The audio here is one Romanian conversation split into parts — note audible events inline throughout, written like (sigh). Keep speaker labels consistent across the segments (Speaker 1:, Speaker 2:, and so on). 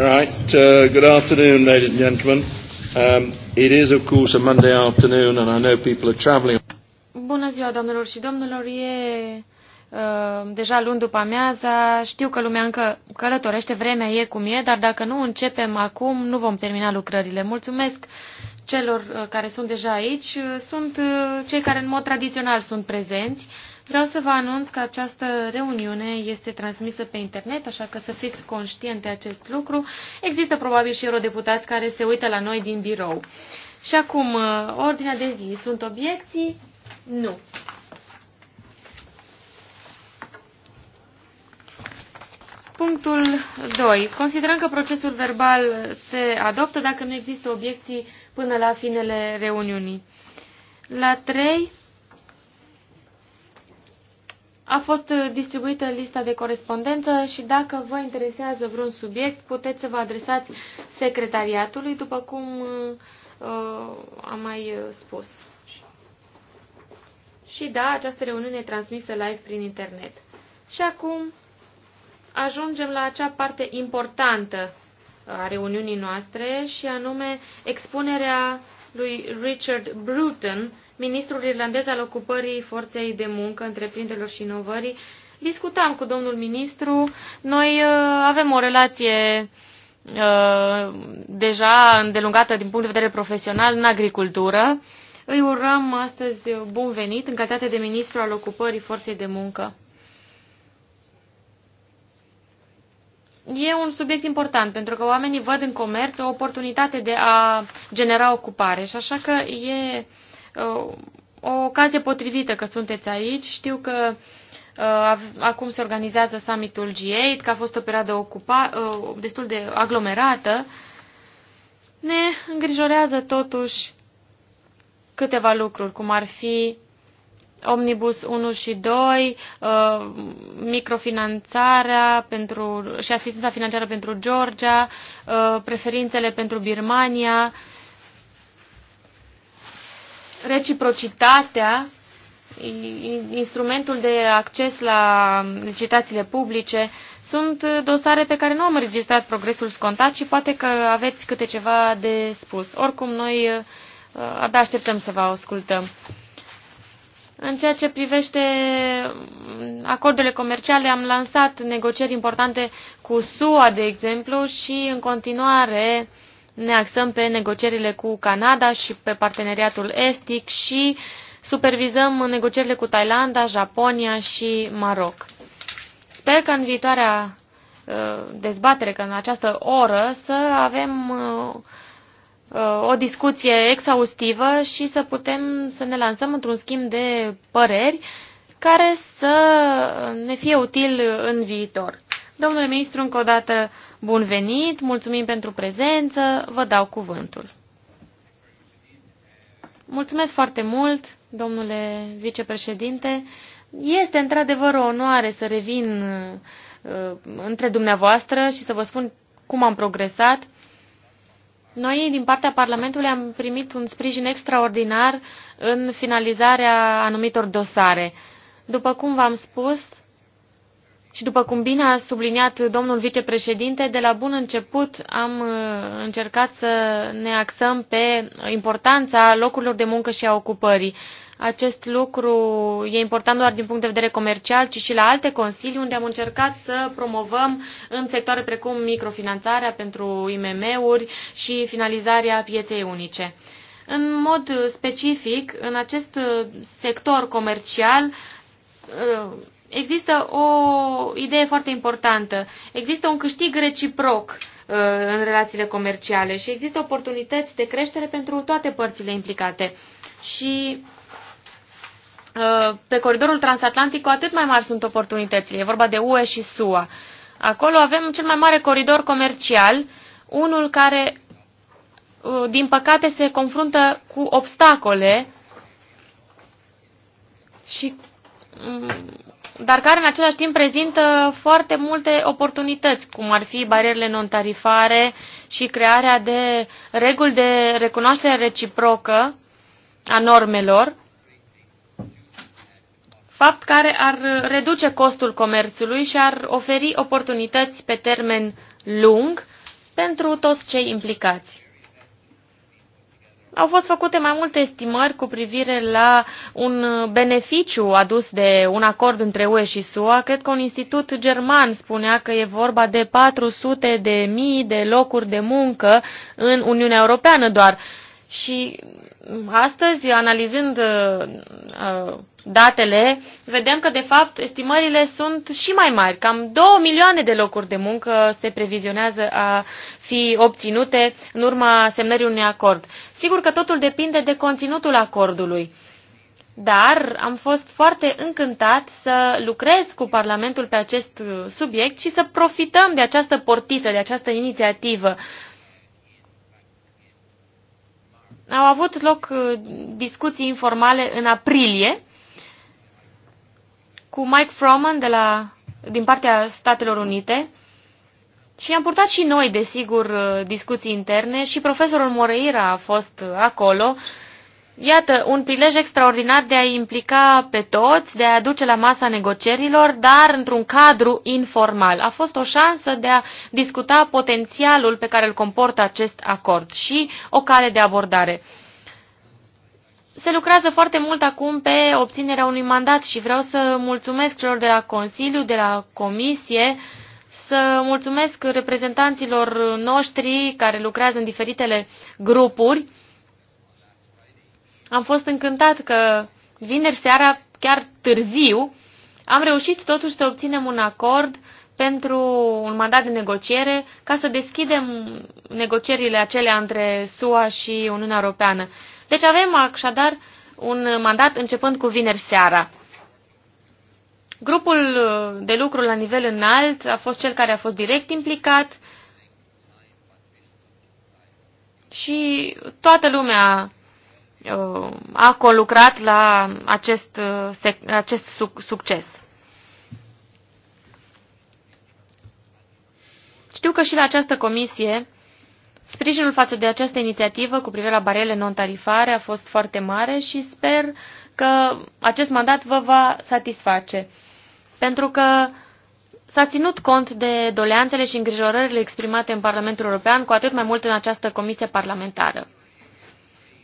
Speaker 1: All Right. Uh, good afternoon, ladies and gentlemen. Um, it is, of course, a Monday afternoon, and I know people are travelling.
Speaker 2: Bună ziua, domnilor și domnilor. E uh, deja luni după amiaza. Știu că lumea încă călătorește, vremea e cum e, dar dacă nu începem acum, nu vom termina lucrările. Mulțumesc celor uh, care sunt deja aici. Sunt uh, cei care în mod tradițional sunt prezenți Uh, Vreau să vă anunț că această reuniune este transmisă pe internet, așa că să fiți conștient de acest lucru. Există probabil și eurodeputați care se uită la noi din birou. Și acum, uh, ordinea de zi. Sunt obiecții? Nu. Punctul 2. Considerăm că procesul verbal se adoptă dacă nu există obiecții până la finele reuniunii. La 3 a fost uh, distribuită lista de corespondență și dacă vă interesează vreun subiect, puteți să vă adresați secretariatului, după cum uh, am mai uh, spus. Și da, această reuniune e transmisă live prin internet. Și acum ajungem la acea parte importantă uh, a reuniunii noastre și anume expunerea lui Richard Bruton ministrul irlandez al ocupării forței de muncă, întreprinderilor și inovării. Discutam cu domnul ministru. Noi uh, avem o relație uh, deja îndelungată din punct de vedere profesional în agricultură. Îi urăm astăzi bun venit în calitate de ministru al ocupării forței de muncă. E un subiect important pentru că oamenii văd în comerț o oportunitate de a genera ocupare și așa că e Uh, o ocazie potrivită că sunteți aici. Știu că uh, acum se organizează summitul G8, că a fost o perioadă ocupa, uh, destul de aglomerată. Ne îngrijorează totuși câteva lucruri, cum ar fi Omnibus 1 și 2, microfinanțarea pentru, și asistența financiară pentru Georgia, preferințele pentru Birmania, reciprocitatea, instrumentul de acces la licitațiile publice, sunt dosare pe care nu am înregistrat progresul scontat și poate că aveți câte ceva de spus. Oricum, noi uh, abia așteptăm să vă ascultăm. În ceea ce privește mm, acordurile comerciale, am lansat negocieri importante cu SUA, de exemplu, și în continuare uh, ne axăm pe negocierile cu Canada și pe parteneriatul estic și supervizăm negocierile cu Thailanda, Japonia și Maroc. Sper că în viitoarea uh, dezbatere, că în această oră să avem uh, uh, o discuție exhaustivă și să putem să ne lansăm într-un schimb de păreri care să ne fie util în viitor. Domnule ministru, încă o dată Bun venit, mulțumim pentru prezență, vă dau cuvântul. Mulțumesc foarte mult, domnule vicepreședinte. Este într-adevăr o onoare să revin uh, între dumneavoastră și să vă spun cum am progresat. Noi, din partea Parlamentului, am primit un sprijin extraordinar în finalizarea anumitor dosare. După cum v-am spus, și după cum bine a subliniat domnul vicepreședinte, de la bun început am uh, încercat să ne axăm pe importanța locurilor de muncă și a ocupării. Acest lucru e important doar din punct de vedere comercial, ci și la alte consilii unde am încercat să promovăm în sectoare precum microfinanțarea pentru IMM-uri și finalizarea pieței unice. În mod specific, în acest sector comercial, uh, există o idee foarte importantă. Există un câștig reciproc uh, în relațiile comerciale și există oportunități de creștere pentru toate părțile implicate. Și uh, pe coridorul transatlantic cu atât mai mari sunt oportunitățile. E vorba de UE și SUA. Acolo avem cel mai mare coridor comercial, unul care, uh, din păcate, se confruntă cu obstacole și mm, dar care în același timp prezintă foarte multe oportunități, cum ar fi barierele non-tarifare și crearea de reguli de recunoaștere reciprocă a normelor, fapt care ar reduce costul comerțului și ar oferi oportunități pe termen lung pentru toți cei implicați. Au fost făcute mai multe estimări cu privire la un beneficiu adus de un acord între UE și SUA. Cred că un institut german spunea că e vorba de 400 de mii de locuri de muncă în Uniunea Europeană doar. Și astăzi, analizând uh, uh, datele, vedem că, de fapt, estimările sunt și mai mari. Cam 2 milioane de locuri de muncă se previzionează a fi obținute în urma semnării unui acord. Sigur că totul depinde de conținutul acordului dar am fost foarte încântat să lucrez cu Parlamentul pe acest subiect și să profităm de această portiță, de această inițiativă au avut loc uh, discuții informale în aprilie cu Mike Froman de la, din partea Statelor Unite și am purtat și noi, desigur, uh, discuții interne și profesorul Moreira a fost uh, acolo Iată, un prilej extraordinar de a implica pe toți, de a aduce la masa negocierilor, dar într-un cadru informal. A fost o șansă de a discuta potențialul pe care îl comportă acest acord și o cale de abordare. Se lucrează foarte mult acum pe obținerea unui mandat și vreau să mulțumesc celor de la Consiliu, de la Comisie, să mulțumesc reprezentanților noștri care lucrează în diferitele grupuri am fost încântat că vineri seara, chiar târziu, am reușit totuși să obținem un acord pentru un mandat de negociere ca să deschidem negocierile acelea între SUA și Uniunea Europeană. Deci avem așadar un mandat începând cu vineri seara. Grupul de lucru la nivel înalt a fost cel care a fost direct implicat și toată lumea Uh, a colucrat la acest, uh, acest succes. Știu că și la această comisie sprijinul față de această inițiativă cu privire la barele non-tarifare a fost foarte mare și sper că acest mandat vă va satisface. Pentru că s-a ținut cont de doleanțele și îngrijorările exprimate în Parlamentul European, cu atât mai mult în această comisie parlamentară.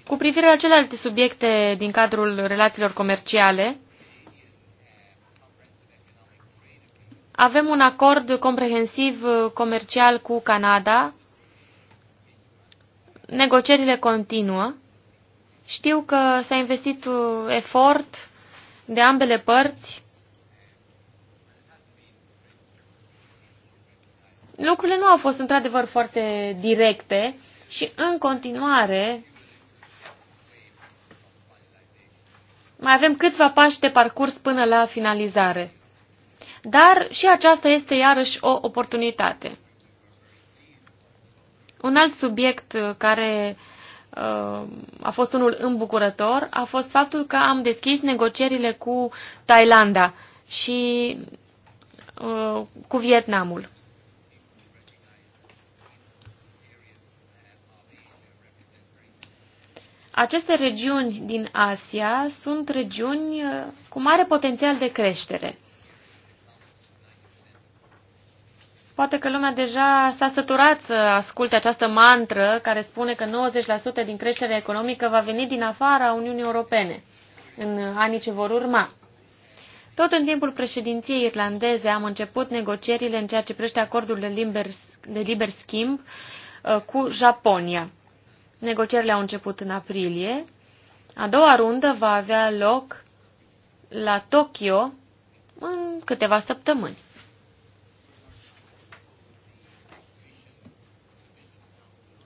Speaker 2: Cu privire la celelalte subiecte din cadrul relațiilor comerciale, avem un acord comprehensiv comercial cu Canada, negocierile continuă. Știu că s-a investit uh, efort de ambele părți. Lucrurile nu au fost într-adevăr foarte directe și în continuare Mai avem câțiva pași de parcurs până la finalizare. Dar și aceasta este iarăși o oportunitate. Un alt subiect uh, care uh, a fost unul îmbucurător a fost faptul că am deschis negocierile cu Thailanda și uh, cu Vietnamul. Aceste regiuni din Asia sunt regiuni uh, cu mare potențial de creștere. Poate că lumea deja s-a săturat să asculte această mantră care spune că 90% din creșterea economică va veni din afara Uniunii Europene în anii ce vor urma. Tot în timpul președinției irlandeze am început negocierile în ceea ce privește acordul de liber, de liber schimb uh, cu Japonia. Negocierile au început în aprilie. A doua rundă va avea loc la Tokyo în câteva săptămâni.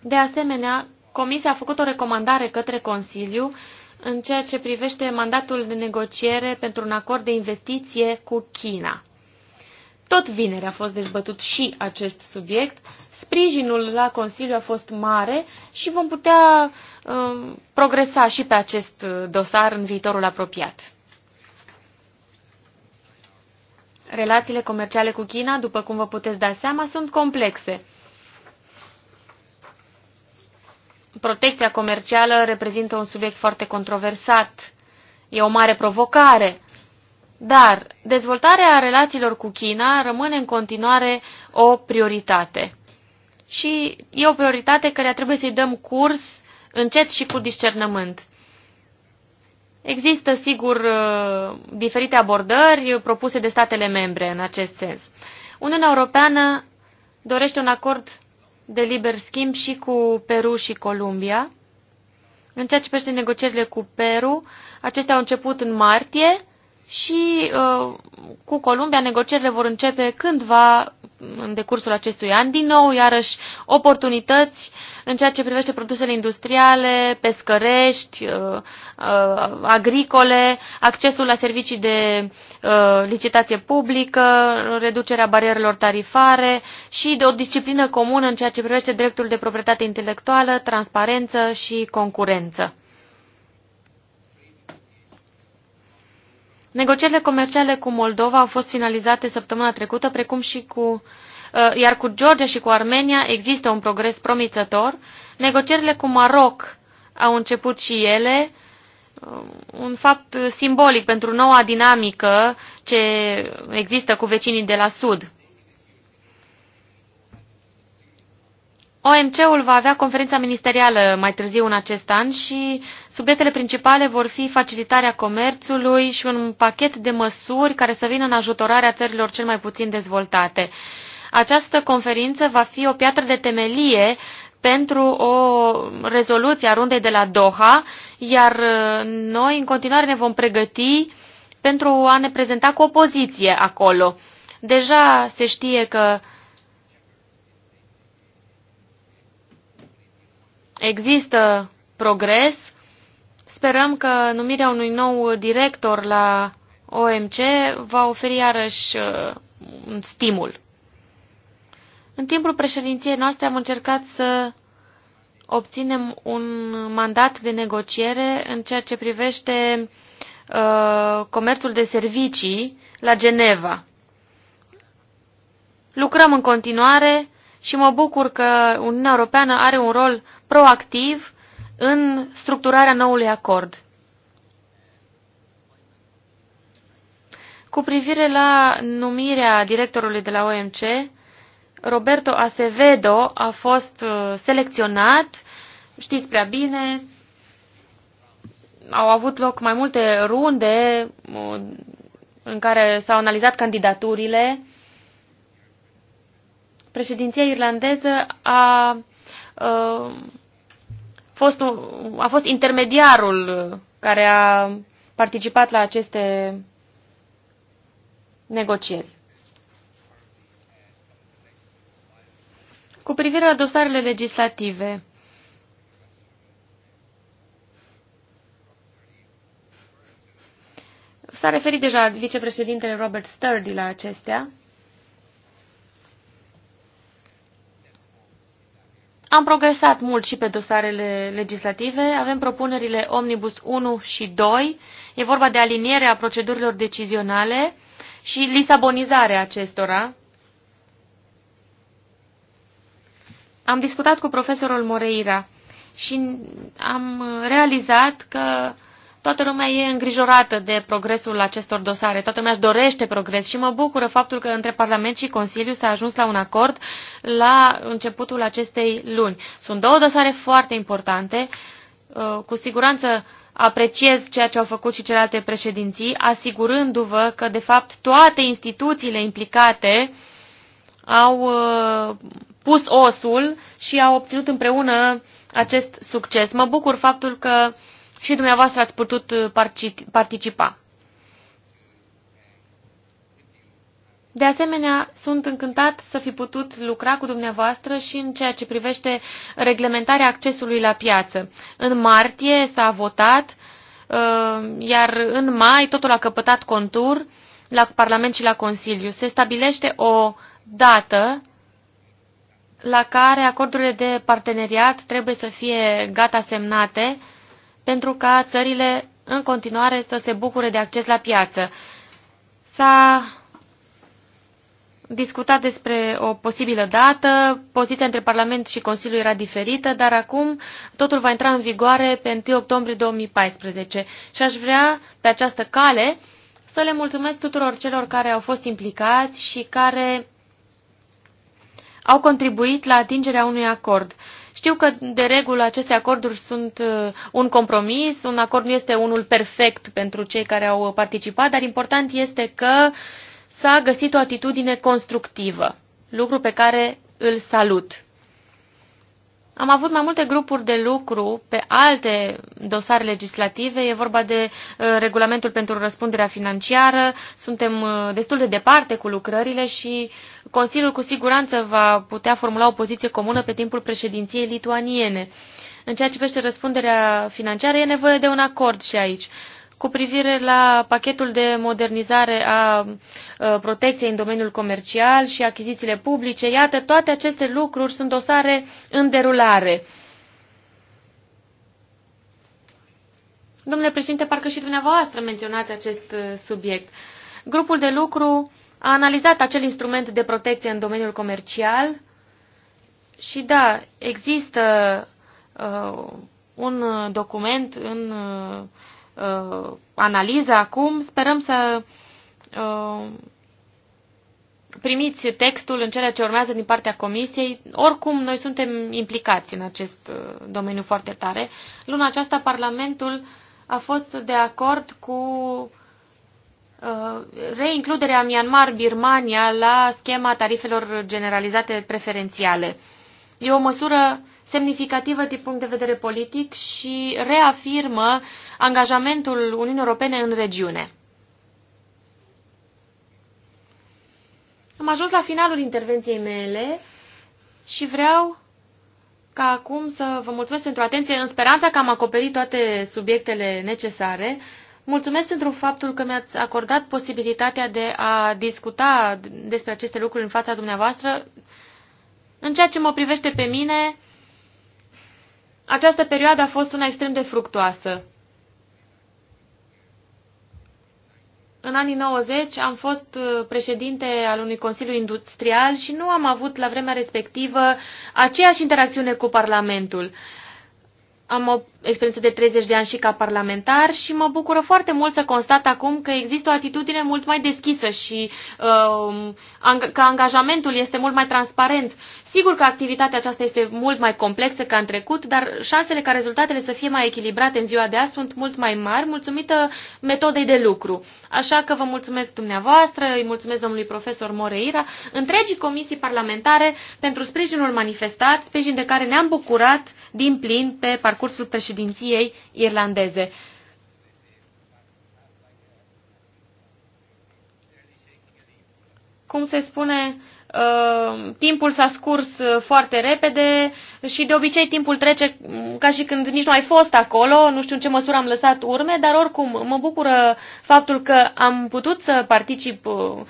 Speaker 2: De asemenea, Comisia a făcut o recomandare către Consiliu în ceea ce privește mandatul de negociere pentru un acord de investiție cu China. Tot vineri a fost dezbătut și acest subiect. Sprijinul la Consiliu a fost mare și vom putea um, progresa și pe acest uh, dosar în viitorul apropiat. Relațiile comerciale cu China, după cum vă puteți da seama, sunt complexe. Protecția comercială reprezintă un subiect foarte controversat. E o mare provocare dar dezvoltarea relațiilor cu China rămâne în continuare o prioritate. Și e o prioritate care trebuie să-i dăm curs încet și cu discernământ. Există, sigur, uh, diferite abordări propuse de statele membre în acest sens. Uniunea Europeană dorește un acord de liber schimb și cu Peru și Columbia. În ceea ce privește negocierile cu Peru, acestea au început în martie și uh, cu Columbia negocierile vor începe cândva în decursul acestui an. Din nou, iarăși, oportunități în ceea ce privește produsele industriale, pescărești, uh, uh, agricole, accesul la servicii de licitație publică, reducerea barierelor tarifare și de o disciplină comună în ceea ce privește dreptul de proprietate intelectuală, transparență și concurență. Negocierile comerciale cu Moldova au fost finalizate săptămâna trecută, precum și cu, uh, iar cu Georgia și cu Armenia există un progres promițător. Negocierile cu Maroc au început și ele, uh, un fapt simbolic pentru noua dinamică ce există cu vecinii de la sud. OMC-ul va avea conferința ministerială mai târziu în acest an și subiectele principale vor fi facilitarea comerțului și un pachet de măsuri care să vină în ajutorarea țărilor cel mai puțin dezvoltate. Această conferință va fi o piatră de temelie pentru o rezoluție a rundei de la Doha, iar uh, noi în continuare ne vom pregăti pentru a ne prezenta cu poziție acolo. Deja se știe că Există progres. Sperăm că numirea unui nou director la OMC va oferi iarăși uh, un stimul. În timpul președinției noastre am încercat să obținem un mandat de negociere în ceea ce privește uh, comerțul de servicii la Geneva. Lucrăm în continuare și mă bucur că Uniunea Europeană are un rol proactiv în structurarea noului acord. Cu privire la numirea directorului de la OMC, Roberto Acevedo a fost uh, selecționat, știți prea bine, au avut loc mai multe runde uh, în care s-au analizat candidaturile. Președinția irlandeză a uh, fost, a fost intermediarul uh, care a participat la aceste negocieri. Cu privire la dosarele legislative, s-a referit deja vicepreședintele Robert Sturdy la acestea. Am progresat mult și pe dosarele legislative. Avem propunerile Omnibus 1 și 2. E vorba de alinierea procedurilor decizionale și lisabonizarea acestora. Am discutat cu profesorul Moreira și am realizat că Toată lumea e îngrijorată de progresul acestor dosare, toată lumea își dorește progres și mă bucură faptul că între Parlament și Consiliu s-a ajuns la un acord la începutul acestei luni. Sunt două dosare foarte importante, uh, cu siguranță apreciez ceea ce au făcut și celelalte președinții, asigurându-vă că, de fapt, toate instituțiile implicate au uh, pus osul și au obținut împreună acest succes. Mă bucur faptul că și dumneavoastră ați putut uh, participa. De asemenea, sunt încântat să fi putut lucra cu dumneavoastră și în ceea ce privește reglementarea accesului la piață. În martie s-a votat, uh, iar în mai totul a căpătat contur la Parlament și la Consiliu. Se stabilește o dată la care acordurile de parteneriat trebuie să fie gata semnate pentru ca țările în continuare să se bucure de acces la piață. S-a discutat despre o posibilă dată, poziția între Parlament și Consiliu era diferită, dar acum totul va intra în vigoare pe 1 octombrie 2014 și aș vrea pe această cale să le mulțumesc tuturor celor care au fost implicați și care au contribuit la atingerea unui acord. Știu că, de regulă, aceste acorduri sunt uh, un compromis, un acord nu este unul perfect pentru cei care au participat, dar important este că s-a găsit o atitudine constructivă, lucru pe care îl salut. Am avut mai multe grupuri de lucru pe alte dosare legislative, e vorba de uh, regulamentul pentru răspunderea financiară, suntem uh, destul de departe cu lucrările și Consiliul cu siguranță va putea formula o poziție comună pe timpul președinției lituaniene. În ceea ce privește răspunderea financiară, e nevoie de un acord și aici cu privire la pachetul de modernizare a protecției în domeniul comercial și achizițiile publice. Iată, toate aceste lucruri sunt dosare în derulare. Domnule președinte, parcă și dumneavoastră menționați acest uh, subiect. Grupul de lucru a analizat acel instrument de protecție în domeniul comercial și da, există uh, un document în uh, uh, analiză acum. Sperăm să uh, primiți textul în ceea ce urmează din partea comisiei. Oricum, noi suntem implicați în acest uh, domeniu foarte tare. Luna aceasta, Parlamentul a fost de acord cu uh, reincluderea Myanmar-Birmania la schema tarifelor generalizate preferențiale. E o măsură semnificativă din punct de vedere politic și reafirmă angajamentul Uniunii Europene în regiune. Am ajuns la finalul intervenției mele și vreau ca acum să vă mulțumesc pentru atenție, în speranța că am acoperit toate subiectele necesare. Mulțumesc pentru faptul că mi-ați acordat posibilitatea de a discuta despre aceste lucruri în fața dumneavoastră. În ceea ce mă privește pe mine, această perioadă a fost una extrem de fructoasă. În anii 90 am fost uh, președinte al unui consiliu industrial și nu am avut la vremea respectivă aceeași interacțiune cu Parlamentul. Am o experiență de 30 de ani și ca parlamentar și mă bucură foarte mult să constat acum că există o atitudine mult mai deschisă și uh, că angajamentul este mult mai transparent. Sigur că activitatea aceasta este mult mai complexă ca în trecut, dar șansele ca rezultatele să fie mai echilibrate în ziua de azi sunt mult mai mari, mulțumită metodei de lucru. Așa că vă mulțumesc dumneavoastră, îi mulțumesc domnului profesor Moreira, întregii comisii parlamentare pentru sprijinul manifestat, sprijin de care ne-am bucurat din plin pe parcursul președinției irlandeze. Cum se spune, Uh, timpul s-a scurs uh, foarte repede și de obicei timpul trece mm, ca și când nici nu ai fost acolo, nu știu în ce măsură am lăsat urme, dar oricum mă bucură faptul că am putut să particip uh,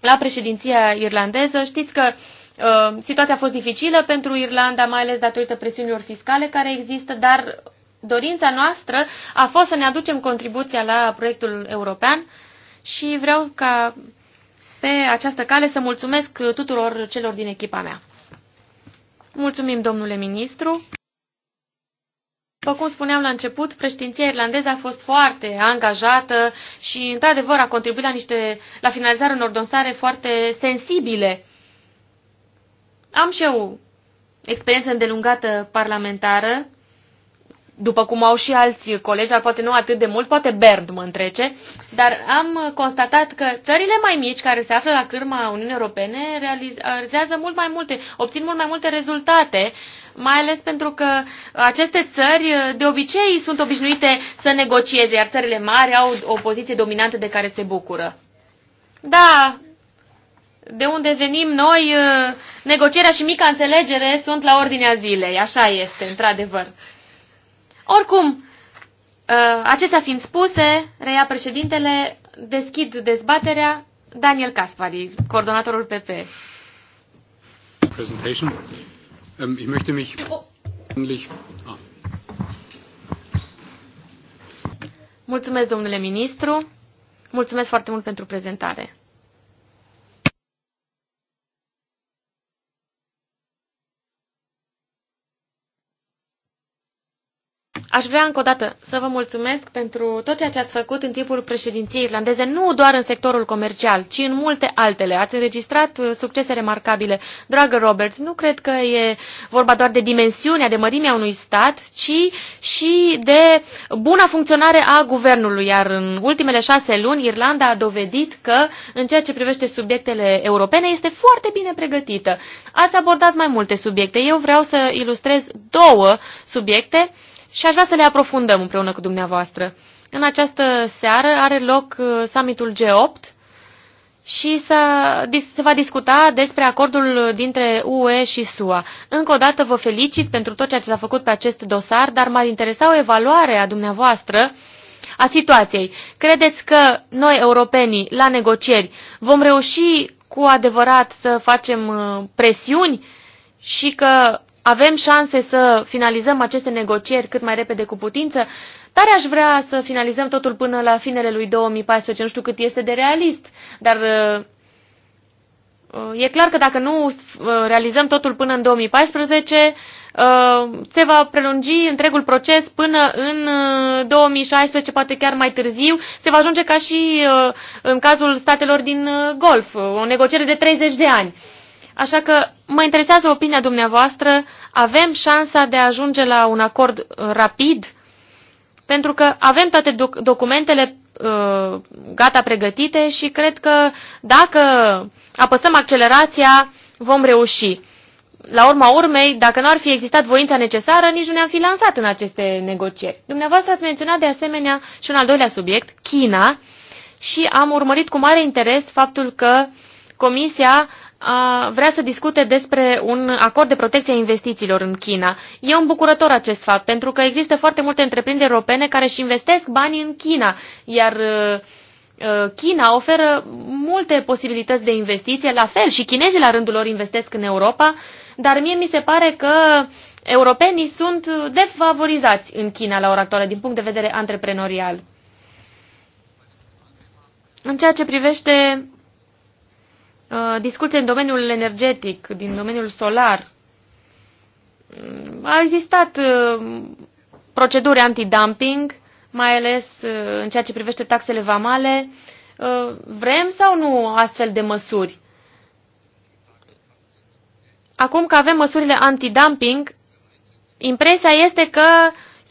Speaker 2: la președinția irlandeză. Știți că situația a fost dificilă pentru Irlanda, mai ales datorită presiunilor fiscale care există, dar dorința noastră a fost să ne aducem contribuția la proiectul european și vreau ca pe această cale să mulțumesc tuturor celor din echipa mea. Mulțumim, domnule ministru! După cum spuneam la început, președinția irlandeză a fost foarte angajată și, într-adevăr, a contribuit la, niște, la finalizarea unor dosare foarte sensibile. Am și eu experiență îndelungată parlamentară după cum au și alți colegi, dar poate nu atât de mult, poate Bernd mă întrece, dar am constatat că țările mai mici care se află la cârma Uniunii Europene realizează mult mai multe, obțin mult mai multe rezultate, mai ales pentru că aceste țări de obicei sunt obișnuite să negocieze, iar țările mari au o poziție dominantă de care se bucură. Da, de unde venim noi, negocierea și mica înțelegere sunt la ordinea zilei, așa este, într-adevăr. Oricum, uh, acestea fiind spuse, reia președintele, deschid dezbaterea. Daniel Caspari, coordonatorul PP.
Speaker 1: Presentation. Um, ich möchte mich... Ah.
Speaker 2: Mulțumesc, domnule ministru. Mulțumesc foarte mult pentru prezentare. Aș vrea încă o dată să vă mulțumesc pentru tot ceea ce ați făcut în timpul președinției irlandeze, nu doar în sectorul comercial, ci în multe altele. Ați înregistrat uh, succese remarcabile. Dragă Robert, nu cred că e vorba doar de dimensiunea, de mărimea unui stat, ci și de buna funcționare a guvernului. Iar în ultimele șase luni, Irlanda a dovedit că, în ceea ce privește subiectele europene, este foarte bine pregătită. Ați abordat mai multe subiecte. Eu vreau să ilustrez două subiecte și aș vrea să le aprofundăm împreună cu dumneavoastră. În această seară are loc uh, summitul G8 și să, se va discuta despre acordul dintre UE și SUA. Încă o dată vă felicit pentru tot ceea ce s-a făcut pe acest dosar, dar m-ar interesa o evaluare a dumneavoastră a situației. Credeți că noi, europenii, la negocieri, vom reuși cu adevărat să facem uh, presiuni și că avem șanse să finalizăm aceste negocieri cât mai repede cu putință? Tare aș vrea să finalizăm totul până la finele lui 2014, nu știu cât este de realist, dar uh, e clar că dacă nu uh, realizăm totul până în 2014, uh, se va prelungi întregul proces până în 2016, poate chiar mai târziu. Se va ajunge ca și în cazul statelor din Golf, o negociere de 30 de ani. Așa că mă interesează opinia dumneavoastră. Avem șansa de a ajunge la un acord uh, rapid? Pentru că avem toate doc documentele uh, gata pregătite și cred că dacă apăsăm accelerația, vom reuși. La urma urmei, dacă nu ar fi existat voința necesară, nici nu ne-am fi lansat în aceste negocieri. Dumneavoastră ați menționat de asemenea și un al doilea subiect, China, și am urmărit cu mare interes faptul că Comisia vrea să discute despre un acord de protecție a investițiilor în China. E un bucurător acest fapt, pentru că există foarte multe întreprinderi europene care își investesc banii în China, iar uh, uh, China oferă multe posibilități de investiție, la fel și chinezii la rândul lor investesc în Europa, dar mie mi se pare că europenii sunt defavorizați în China la ora actuală din punct de vedere antreprenorial. În ceea ce privește Uh, discuție în domeniul energetic, din domeniul solar. Mm, a existat uh, proceduri antidumping, mai ales uh, în ceea ce privește taxele vamale. Vrem sau nu astfel de măsuri? Acum că avem măsurile antidumping, impresia este că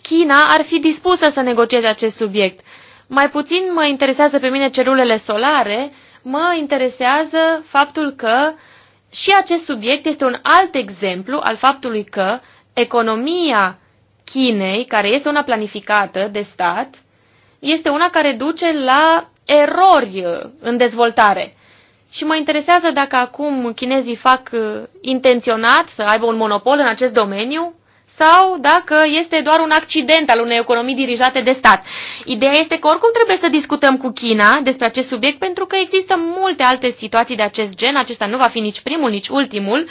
Speaker 2: China ar fi dispusă să negocieze acest subiect. Mai puțin mă interesează pe mine celulele solare, mă interesează faptul că și acest subiect este un alt exemplu al faptului că economia Chinei, care este una planificată de stat, este una care duce la erori uh, în dezvoltare. Și mă interesează dacă acum chinezii fac uh, intenționat să aibă un monopol în acest domeniu sau dacă este doar un accident al unei economii dirijate de stat. Ideea este că oricum trebuie să discutăm cu China despre acest subiect pentru că există multe alte situații de acest gen, acesta nu va fi nici primul, nici ultimul,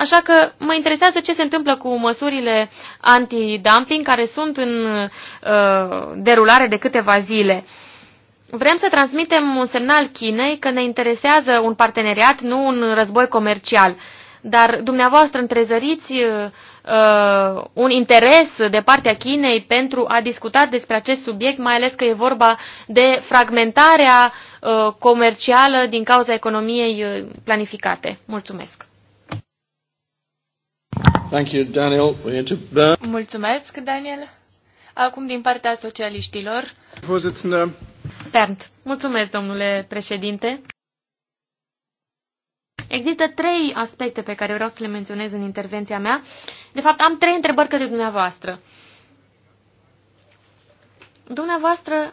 Speaker 2: Așa că mă interesează ce se întâmplă cu măsurile anti-dumping care sunt în uh, derulare de câteva zile. Vrem să transmitem un semnal Chinei că ne interesează un parteneriat, nu un război comercial. Dar dumneavoastră întrezăriți uh, uh, un interes de partea Chinei pentru a discuta despre acest subiect, mai ales că e vorba de fragmentarea uh, comercială din cauza economiei uh, planificate. Mulțumesc!
Speaker 1: Thank you, Daniel.
Speaker 2: Mulțumesc, Daniel. Acum din partea socialiștilor. Bernd. Mulțumesc, domnule președinte. Există trei aspecte pe care vreau să le menționez în intervenția mea de fapt, am trei întrebări către dumneavoastră. Dumneavoastră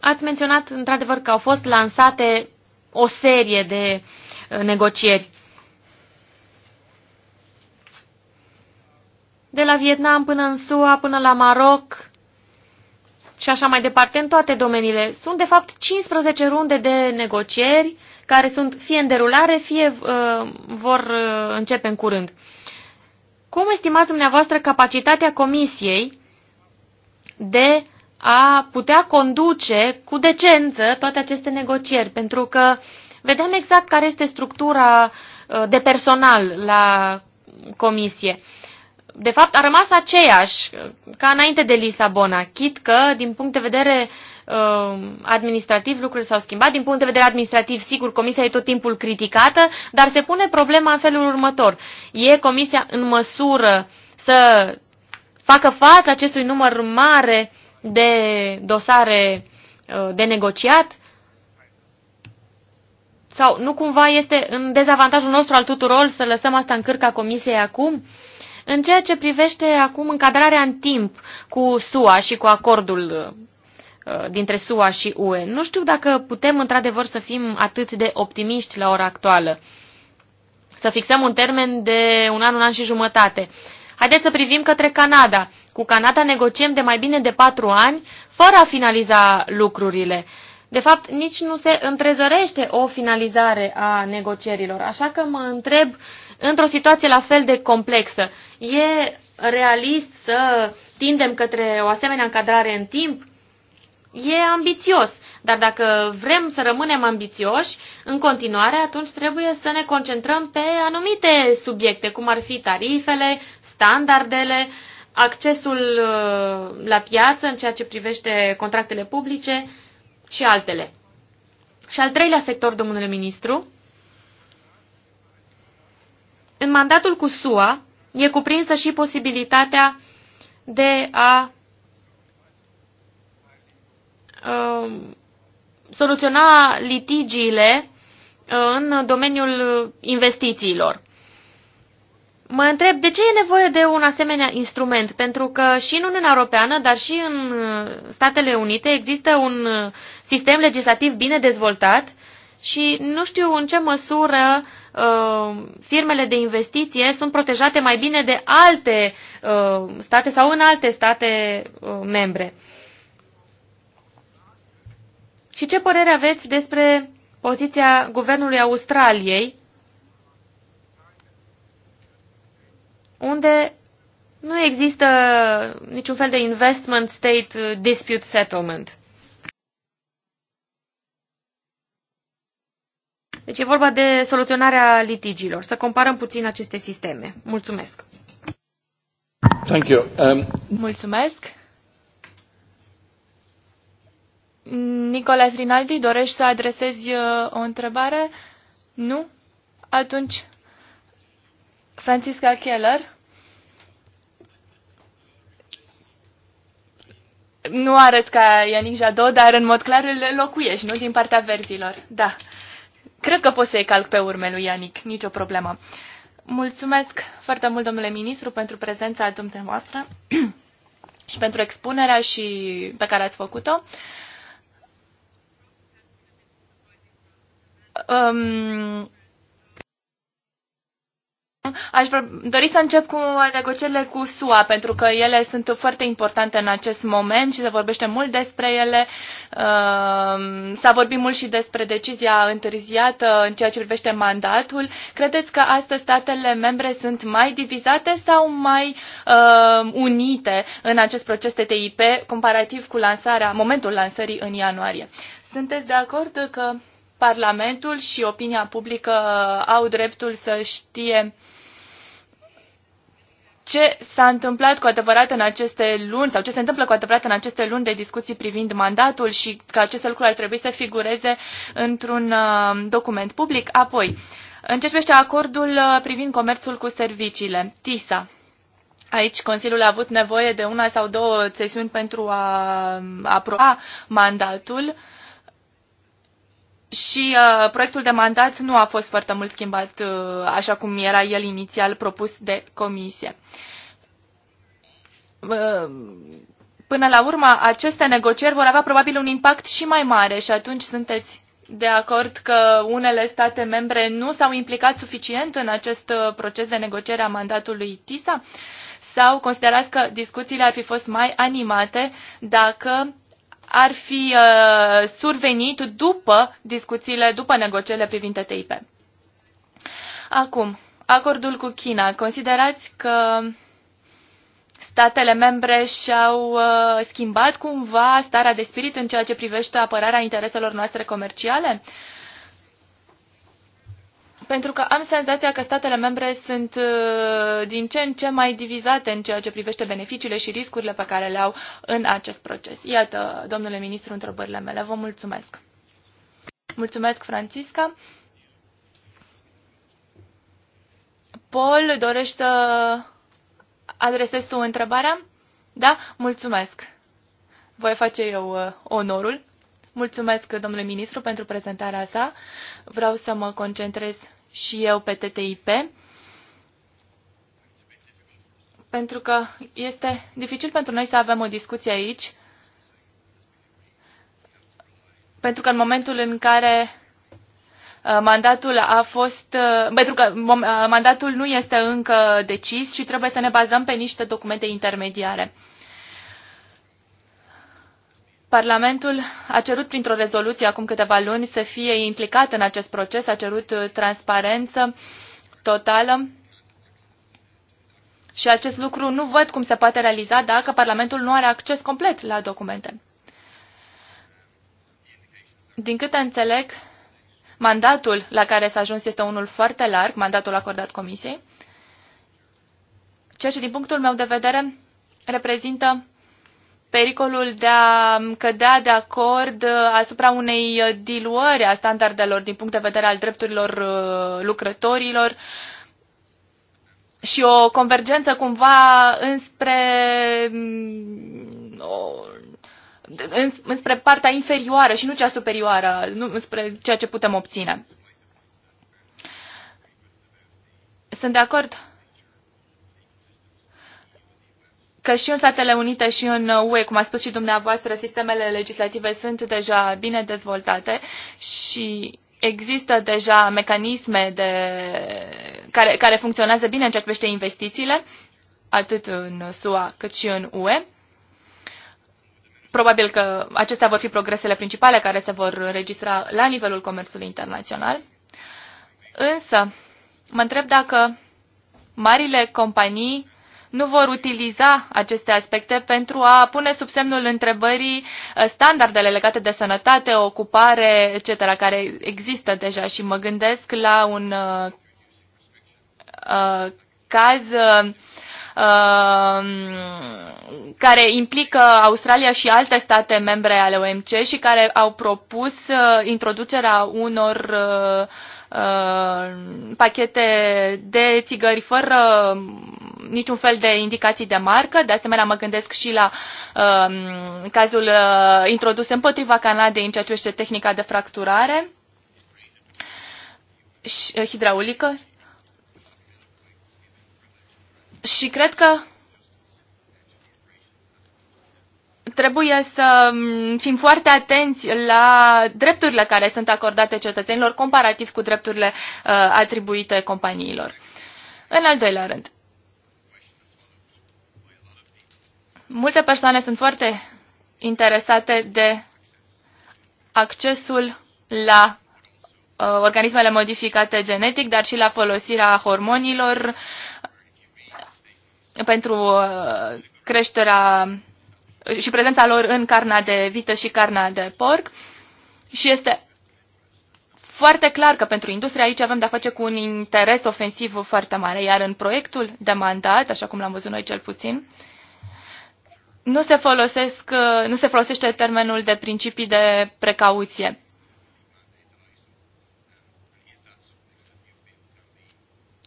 Speaker 2: ați menționat, într-adevăr, că au fost lansate o serie de uh, negocieri. De la Vietnam până în SUA, până la Maroc și așa mai departe, în toate domeniile. Sunt, de fapt, 15 runde de negocieri care sunt fie în derulare, fie uh, vor uh, începe în curând. Uh, cum estimați dumneavoastră capacitatea Comisiei de a putea conduce cu decență toate aceste negocieri? Pentru că vedem exact care este structura uh, de personal la Comisie. De fapt, a rămas aceeași uh, ca înainte de Lisabona, chit că, din punct de vedere Um, administrativ lucrurile s-au schimbat. Din punct de vedere administrativ, sigur, comisia e tot timpul criticată, dar se pune problema în felul următor. E comisia în măsură să facă față acestui număr mare de dosare uh, de negociat? Sau nu cumva este în dezavantajul nostru al tuturor să lăsăm asta în cârca comisiei acum? În ceea ce privește acum încadrarea în timp cu SUA și cu acordul uh, Uh, dintre SUA și UE. Nu știu dacă putem într-adevăr să fim atât de optimiști la ora actuală, să fixăm un termen de un an, un an și jumătate. Haideți să privim către Canada. Cu Canada negociem de mai bine de patru ani, fără a finaliza lucrurile. De fapt, nici nu se întrezărește o finalizare a negocierilor, așa că mă întreb, într-o situație la fel de complexă, e realist să tindem către o asemenea încadrare în timp? e ambițios. Dar dacă vrem să rămânem ambițioși în continuare, atunci trebuie să ne concentrăm pe anumite subiecte, cum ar fi tarifele, standardele, accesul uh, la piață în ceea ce privește contractele publice și altele. Și al treilea sector, domnule ministru, în mandatul cu SUA e cuprinsă și posibilitatea de a Um, soluționa litigiile uh, în domeniul investițiilor. Mă întreb de ce e nevoie de un asemenea instrument, pentru că și în Uniunea Europeană, dar și în uh, Statele Unite există un uh, sistem legislativ bine dezvoltat și nu știu în ce măsură uh, firmele de investiție sunt protejate mai bine de alte uh, state sau în alte state uh, membre. Uh, și ce părere aveți despre poziția guvernului Australiei, unde nu există niciun fel de investment state uh, dispute settlement. Deci e vorba de soluționarea litigilor. Să comparăm puțin aceste sisteme. Mulțumesc.
Speaker 1: Thank you. Um...
Speaker 2: Mulțumesc.
Speaker 3: Nicolas Rinaldi, dorești să adresezi uh, o întrebare? Nu? Atunci, Francisca Keller. Nu arăți ca Ianic Jadot, dar în mod clar îl locuiești, nu din partea verzilor. Da. Cred că poți să-i calc pe urme lui Ianic, nicio problemă. Mulțumesc foarte mult, domnule ministru, pentru prezența dumneavoastră (clears throat) și pentru expunerea și pe care ați făcut-o. um, Aș dori să încep cu negocierile cu SUA, pentru că ele sunt foarte importante în acest moment și se vorbește mult despre ele. Um, s-a vorbit mult și despre decizia întârziată în ceea ce privește mandatul. Credeți că astăzi statele membre sunt mai divizate sau mai um, unite în acest proces TTIP comparativ cu lansarea, momentul lansării în ianuarie? Sunteți de acord că Parlamentul și opinia publică au dreptul să știe ce s-a întâmplat cu adevărat în aceste luni sau ce se întâmplă cu adevărat în aceste luni de discuții privind mandatul și că aceste lucruri ar trebui să figureze într-un uh, document public. Apoi, în ce privește acordul uh, privind comerțul cu serviciile, TISA. Aici Consiliul a avut nevoie de una sau două sesiuni pentru a um, aproba mandatul și uh, proiectul de mandat nu a fost foarte mult schimbat uh, așa cum era el inițial propus de comisie. Uh, până la urmă, aceste negocieri vor avea probabil un impact și mai mare și atunci sunteți de acord că unele state membre nu s-au implicat suficient în acest uh, proces de negociere a mandatului TISA? Sau considerați că discuțiile ar fi fost mai animate dacă ar fi uh, survenit după discuțiile, după negocierile privind TTIP. Acum, acordul cu China. Considerați că statele membre și-au uh, schimbat cumva starea de spirit în ceea ce privește apărarea intereselor noastre comerciale? Uh, pentru că am senzația că statele membre sunt uh, din ce în ce mai divizate în ceea ce privește beneficiile și riscurile pe care le au în acest proces. Iată, domnule ministru, întrebările mele. Vă mulțumesc. Mulțumesc, Francisca. Paul, dorești să adresezi tu întrebarea? Da? Mulțumesc. Voi face eu uh, onorul. Mulțumesc, domnule ministru, pentru prezentarea sa. Vreau să mă concentrez și eu pe TTIP, pentru că este dificil pentru noi să avem o discuție aici, pentru că în momentul în care uh, mandatul a fost, uh, pentru că uh, mandatul nu este încă decis și trebuie să ne bazăm pe niște documente intermediare. Parlamentul a cerut printr-o rezoluție acum câteva luni să fie implicat în acest proces, a cerut uh, transparență totală și acest lucru nu văd cum se poate realiza dacă Parlamentul nu are acces complet la documente. Din câte înțeleg, mandatul la care s-a ajuns este unul foarte larg, mandatul acordat Comisiei, ceea ce din punctul meu de vedere reprezintă pericolul de a cădea de acord uh, asupra unei uh, diluări a standardelor din punct de vedere al drepturilor uh, lucrătorilor și o convergență cumva înspre, mm, înspre partea inferioară și nu cea superioară, nu înspre ceea ce putem obține. Sunt de acord că și în Statele Unite și în UE, uh, cum a spus și dumneavoastră, sistemele legislative sunt deja bine dezvoltate și există deja mecanisme de, care, care funcționează bine în ceea ce privește investițiile, atât în SUA cât și în UE. Probabil că acestea vor fi progresele principale care se vor registra la nivelul comerțului internațional. Însă, mă întreb dacă marile companii nu vor utiliza aceste aspecte pentru a pune sub semnul întrebării uh, standardele legate de sănătate, ocupare, etc., care există deja și mă gândesc la un uh, uh caz uh, Um, care implică Australia și alte state membre ale OMC și care au propus uh, introducerea unor uh, uh, pachete de țigări fără um, niciun fel de indicații de marcă. De asemenea, mă gândesc și la um, cazul uh, introdus împotriva Canadei în ceea ce privește tehnica de fracturare și, uh, hidraulică și cred că trebuie să mm, fim foarte atenți la drepturile care sunt acordate cetățenilor comparativ cu drepturile uh, atribuite companiilor. În al doilea rând, multe persoane sunt foarte interesate de accesul la uh, organismele modificate genetic, dar și la folosirea hormonilor pentru uh, creșterea și prezența lor în carnea de vită și carnea de porc și este foarte clar că pentru industrie aici avem de-a face cu un interes ofensiv foarte mare, iar în proiectul demandat, așa cum l-am văzut noi cel puțin, nu se, folosesc, uh, nu se folosește termenul de principii de precauție.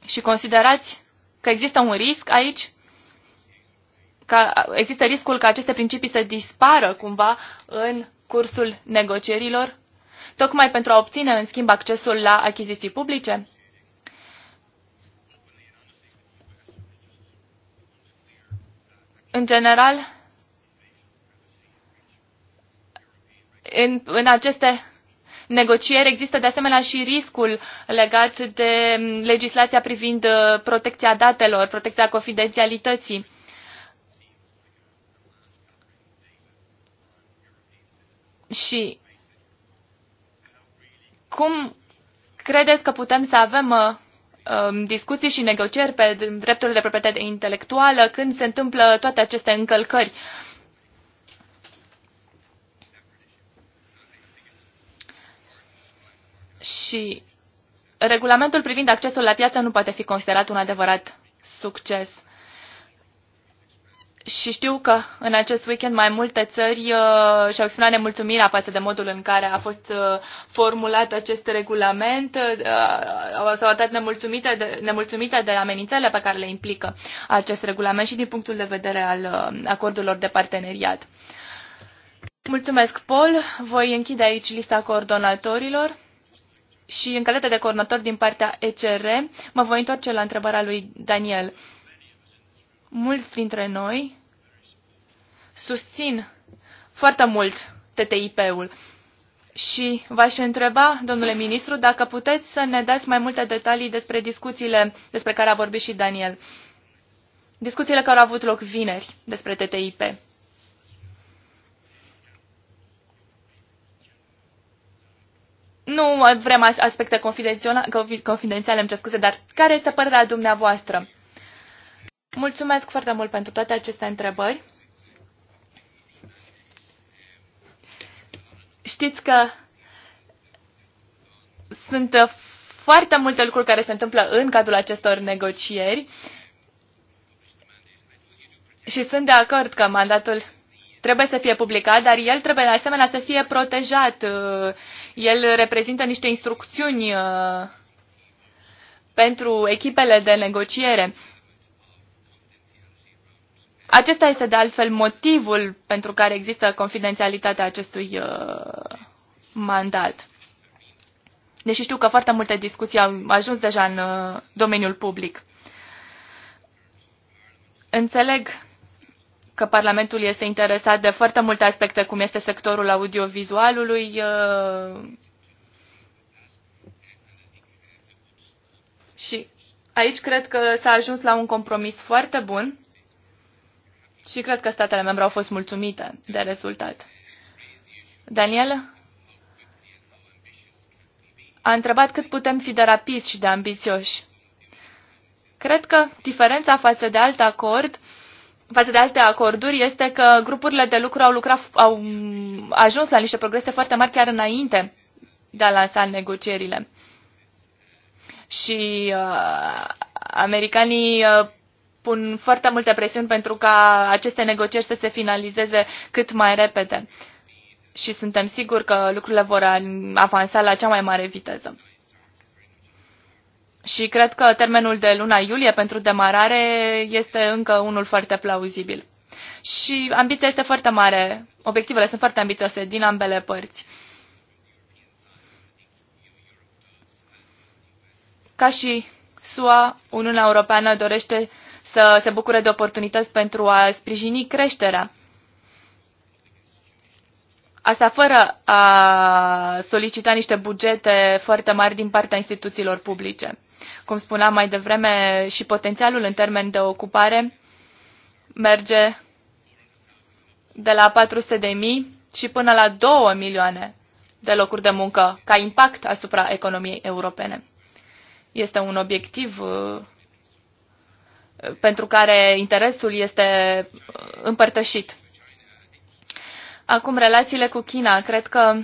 Speaker 3: Și considerați că există un risc aici ca, există riscul ca aceste principii să dispară cumva în cursul negocierilor, tocmai pentru a obține în schimb accesul la achiziții publice? În general, în, în aceste negocieri există de asemenea și riscul legat de legislația privind uh, protecția datelor, protecția confidențialității. Și cum credeți că putem să avem uh, um, discuții și negocieri pe drepturile de proprietate intelectuală când se întâmplă toate aceste încălcări? Și regulamentul privind accesul la piață nu poate fi considerat un adevărat succes și știu că în acest weekend mai multe țări uh, și-au exprimat nemulțumirea față de modul în care a fost uh, formulat acest regulament, uh, uh s-au atât nemulțumite de, nemulțumite de amenințele pe care le implică acest regulament și din punctul de vedere al uh, acordurilor de parteneriat. Mulțumesc, Paul. Voi închide aici lista coordonatorilor și în calitate de coordonator din partea ECR mă voi întoarce la întrebarea lui Daniel mulți dintre noi susțin foarte mult TTIP-ul. Și v-aș întreba, domnule ministru, dacă puteți să ne dați mai multe detalii despre discuțiile despre care a vorbit și Daniel. Discuțiile care au avut loc vineri despre TTIP. Nu vrem aspecte confidențiale, îmi cer scuze, dar care este părerea dumneavoastră? Mulțumesc foarte mult pentru toate aceste întrebări. știți că sunt uh, foarte multe lucruri care se întâmplă în cadrul acestor negocieri și sunt de acord că mandatul trebuie să fie publicat, dar el trebuie de asemenea să fie protejat. Uh, el reprezintă niște instrucțiuni uh, pentru echipele de negociere acesta este de altfel motivul pentru care există confidențialitatea acestui uh, mandat. Deși știu că foarte multe discuții au ajuns deja în uh, domeniul public. Înțeleg că Parlamentul este interesat de foarte multe aspecte, cum este sectorul audiovizualului uh, și aici cred că s-a ajuns la un compromis foarte bun și cred că statele membre au fost mulțumite de rezultat. Daniel a întrebat cât putem fi de rapizi și de ambițioși. Cred că diferența față de alt acord față de alte acorduri este că grupurile de lucru au, lucrat, au ajuns la niște progrese foarte mari chiar înainte de a lansa negocierile. Și uh, americanii uh, pun foarte multe presiuni pentru ca aceste negocieri să se finalizeze cât mai repede. Și suntem siguri că lucrurile vor avansa la cea mai mare viteză. Și cred că termenul de luna iulie pentru demarare este încă unul foarte plauzibil. Și ambiția este foarte mare, obiectivele sunt foarte ambițioase din ambele părți. Ca și SUA, Uniunea Europeană dorește să se bucure de oportunități pentru a sprijini creșterea. Asta fără a solicita niște bugete foarte mari din partea instituțiilor publice. Cum spuneam mai devreme, și potențialul în termen de ocupare merge de la 400.000 și până la 2 milioane de locuri de muncă ca impact asupra economiei europene. Este un obiectiv uh, pentru care interesul este împărtășit. Acum, relațiile cu China. Cred că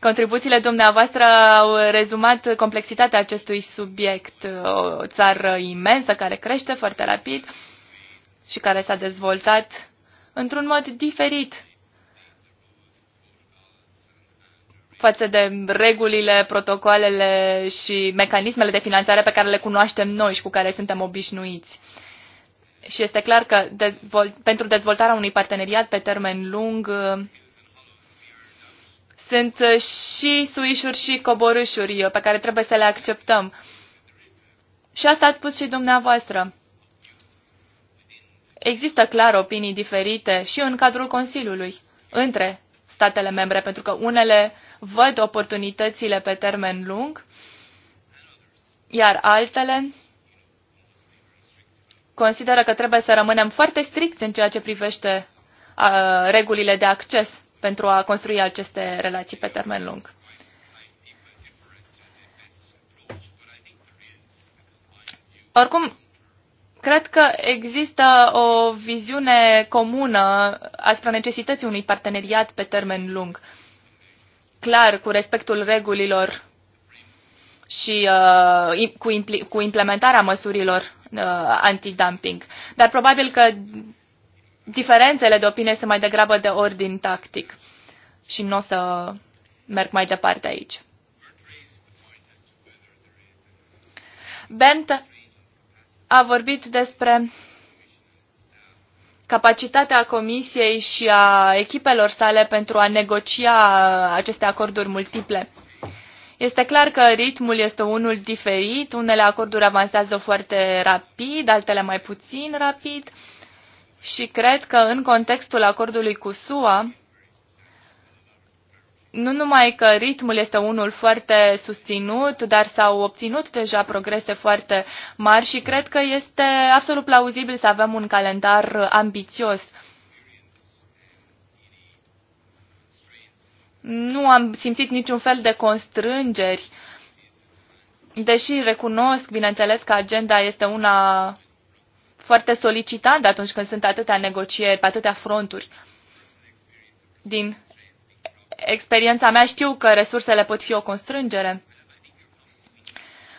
Speaker 3: contribuțiile dumneavoastră au rezumat complexitatea acestui subiect. O țară imensă care crește foarte rapid și care s-a dezvoltat într-un mod diferit față de regulile, protocoalele și mecanismele de finanțare pe care le cunoaștem noi și cu care suntem obișnuiți. Și este clar că dezvol- pentru dezvoltarea unui parteneriat pe termen lung uh, sunt și suișuri și coborâșuri uh, pe care trebuie să le acceptăm. Și asta ați spus și dumneavoastră. Există clar opinii diferite și în cadrul Consiliului între statele membre, pentru că unele văd oportunitățile pe termen lung, iar altele consideră că trebuie să rămânem foarte stricți în ceea ce privește uh, regulile de acces pentru a construi aceste relații pe termen lung. Oricum, Cred că există o viziune comună asupra necesității unui parteneriat pe termen lung. Clar, cu respectul regulilor și uh, cu, impl cu implementarea măsurilor uh, anti-dumping. Dar probabil că diferențele de opinie sunt mai degrabă de ordin tactic și nu o să merg mai departe aici. Bent a vorbit despre capacitatea Comisiei și a echipelor sale pentru a negocia aceste acorduri multiple. Este clar că ritmul este unul diferit, unele acorduri avansează foarte rapid, altele mai puțin rapid și cred că în contextul acordului cu SUA, nu numai că ritmul este unul foarte susținut, dar s-au obținut deja progrese foarte mari și cred că este absolut plauzibil să avem un calendar ambițios. Nu am simțit niciun fel de constrângeri, deși recunosc, bineînțeles, că agenda este una foarte solicitantă atunci când sunt atâtea negocieri, atâtea fronturi. Din experiența mea știu că resursele pot fi o constrângere,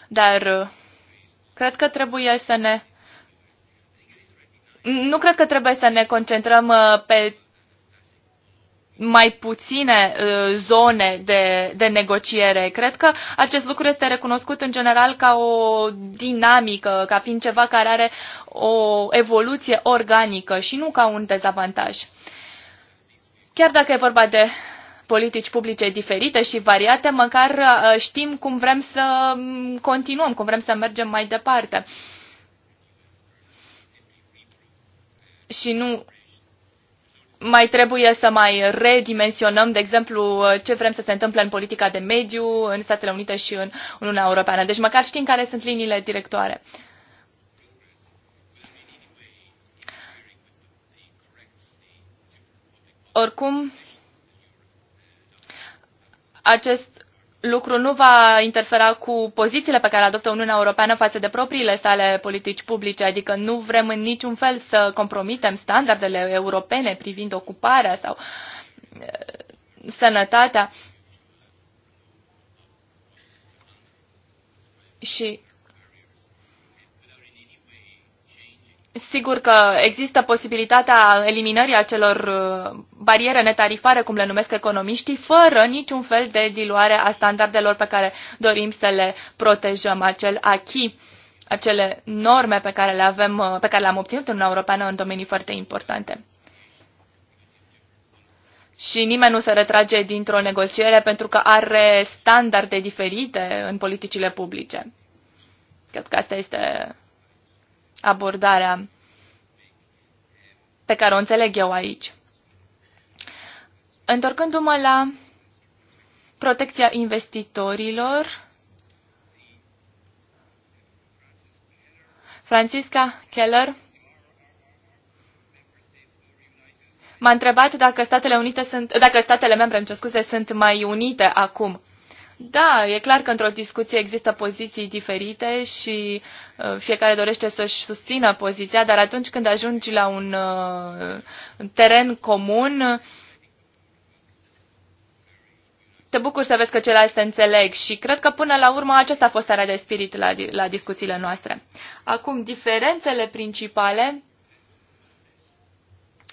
Speaker 3: dar uh, cred că trebuie să ne. Nu cred că trebuie să ne concentrăm uh, pe mai puține uh, zone de, de negociere. Cred că acest lucru este recunoscut în general ca o dinamică, ca fiind ceva care are o evoluție organică și nu ca un dezavantaj. Chiar dacă e vorba de politici publice diferite și variate, măcar uh, știm cum vrem să mm, continuăm, cum vrem să mergem mai departe. Și nu mai trebuie să mai redimensionăm, de exemplu, uh, ce vrem să se întâmple în politica de mediu în Statele Unite și în Uniunea Europeană. Deci măcar știm care sunt liniile directoare. Oricum, acest lucru nu va interfera cu pozițiile pe care le adoptă Uniunea Europeană față de propriile sale politici publice, adică nu vrem în niciun fel să compromitem standardele europene privind ocuparea sau uh, sănătatea. Și Sigur că există posibilitatea eliminării acelor uh, bariere netarifare, cum le numesc economiștii, fără niciun fel de diluare a standardelor pe care dorim să le protejăm, acel achi, acele norme pe care le avem, uh, pe care le-am obținut în Uniunea Europeană în domenii foarte importante. Și nimeni nu se retrage dintr-o negociere pentru că are standarde diferite în politicile publice. Cred că asta este abordarea pe care o înțeleg eu aici. Întorcându-mă la protecția investitorilor, Francisca Keller m-a întrebat dacă Statele Unite sunt, dacă statele membre, scuze, sunt mai unite acum. Da, e clar că într-o discuție există poziții diferite și uh, fiecare dorește să-și susțină poziția, dar atunci când ajungi la un uh, teren comun, te bucur să vezi că ceilalți te înțeleg și cred că până la urmă acesta a fost starea de spirit la, la discuțiile noastre. Acum, diferențele principale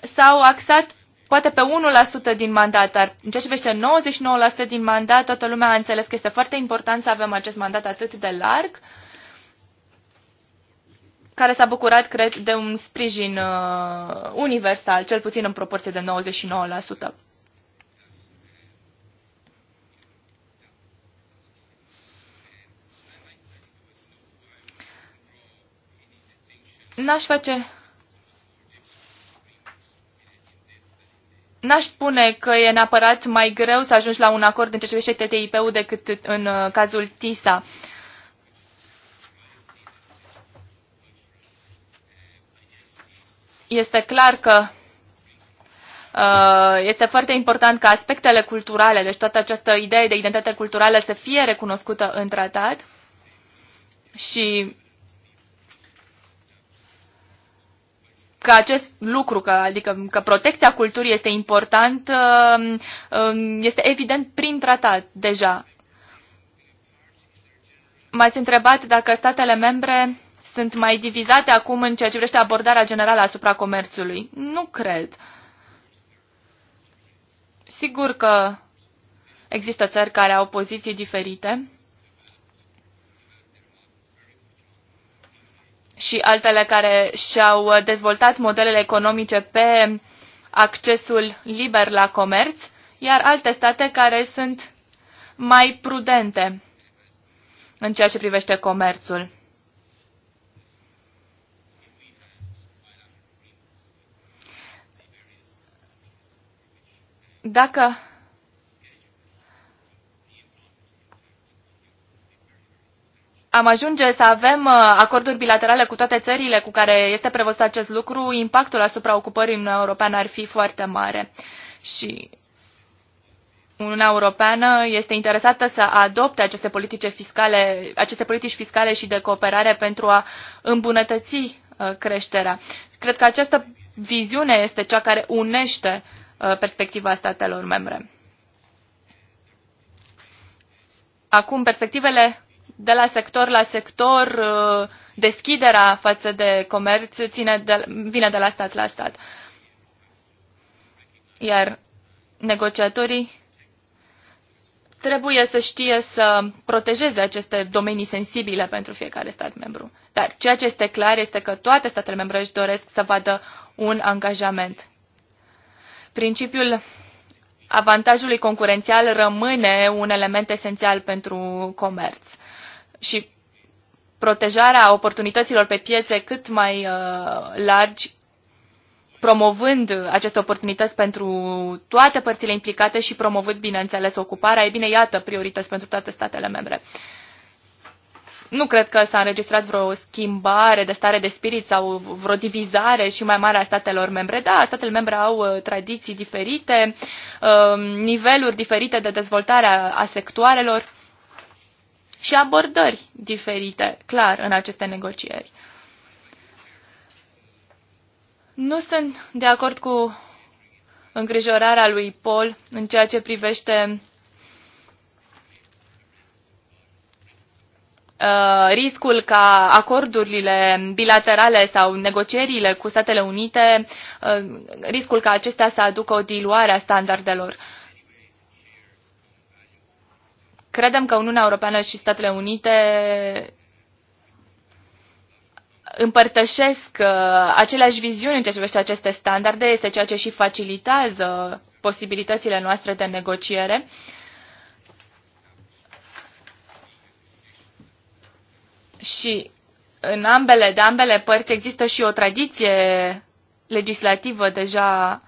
Speaker 3: s-au axat poate pe 1% din mandat, dar în ceea ce privește 99% din mandat, toată lumea a înțeles că este foarte important să avem acest mandat atât de larg, care s-a bucurat, cred, de un sprijin uh, universal, cel puțin în proporție de 99%. N-aș face N-aș spune că e neapărat mai greu să ajungi la un acord în ce privește TTIP-ul decât în uh, cazul TISA. Este clar că uh, este foarte important ca aspectele culturale, deci toată această idee de identitate culturală să fie recunoscută în tratat și că acest lucru, că, adică că protecția culturii este important, um, um, este evident prin tratat deja. M-ați întrebat dacă statele membre sunt mai divizate acum în ceea ce privește abordarea generală asupra comerțului. Nu cred. Sigur că există țări care au poziții diferite și altele care și-au uh, dezvoltat modelele economice pe accesul liber la comerț, iar alte state care sunt mai prudente în ceea ce privește comerțul. Dacă am ajunge să avem uh, acorduri bilaterale cu toate țările cu care este prevăzut acest lucru, impactul asupra ocupării în Europeană ar fi foarte mare. Și Uniunea Europeană este interesată să adopte aceste, politice fiscale, aceste politici fiscale și de cooperare pentru a îmbunătăți uh, creșterea. Cred că această viziune este cea care unește uh, perspectiva statelor membre. Acum, perspectivele de la sector la sector, uh, deschiderea față de comerț ține de, vine de la stat la stat. Iar negociatorii trebuie să știe să protejeze aceste domenii sensibile pentru fiecare stat membru. Dar ceea ce este clar este că toate statele membre își doresc să vadă un angajament. Principiul avantajului concurențial rămâne un element esențial pentru comerț și protejarea oportunităților pe piețe cât mai uh, largi, promovând aceste oportunități pentru toate părțile implicate și promovând, bineînțeles, ocuparea. E bine, iată priorități pentru toate statele membre. Nu cred că s-a înregistrat vreo schimbare de stare de spirit sau vreo divizare și mai mare a statelor membre. Da, statele membre au uh, tradiții diferite, uh, niveluri diferite de dezvoltare a sectoarelor și abordări diferite, clar, în aceste negocieri. Nu sunt de acord cu îngrijorarea lui Paul în ceea ce privește uh, riscul ca acordurile bilaterale sau negocierile cu Statele Unite, uh, riscul ca acestea să aducă o diluare a standardelor. Credem că Uniunea Europeană și Statele Unite împărtășesc uh, aceleași viziuni în ce privește aceste standarde, este ceea ce și facilitează posibilitățile noastre de negociere. Și în ambele, de ambele părți există și o tradiție legislativă deja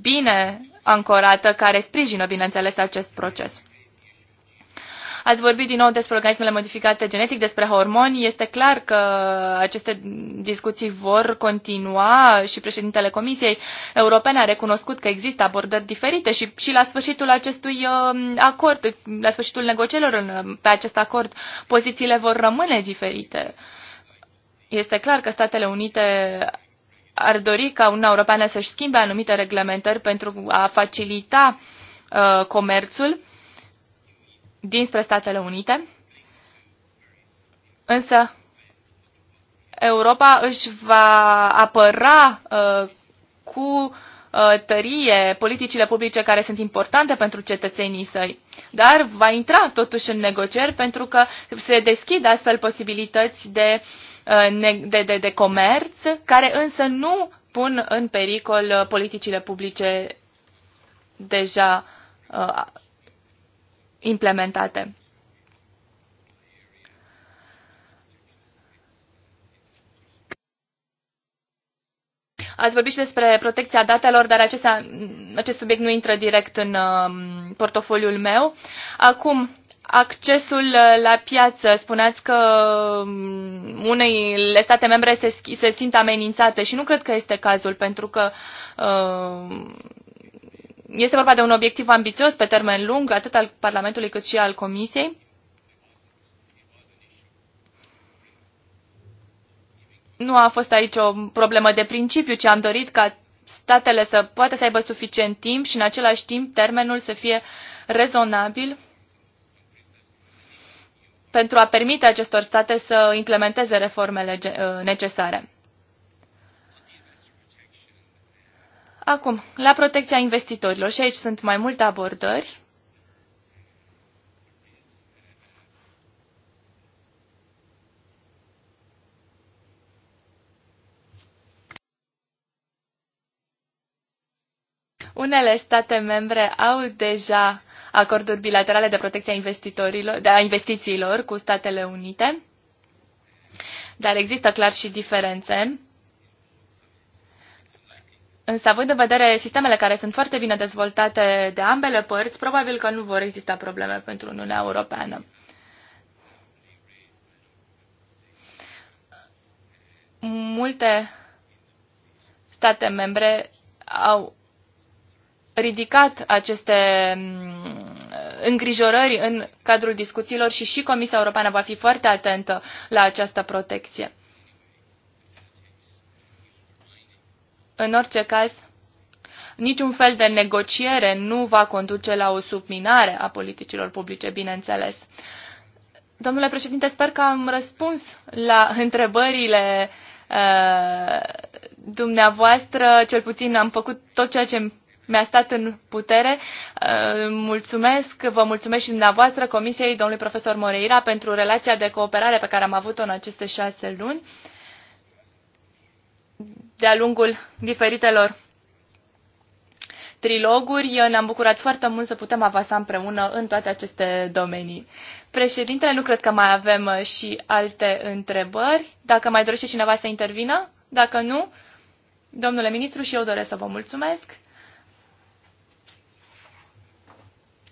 Speaker 3: bine ancorată, care sprijină, bineînțeles, acest proces. Ați vorbit din nou despre organismele modificate genetic, despre hormoni. Este clar că aceste discuții vor continua și președintele Comisiei Europene a recunoscut că există abordări diferite și, și la sfârșitul acestui um, acord, la sfârșitul negocierilor pe acest acord, pozițiile vor rămâne diferite. Este clar că Statele Unite ar dori ca Uniunea Europeană să-și schimbe anumite reglementări pentru a facilita uh, comerțul dinspre Statele Unite, însă Europa își va apăra uh, cu uh, tărie politicile publice care sunt importante pentru cetățenii săi, dar va intra totuși în negocieri pentru că se deschid astfel posibilități de, uh, de, de, de comerț, care însă nu pun în pericol uh, politicile publice deja uh, implementate. Ați vorbit și despre protecția datelor, dar acest, acest subiect nu intră direct în um, portofoliul meu. Acum, accesul la piață. Spuneați că um, unele state membre se, se simt amenințate și nu cred că este cazul, pentru că uh, este vorba de un obiectiv ambițios pe termen lung, atât al Parlamentului cât și al Comisiei. Nu a fost aici o problemă de principiu, ci am dorit ca statele să poată să aibă suficient timp și în același timp termenul să fie rezonabil pentru a permite acestor state să implementeze reformele necesare. Acum, la protecția investitorilor, și aici sunt mai multe abordări. Unele state membre au deja acorduri bilaterale de protecție a, investitorilor, de a investițiilor cu Statele Unite, dar există clar și diferențe Însă, având în vedere sistemele care sunt foarte bine dezvoltate de ambele părți, probabil că nu vor exista probleme pentru Uniunea Europeană. Multe state membre au ridicat aceste mm, îngrijorări în cadrul discuțiilor și și Comisia Europeană va fi foarte atentă la această protecție. În orice caz, niciun fel de negociere nu va conduce la o subminare a politicilor publice, bineînțeles. Domnule președinte, sper că am răspuns la (laughs) întrebările uh, dumneavoastră, cel puțin am făcut tot ceea ce mi-a stat în putere. Uh, mulțumesc, vă mulțumesc și dumneavoastră, Comisiei domnului profesor Moreira, pentru relația de cooperare pe care am avut-o în aceste șase luni de-a lungul diferitelor triloguri. Ne-am bucurat foarte mult să putem avansa împreună în toate aceste domenii. Președintele, nu cred că mai avem și alte întrebări. Dacă mai dorește cineva să intervină, dacă nu, domnule ministru, și eu doresc să vă mulțumesc.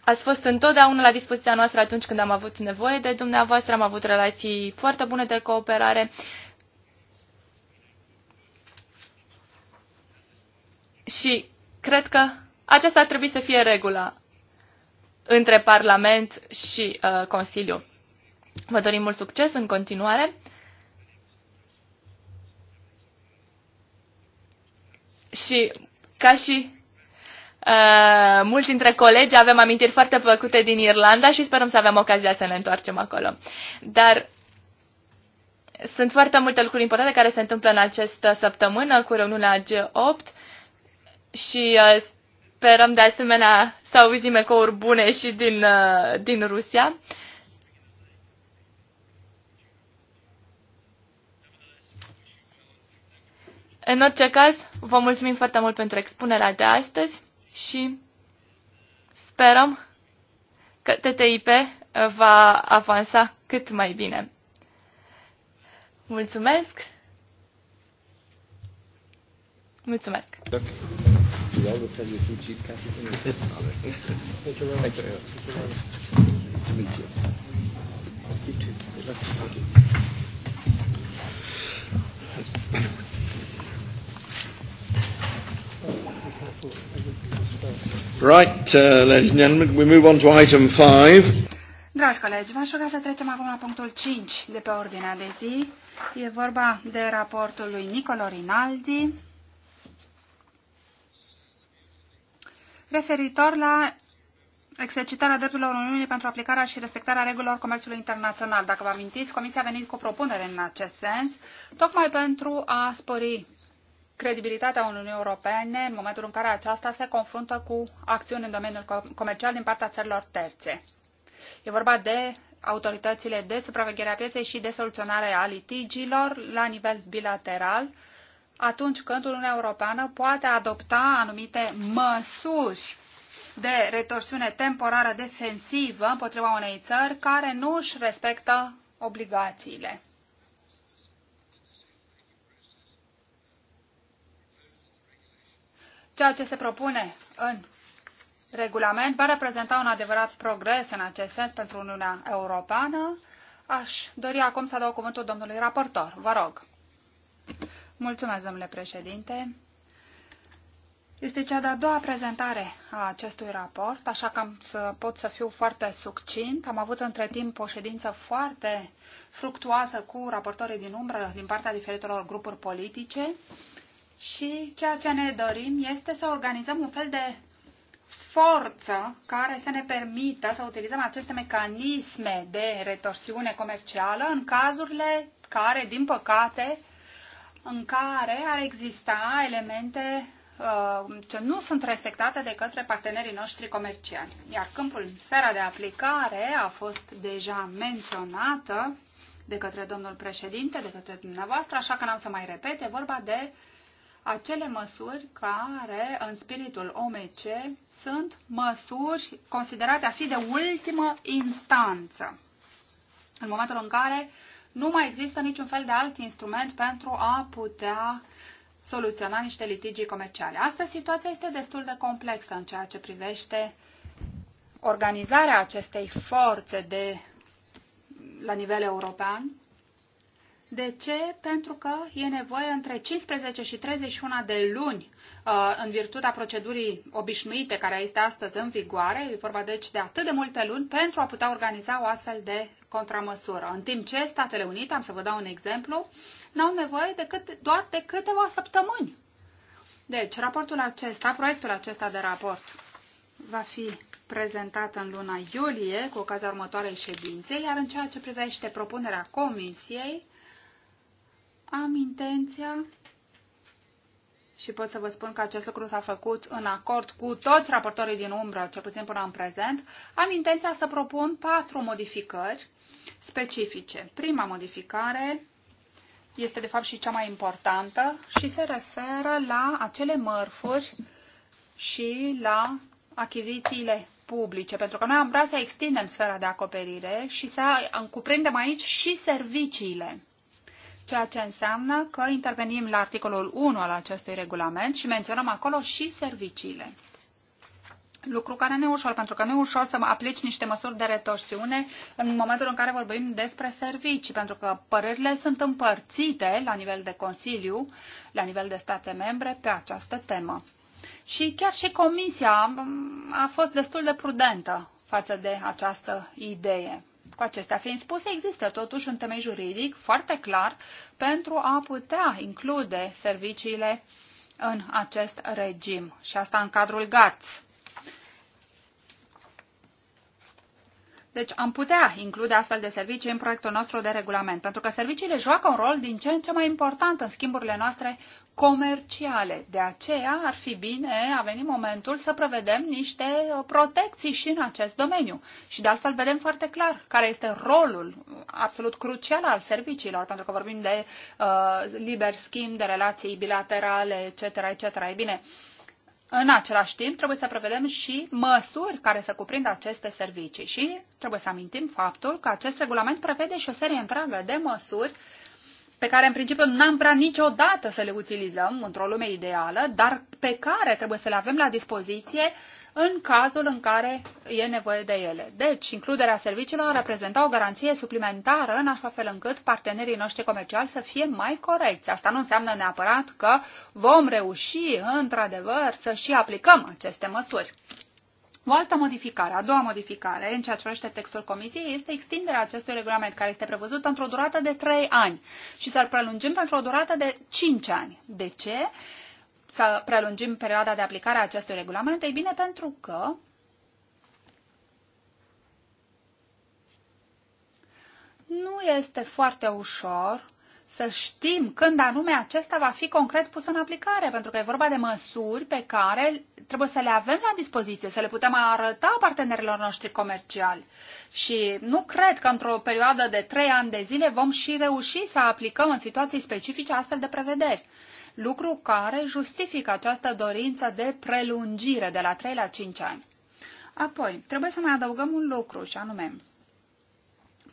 Speaker 3: Ați fost întotdeauna la dispoziția noastră atunci când am avut nevoie de dumneavoastră, am avut relații foarte bune de cooperare Și cred că aceasta ar trebui să fie regula între Parlament și uh, Consiliu. Vă dorim mult succes în continuare. Și ca și uh, mulți dintre colegi avem amintiri foarte plăcute din Irlanda și sperăm să avem ocazia să ne întoarcem acolo. Dar sunt foarte multe lucruri importante care se întâmplă în această săptămână cu reuniunea G8 și uh, sperăm de asemenea să auzim ecouri bune și din, uh, din Rusia. În orice caz, vă mulțumim foarte mult pentru expunerea de astăzi și sperăm că TTIP uh, va avansa cât mai bine. Mulțumesc!
Speaker 1: Mulțumesc! Da you well will tell you two cheap catches in your Thank you very much. Thank you very much. to meet you. Thank You too. Good luck. Thank you. Right, uh, ladies and gentlemen, we move on to item five.
Speaker 4: Dragi colegi, v-aș ruga să trecem acum la punctul 5 de pe ordinea de zi. E vorba de raportul lui Nicolo Rinaldi referitor la exercitarea drepturilor Uniunii pentru aplicarea și respectarea regulilor comerțului internațional. Dacă vă amintiți, Comisia a venit cu o propunere în acest sens, tocmai pentru a spori credibilitatea Uniunii Europene în momentul în care aceasta se confruntă cu acțiuni în domeniul comercial din partea țărilor terțe. E vorba de autoritățile de supraveghere a pieței și de soluționare a litigiilor la nivel bilateral, atunci când Uniunea Europeană poate adopta anumite măsuri de retorsiune temporară defensivă împotriva unei țări care nu își respectă obligațiile. Ceea ce se propune în regulament va reprezenta un adevărat progres în acest sens pentru Uniunea Europeană. Aș dori acum să dau cuvântul domnului raportor. Vă rog. Mulțumesc, domnule președinte. Este cea de-a doua prezentare a acestui raport, așa că să pot să fiu foarte succint. Am avut între timp o ședință foarte fructuoasă cu raportorii din umbră din partea diferitelor grupuri politice și ceea ce ne dorim este să organizăm un fel de forță care să ne permită să utilizăm aceste mecanisme de retorsiune comercială în cazurile care, din păcate, în care ar exista elemente uh, ce nu sunt respectate de către partenerii noștri comerciali. Iar câmpul, sfera de aplicare a fost deja menționată de către domnul președinte, de către dumneavoastră, așa că n-am să mai repete, vorba de acele măsuri care, în spiritul OMC, sunt măsuri considerate a fi de ultimă instanță. În momentul în care uh, nu mai există niciun fel de alt instrument pentru a putea soluționa niște litigii comerciale. Asta situația este destul de complexă în ceea ce privește organizarea acestei forțe de, la nivel european. De ce? Pentru că e nevoie între 15 și 31 de luni uh, în virtutea procedurii obișnuite care este astăzi în vigoare, e vorba deci de atât de multe luni, pentru a putea organiza o astfel de contramăsură. În timp ce Statele Unite, am să vă dau un exemplu, n-au nevoie decât, doar de câteva săptămâni. Deci, raportul acesta, proiectul acesta de raport va fi prezentat în luna iulie cu ocazia următoarei ședințe, iar în ceea ce privește propunerea comisiei, am intenția și pot să vă spun că acest lucru s-a făcut în acord cu toți raportorii din umbră, cel puțin până în prezent, am intenția să propun patru modificări specifice. Prima modificare este de fapt și cea mai importantă și se referă la acele mărfuri și la achizițiile publice, pentru că noi am vrea să extindem sfera de acoperire și să cuprindem aici și serviciile ceea ce înseamnă că intervenim la articolul 1 al acestui regulament și menționăm acolo și serviciile. Lucru care nu e ușor, pentru că nu e ușor să aplici niște măsuri de retorsiune în momentul în care vorbim despre servicii, pentru că părerile sunt împărțite la nivel de Consiliu, la nivel de state membre, pe această temă. Și chiar și Comisia mm, a fost destul de prudentă față de această idee. Cu acestea fiind spuse, există totuși un temei juridic foarte clar pentru a putea include serviciile în acest regim și asta în cadrul GATS. Deci am putea include astfel de servicii în proiectul nostru de regulament, pentru că serviciile joacă un rol din ce în ce mai important în schimburile noastre comerciale. De aceea ar fi bine, a venit momentul să prevedem niște uh, protecții și în acest domeniu. Și de altfel vedem foarte clar care este rolul uh, absolut crucial al serviciilor, pentru că vorbim de uh, liber schimb, de relații bilaterale, etc. etc. E bine, uh, în același timp, trebuie să prevedem și măsuri care să cuprindă aceste servicii și trebuie să amintim faptul că acest regulament prevede și o serie întreagă de măsuri pe care în principiu n-am vrea niciodată să le utilizăm într-o lume ideală, dar pe care trebuie să le avem la dispoziție în cazul în care e nevoie de ele. Deci, includerea serviciilor reprezenta o garanție suplimentară în așa fel încât partenerii noștri comerciali să fie mai corecți. Asta nu înseamnă neapărat că vom reuși, într-adevăr, să și aplicăm aceste măsuri. O altă modificare, a doua modificare în ceea ce privește textul Comisiei este extinderea acestui regulament care este prevăzut pentru o durată de 3 ani și să-l prelungim pentru o durată de 5 ani. De ce? să prelungim perioada de aplicare a acestui regulament? Ei bine, pentru că nu este foarte ușor să știm când anume acesta va fi concret pus în aplicare, pentru că e vorba de măsuri pe care trebuie să le avem la dispoziție, să le putem arăta partenerilor noștri comerciali. Și nu cred că într-o perioadă de trei ani de zile vom și reuși să aplicăm în situații specifice astfel de prevederi lucru care justifică această dorință de prelungire de la 3 la 5 ani. Apoi, trebuie să mai adăugăm un lucru și anume,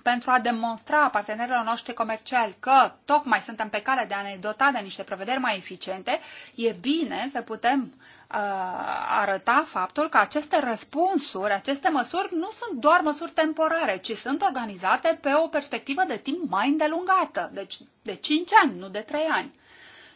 Speaker 4: pentru a demonstra partenerilor noștri comerciali că tocmai suntem pe cale de a ne dota de niște prevederi mai eficiente, e bine să putem uh, arăta faptul că aceste răspunsuri, aceste măsuri nu sunt doar măsuri temporare, ci sunt organizate pe o perspectivă de timp mai îndelungată, deci de 5 ani, nu de 3 ani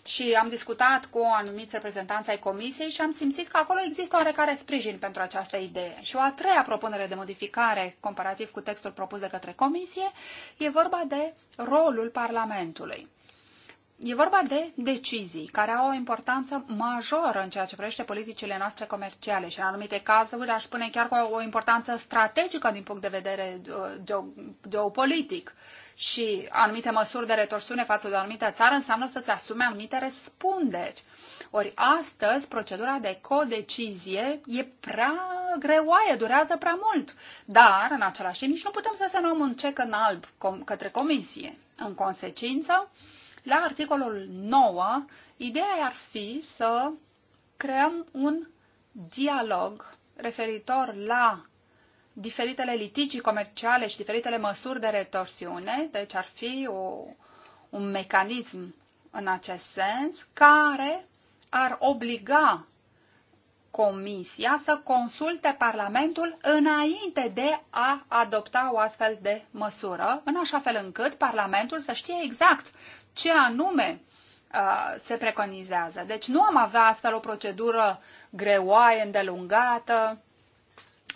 Speaker 4: și am discutat cu anumiți reprezentanți ai comisiei și am simțit că acolo există oarecare sprijin pentru această idee. Și o a treia propunere de modificare comparativ cu textul propus de către comisie e vorba de rolul Parlamentului. E vorba de decizii care au o importanță majoră în ceea ce privește politicile noastre comerciale și în anumite cazuri aș spune chiar cu o importanță strategică din punct de vedere uh, geopolitic și anumite măsuri de retorsiune față de o anumită țară înseamnă să-ți asume anumite răspunderi. Ori astăzi procedura de codecizie e prea greoaie, durează prea mult, dar în același timp nici nu putem să semnăm un cec în alb către comisie. În consecință, la articolul 9, ideea ar fi să creăm un dialog referitor la diferitele litigi comerciale și diferitele măsuri de retorsiune, deci ar fi o, un mecanism în acest sens care ar obliga Comisia să consulte Parlamentul înainte de a adopta o astfel de măsură, în așa fel încât Parlamentul să știe exact ce anume uh, se preconizează. Deci nu am avea astfel o procedură greoaie, îndelungată.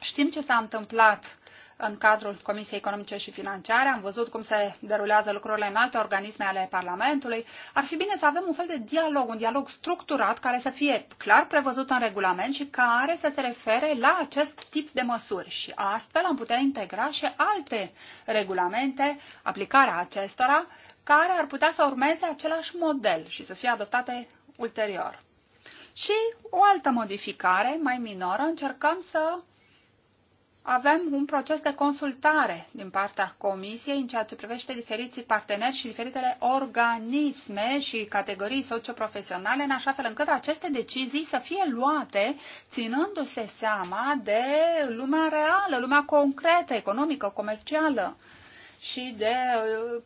Speaker 4: Știm ce s-a întâmplat în cadrul Comisiei Economice și Financiare, am văzut cum se derulează lucrurile în alte organisme ale Parlamentului. Ar fi bine să avem un fel de dialog, un dialog structurat care să fie clar prevăzut în regulament și care să se refere la acest tip de măsuri. Și astfel am putea integra și alte regulamente, aplicarea acestora, care ar putea să urmeze același model și să fie adoptate ulterior. Și o altă modificare mai minoră, încercăm să avem un proces de consultare din partea Comisiei în ceea ce privește diferiții parteneri și diferitele organisme și categorii socioprofesionale, în așa fel încât aceste decizii să fie luate ținându-se seama de lumea reală, lumea concretă, economică, comercială și de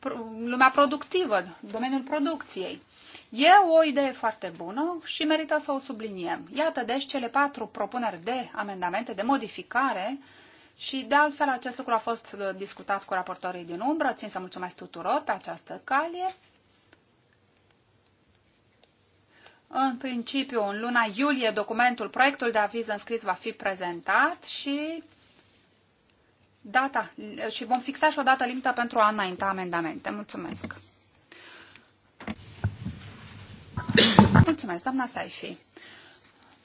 Speaker 4: uh, lumea productivă, domeniul producției. E o idee foarte bună și merită să o subliniem. Iată deci cele patru propuneri de amendamente, de modificare și de altfel acest lucru a fost uh, discutat cu raportorii din umbră. Țin să mulțumesc tuturor pe această calie. În principiu, în luna iulie, documentul, proiectul de aviz înscris va fi prezentat și data și vom fixa și o dată limită pentru a înainta amendamente. Mulțumesc. Mulțumesc, doamna Saifi.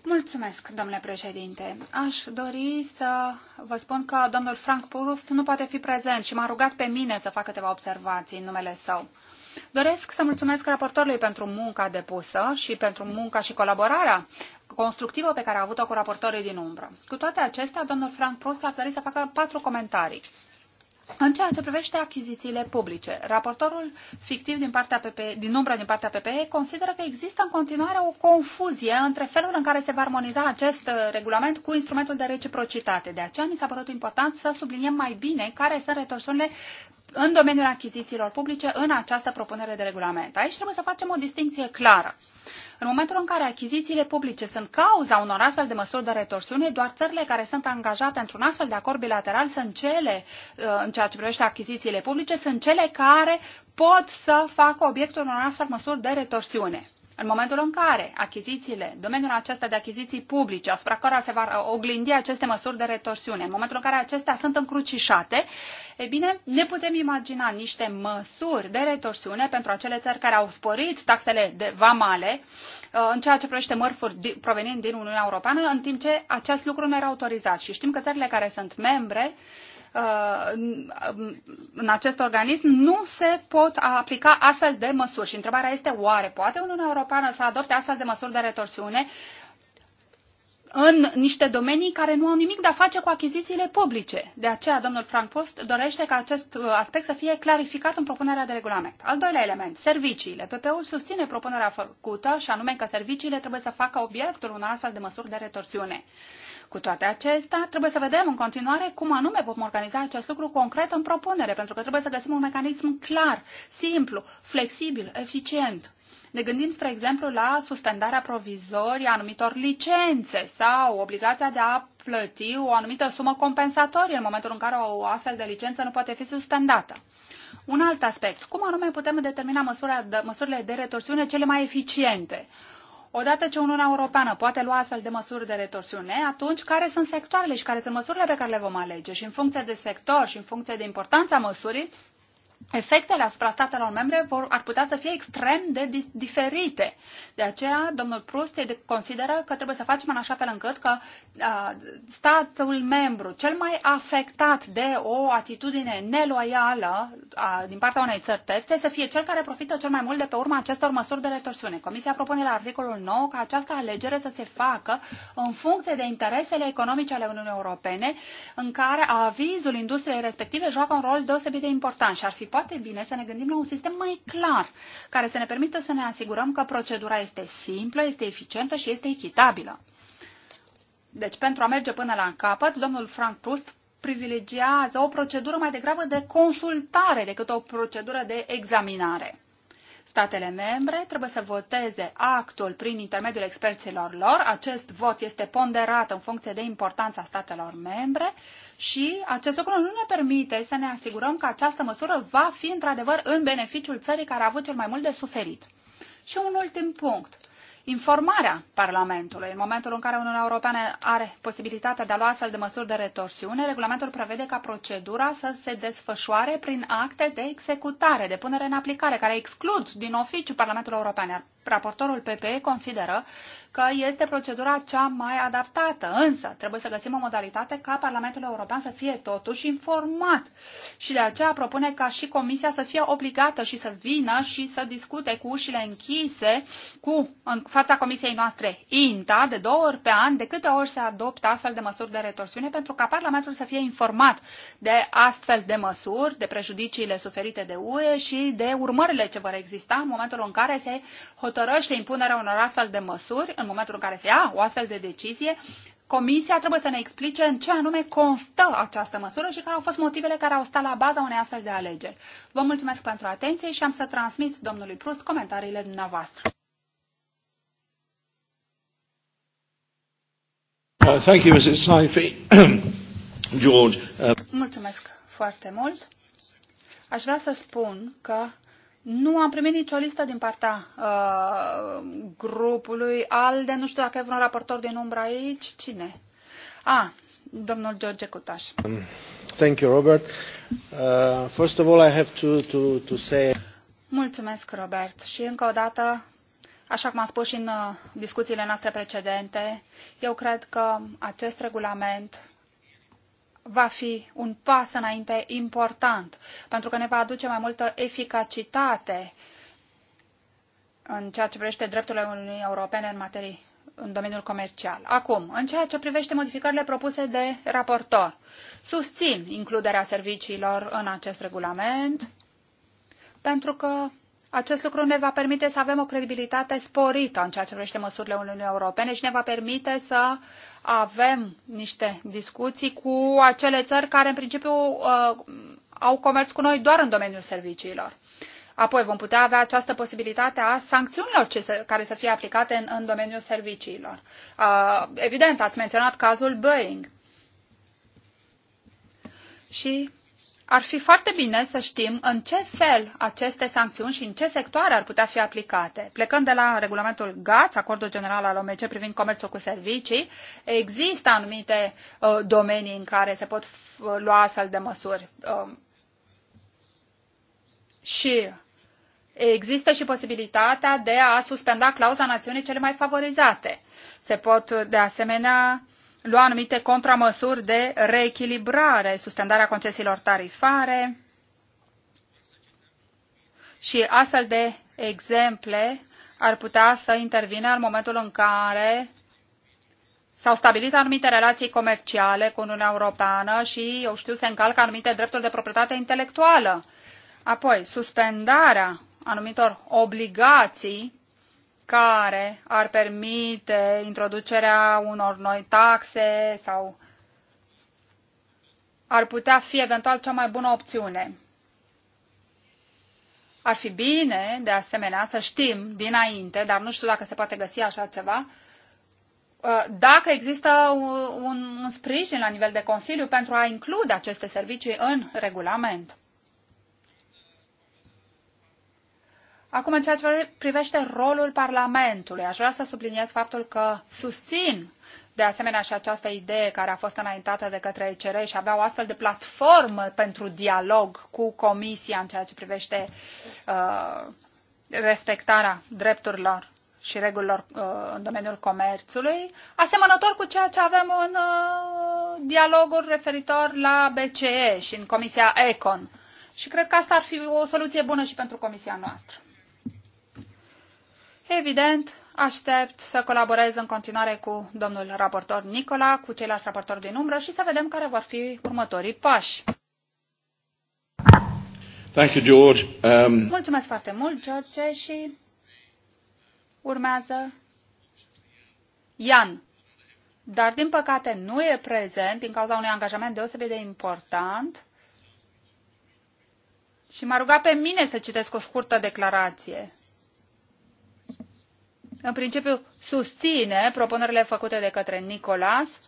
Speaker 4: Mulțumesc, domnule președinte. Aș dori să vă spun că domnul Frank Purust nu poate fi prezent și m-a rugat pe mine să fac câteva observații în numele său. Doresc să mulțumesc raportorului pentru munca depusă și pentru munca și colaborarea constructivă pe care a avut-o cu raportorii din umbră. Cu toate acestea, domnul Frank Prost a dorit să facă patru comentarii. În ceea ce privește achizițiile publice, raportorul fictiv din, partea PP, din umbră din partea PPE consideră că există în continuare o confuzie între felul în care se va armoniza acest uh, regulament cu instrumentul de reciprocitate. De aceea mi s-a părut important să subliniem mai bine care sunt retorsiunile în domeniul achizițiilor publice în această propunere de regulament. Aici trebuie să facem o distinție clară. În momentul în care achizițiile publice sunt cauza unor astfel de măsuri de retorsiune, doar țările care sunt angajate într-un astfel de acord bilateral sunt cele, uh, în ceea ce privește achizițiile publice, sunt cele care pot să facă obiectul unor astfel măsuri de retorsiune. În momentul în care achizițiile, domeniul acesta de achiziții publice, asupra cărora se va oglindi aceste măsuri de retorsiune, în momentul în care acestea sunt încrucișate, e bine, ne putem imagina niște măsuri de retorsiune pentru acele țări care au sporit taxele de vamale uh, în ceea ce privește mărfuri provenind din Uniunea Europeană, în timp ce acest lucru nu era autorizat. Și știm că țările care sunt membre Uh, în acest organism nu se pot aplica astfel de măsuri. Și întrebarea este oare poate Uniunea Europeană să adopte astfel de măsuri de retorsiune în niște domenii care nu au nimic de a face cu achizițiile publice. De aceea, domnul Frank Post dorește ca acest uh, aspect să fie clarificat în propunerea de regulament. Al doilea element, serviciile. PP-ul susține propunerea făcută și anume că serviciile trebuie să facă obiectul unor astfel de măsuri de retorsiune. Cu toate acestea, trebuie să vedem în continuare cum anume vom organiza acest lucru concret în propunere, pentru că trebuie să găsim un mecanism clar, simplu, flexibil, eficient. Ne gândim, spre exemplu, la suspendarea provizorie a anumitor licențe sau obligația de a plăti o anumită sumă compensatorie în momentul în care o astfel de licență nu poate fi suspendată. Un alt aspect. Cum anume putem determina măsurile de retorsiune cele mai eficiente? Odată ce Uniunea Europeană poate lua astfel de măsuri de retorsiune, atunci care sunt sectoarele și care sunt măsurile pe care le vom alege? Și în funcție de sector și în funcție de importanța măsurii, efectele asupra statelor membre vor, ar putea să fie extrem de dis, diferite. De aceea, domnul Prust consideră că trebuie să facem în așa fel încât că a, statul membru cel mai afectat de o atitudine neloială a, din partea unei țări terțe să fie cel care profită cel mai mult de pe urma acestor măsuri de retorsiune. Comisia propune la articolul 9 ca această alegere să se facă în funcție de interesele economice ale Uniunii Europene, în care avizul industriei respective joacă un rol deosebit de important și ar fi fi poate bine să ne gândim la un sistem mai clar, care să ne permită să ne asigurăm că procedura este simplă, este eficientă și este echitabilă. Deci, pentru a merge până la capăt, domnul Frank Proust privilegiază o procedură mai degrabă de consultare decât o procedură de examinare. Statele membre trebuie să voteze actul prin intermediul experților lor. Acest vot este ponderat în funcție de importanța statelor membre și acest lucru nu ne permite să ne asigurăm că această măsură va fi într-adevăr în beneficiul țării care a avut cel mai mult de suferit. Și un ultim punct informarea Parlamentului. În momentul în care Uniunea Europeană are posibilitatea de a lua astfel de măsuri de retorsiune, regulamentul prevede ca procedura să se desfășoare prin acte de executare, de punere în aplicare, care exclud din oficiu Parlamentul European. Raportorul PPE consideră că este procedura cea mai adaptată, însă trebuie să găsim o modalitate ca Parlamentul European să fie totuși informat și de aceea propune ca și Comisia să fie obligată și să vină și să discute cu ușile închise cu, în fața Comisiei noastre INTA de două ori pe an, de câte ori se adoptă astfel de măsuri de retorsiune, pentru ca Parlamentul să fie informat de astfel de măsuri, de prejudiciile suferite de UE și de urmările ce vor exista în momentul în care se hotărăște impunerea unor astfel de măsuri în momentul în care se ia o astfel de decizie, Comisia trebuie să ne explice în ce anume constă această măsură și care au fost motivele care au stat la baza unei astfel de alegeri. Vă mulțumesc pentru atenție și am să transmit domnului Prust comentariile dumneavoastră.
Speaker 1: Uh, (coughs) uh,
Speaker 4: mulțumesc foarte mult. Aș vrea să spun că nu am primit nicio listă din partea uh, grupului ALDE, nu știu dacă e vreun raportor din umbră aici, cine? A, domnul George Cutaș.
Speaker 1: Um, thank you, Robert. Uh, first of all, I have to, to, to say...
Speaker 4: Mulțumesc, Robert. Și încă o dată, așa cum am spus și în uh, discuțiile noastre precedente, eu cred că acest regulament va fi un pas înainte important, pentru că ne va aduce mai multă eficacitate în ceea ce privește drepturile Uniunii Europene în materie în domeniul comercial. Acum, în ceea ce privește modificările propuse de raportor, susțin includerea serviciilor în acest regulament, pentru că acest lucru ne va permite să avem o credibilitate sporită în ceea ce privește măsurile Uniunii Europene și ne va permite să avem niște discuții cu acele țări care în principiu uh, au comerț cu noi doar în domeniul serviciilor. Apoi vom putea avea această posibilitate a sancțiunilor ce se, care să fie aplicate în, în domeniul serviciilor. Uh, evident, ați menționat cazul Boeing. Și ar fi foarte bine să știm în ce fel aceste sancțiuni și în ce sectoare ar putea fi aplicate. Plecând de la regulamentul GATS, Acordul General al OMC privind comerțul cu servicii, există anumite uh, domenii în care se pot uh, lua astfel de măsuri. Uh, și Există și posibilitatea de a suspenda clauza națiunii cele mai favorizate. Se pot, de asemenea, lua anumite contramăsuri de reechilibrare, suspendarea concesiilor tarifare și astfel de exemple ar putea să intervină în momentul în care S-au stabilit anumite relații comerciale cu Uniunea Europeană și, eu știu, se încalcă anumite drepturi de proprietate intelectuală. Apoi, suspendarea anumitor obligații care ar permite introducerea unor noi taxe sau ar putea fi eventual cea mai bună opțiune. Ar fi bine, de asemenea, să știm dinainte, dar nu știu dacă se poate găsi așa ceva, uh, dacă există un, un sprijin la nivel de Consiliu pentru a include aceste servicii în regulament. Acum, în ceea ce privește rolul Parlamentului, aș vrea să subliniez faptul că susțin de asemenea și această idee care a fost înaintată de către ECR și avea o astfel de platformă pentru dialog cu Comisia în ceea ce privește uh, respectarea drepturilor și regulilor uh, în domeniul comerțului, asemănător cu ceea ce avem în uh, dialogul referitor la BCE și în Comisia ECON. Și cred că asta ar fi o soluție bună și pentru Comisia noastră. Evident, aștept să colaborez în continuare cu domnul raportor Nicola, cu ceilalți raportori din umbră și să vedem care vor fi următorii pași.
Speaker 1: Thank you, George. Um...
Speaker 4: Mulțumesc foarte mult, George, și urmează Ian. Dar, din păcate, nu e prezent din cauza unui angajament deosebit de important și m-a rugat pe mine să citesc o scurtă declarație în principiu susține propunerile făcute de către Nicolas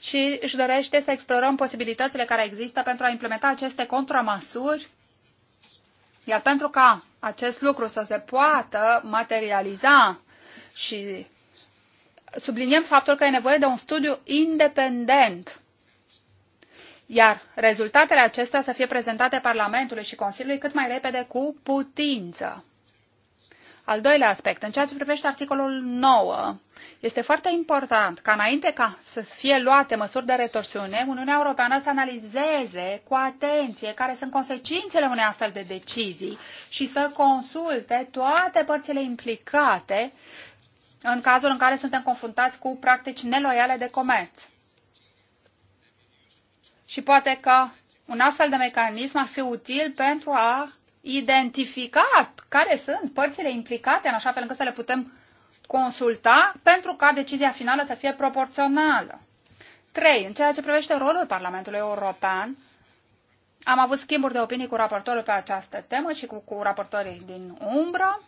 Speaker 4: și își dorește să explorăm posibilitățile care există pentru a implementa aceste contramăsuri. Iar pentru ca acest lucru să se poată materializa și subliniem faptul că e nevoie de un studiu independent iar rezultatele acestea să fie prezentate Parlamentului și Consiliului cât mai repede cu putință. Al doilea aspect, în ceea ce privește articolul 9, este foarte important ca înainte ca să fie luate măsuri de retorsiune, Uniunea Europeană să analizeze cu atenție care sunt consecințele unei astfel de decizii și să consulte toate părțile implicate în cazul în care suntem confruntați cu practici neloiale de comerț. Și poate că un astfel de mecanism ar fi util pentru a identificat care sunt părțile implicate în așa fel încât să le putem consulta pentru ca decizia finală să fie proporțională. 3. În ceea ce privește rolul Parlamentului European, am avut schimburi de opinii cu raportorul pe această temă și cu, cu raportorii din umbră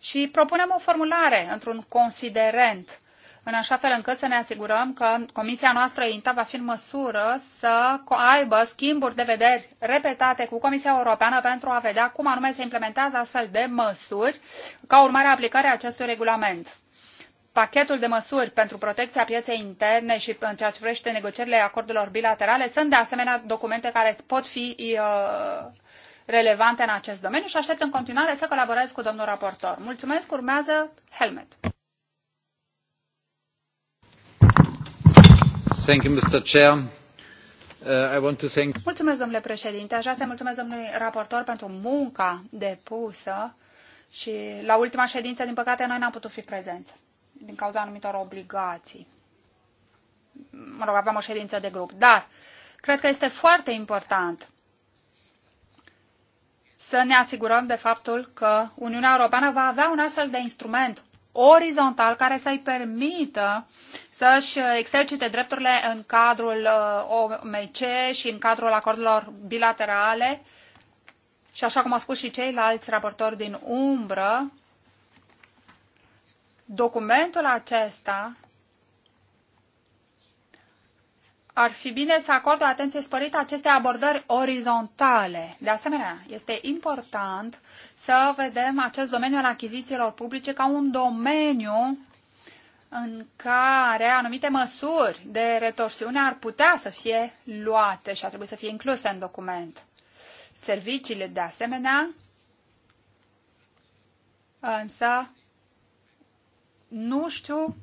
Speaker 4: și propunem o formulare într-un considerent în așa fel încât să ne asigurăm că Comisia noastră INTA va fi în măsură să aibă schimburi de vederi repetate cu Comisia Europeană pentru a vedea cum anume se implementează astfel de măsuri ca urmare a aplicării acestui regulament pachetul de măsuri pentru protecția pieței interne și în ceea ce privește negocierile acordurilor bilaterale sunt de asemenea documente care pot fi uh, relevante în acest domeniu și aștept în continuare să colaborez cu domnul raportor. Mulțumesc, urmează Helmet. Uh, mulțumesc, domnule președinte. Aș vrea să mulțumesc domnului raportor pentru munca depusă și la ultima ședință, din păcate, noi n-am putut fi prezenți din cauza anumitor obligații. Mă rog, aveam o ședință de grup. Dar cred că este foarte important să ne asigurăm de faptul că Uniunea Europeană va avea un astfel de instrument orizontal care să-i permită să-și exercite drepturile în cadrul uh, OMC și în cadrul acordurilor bilaterale și așa cum au spus și ceilalți raportori din umbră, documentul acesta ar fi bine să acord o atenție sporită acestei abordări orizontale. De asemenea, este important să vedem acest domeniu al achizițiilor publice ca un domeniu în care anumite măsuri de retorsiune ar putea să fie luate și ar trebui să fie incluse în document. Serviciile, de asemenea, însă nu știu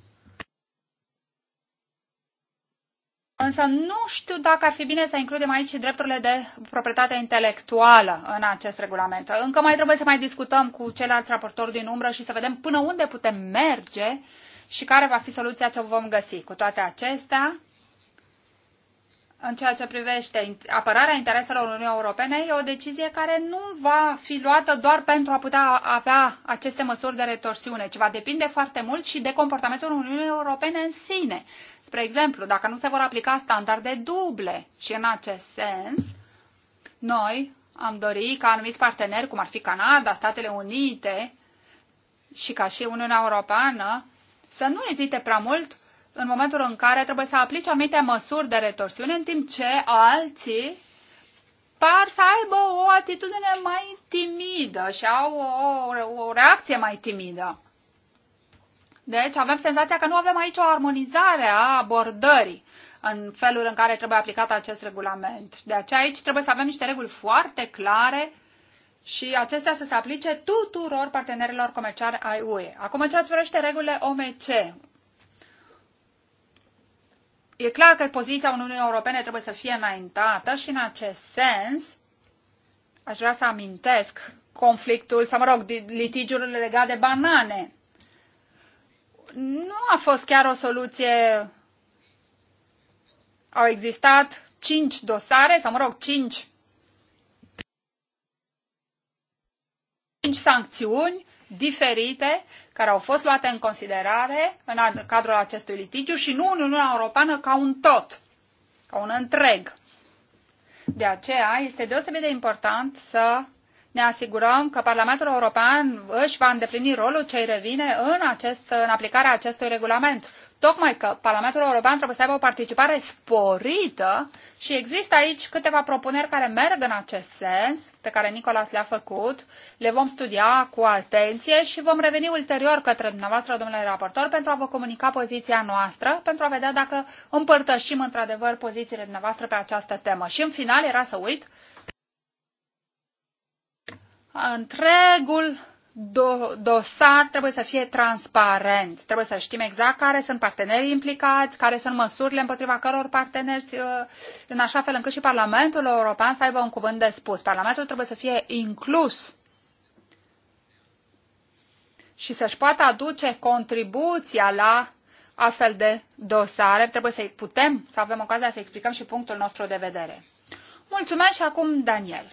Speaker 4: Însă nu știu dacă ar fi bine să includem aici drepturile de proprietate intelectuală în acest regulament. Încă mai trebuie să mai discutăm cu ceilalți raportori din umbră și să vedem până unde putem merge și care va fi soluția ce vom găsi. Cu toate acestea, în ceea ce privește apărarea intereselor Uniunii Europene e o decizie care nu va fi luată doar pentru a putea avea aceste măsuri de retorsiune, ci va depinde foarte mult și de comportamentul Uniunii Europene în sine. Spre exemplu, dacă nu se vor aplica standarde duble și în acest sens, noi am dori ca anumiți parteneri, cum ar fi Canada, Statele Unite și ca și Uniunea Europeană, să nu ezite prea mult în momentul în care trebuie să aplice anumite măsuri de retorsiune, în timp ce alții par să aibă o atitudine mai timidă și au o, o reacție mai timidă. Deci avem senzația că nu avem aici o armonizare a abordării în felul în care trebuie aplicat acest regulament. De aceea aici trebuie să avem niște reguli foarte clare și acestea să se aplice tuturor partenerilor comerciali ai UE. Acum, în ceea ce privește regulile OMC, E clar că poziția Uniunii Europene trebuie să fie înaintată și în acest sens aș vrea să amintesc conflictul, sau mă rog, litigiul legat de banane. Nu a fost chiar o soluție. Au existat cinci dosare, sau mă rog, cinci, cinci sancțiuni diferite care au fost luate în considerare în cadrul acestui litigiu și nu Uniunea Europeană ca un tot, ca un întreg. De aceea este deosebit de important să ne asigurăm că Parlamentul European își va îndeplini rolul ce îi revine în, acest, în aplicarea acestui regulament, Tocmai că Parlamentul European trebuie să aibă o participare sporită și există aici câteva propuneri care merg în acest sens, pe care Nicolas le-a făcut. Le vom studia cu atenție și vom reveni ulterior către dumneavoastră, domnule raportor, pentru a vă comunica poziția noastră, pentru a vedea dacă împărtășim într-adevăr pozițiile dumneavoastră pe această temă. Și în final era să uit întregul do dosar trebuie să fie transparent. Trebuie să știm exact care sunt partenerii implicați, care sunt măsurile împotriva căror parteneri, uh, în așa fel încât și Parlamentul European să aibă un cuvânt de spus. Parlamentul trebuie să fie inclus și să-și poată aduce contribuția la astfel de dosare. Trebuie să putem, să avem ocazia să explicăm și punctul nostru de vedere. Mulțumesc și acum Daniel.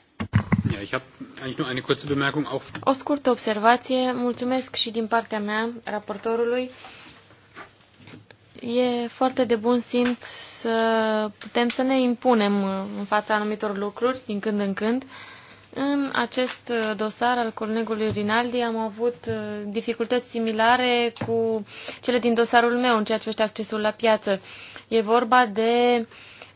Speaker 4: O scurtă observație. Mulțumesc și din partea mea,
Speaker 2: raportorului. E foarte de bun simț să putem să ne impunem uh, în fața anumitor lucruri din când în când. În acest uh, dosar al colegului Rinaldi am avut uh, dificultăți similare cu cele din dosarul meu în ceea ce este accesul la piață. E vorba de uh,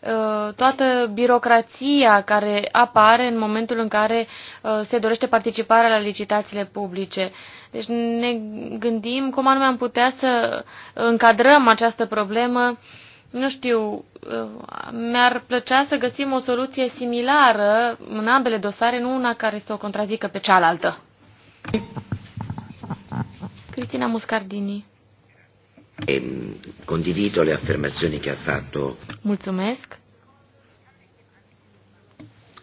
Speaker 2: Uh, toată birocrația care apare în momentul în care uh, se dorește participarea la licitațiile publice. Deci ne gândim cum anume am putea să încadrăm această problemă. Nu știu, uh, mi-ar plăcea să găsim o soluție similară în ambele dosare, nu una care să o contrazică pe cealaltă. Cristina Muscardini
Speaker 1: E, condivido le affermazioni che ha fatto.
Speaker 2: Mulțumesc.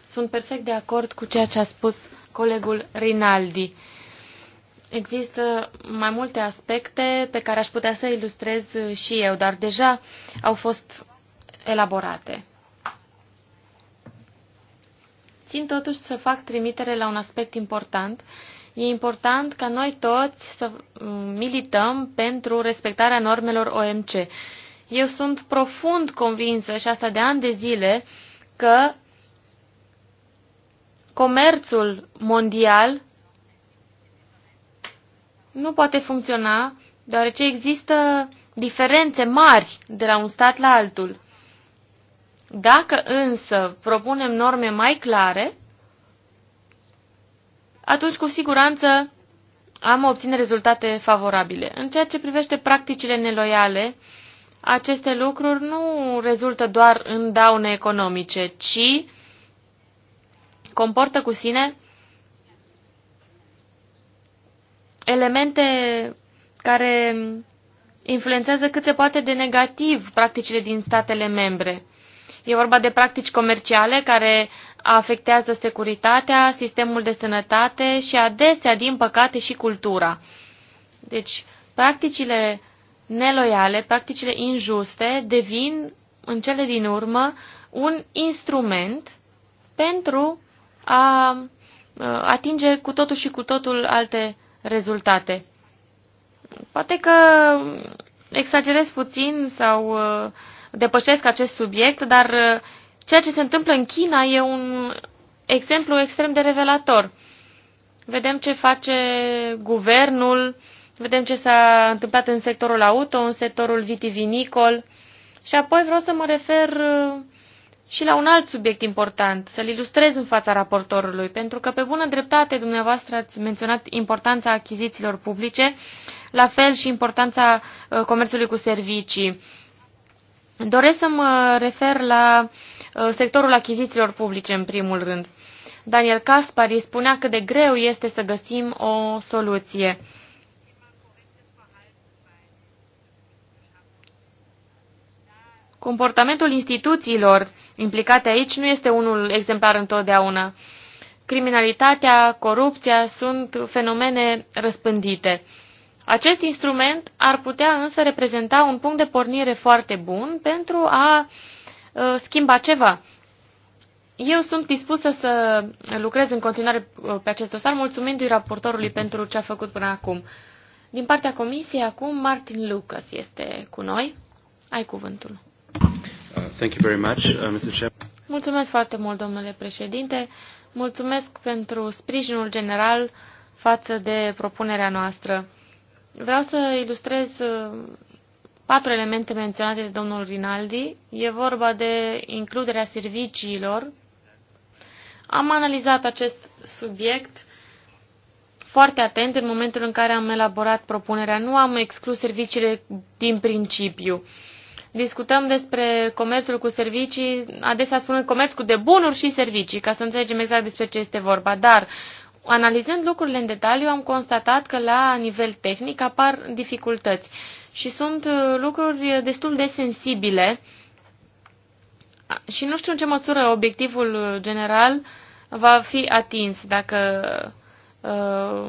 Speaker 2: Sunt perfect de acord cu ceea ce a spus colegul Rinaldi. Există mai multe aspecte pe care aș putea să ilustrez și eu, dar deja au fost elaborate. Țin totuși să fac trimitere la un aspect important E important ca noi toți să mm, milităm pentru respectarea normelor OMC. Eu sunt profund convinsă, și asta de ani de zile, că comerțul mondial nu poate funcționa deoarece există diferențe mari de la un stat la altul. Dacă însă propunem norme mai clare, atunci cu siguranță am obține rezultate favorabile. În ceea ce privește practicile neloiale, aceste lucruri nu rezultă doar în daune economice, ci comportă cu sine elemente care influențează cât se poate de negativ practicile din statele membre. E vorba de practici comerciale care afectează securitatea, sistemul de sănătate și adesea, din păcate, și cultura. Deci, practicile neloiale, practicile injuste devin, în cele din urmă, un instrument pentru a atinge cu totul și cu totul alte rezultate. Poate că exagerez puțin sau depășesc acest subiect, dar Ceea ce se întâmplă în China e un exemplu extrem de revelator. Vedem ce face guvernul, vedem ce s-a întâmplat în sectorul auto, în sectorul vitivinicol și apoi vreau să mă refer uh, și la un alt subiect important, să-l ilustrez în fața raportorului, pentru că pe bună dreptate dumneavoastră ați menționat importanța achizițiilor publice, la fel și importanța uh, comerțului cu servicii. Doresc să mă refer la uh, sectorul achizițiilor publice, în primul rând. Daniel Caspari spunea cât de greu este să găsim o soluție. Comportamentul instituțiilor implicate aici nu este unul exemplar întotdeauna. Criminalitatea, corupția sunt fenomene răspândite. Acest instrument ar putea însă reprezenta un punct de pornire foarte bun pentru a uh, schimba ceva. Eu sunt dispusă să lucrez în continuare uh, pe acest dosar, mulțumindu-i raportorului pentru ce a făcut până acum. Din partea comisiei, acum Martin Lucas este cu noi. Ai cuvântul.
Speaker 1: Uh, thank you very much, uh, Mr. Chair.
Speaker 2: Mulțumesc foarte mult, domnule președinte. Mulțumesc pentru sprijinul general față de propunerea noastră. Vreau să ilustrez uh, patru elemente menționate de domnul Rinaldi. E vorba de includerea serviciilor. Am analizat acest subiect foarte atent în momentul în care am elaborat propunerea. Nu am exclus serviciile din principiu. Discutăm despre comerțul cu servicii, adesea spunem comerț cu de bunuri și servicii, ca să înțelegem exact despre ce este vorba. Dar Analizând lucrurile în detaliu, am constatat că la nivel tehnic apar dificultăți și sunt uh, lucruri destul de sensibile și nu știu în ce măsură obiectivul general va fi atins dacă uh,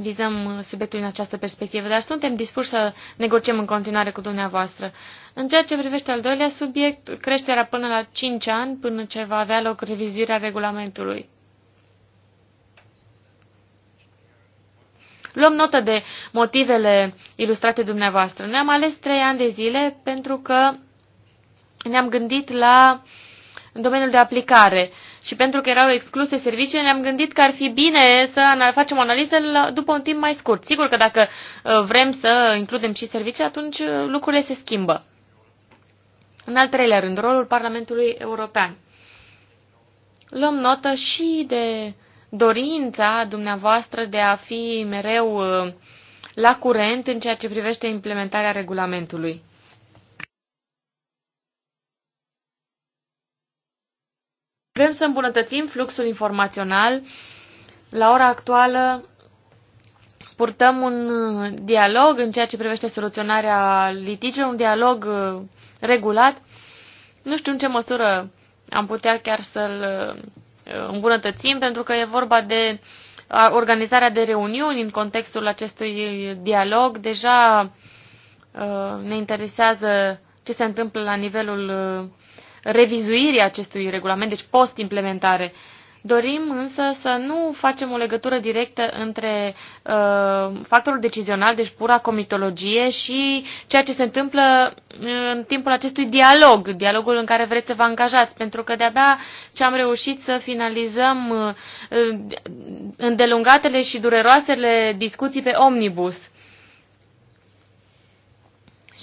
Speaker 2: vizăm subiectul în această perspectivă, dar suntem dispuși să negociem în continuare cu dumneavoastră. În ceea ce privește al doilea subiect, creșterea până la 5 ani, până ce va avea loc revizuirea regulamentului. Luăm notă de motivele ilustrate dumneavoastră. Ne-am ales trei ani de zile pentru că ne-am gândit la în domeniul de aplicare și pentru că erau excluse serviciile, ne-am gândit că ar fi bine să facem o analiză după un timp mai scurt. Sigur că dacă uh, vrem să includem și servicii, atunci uh, lucrurile se schimbă. În al treilea rând, rolul Parlamentului European. Luăm notă și de dorința dumneavoastră de a fi mereu uh, la curent în ceea ce privește implementarea regulamentului. Vrem să îmbunătățim fluxul informațional. La ora actuală purtăm un uh, dialog în ceea ce privește soluționarea litigiilor, un dialog uh, regulat. Nu știu în ce măsură am putea chiar să-l îmbunătățim, pentru că e vorba de organizarea de reuniuni în contextul acestui dialog. Deja ne interesează ce se întâmplă la nivelul revizuirii acestui regulament, deci post-implementare. Dorim însă să nu facem o legătură directă între uh, factorul decizional, deci pura comitologie, și ceea ce se întâmplă uh, în timpul acestui dialog, dialogul în care vreți să vă angajați, pentru că de-abia ce am reușit să finalizăm uh, uh, îndelungatele și dureroasele discuții pe omnibus.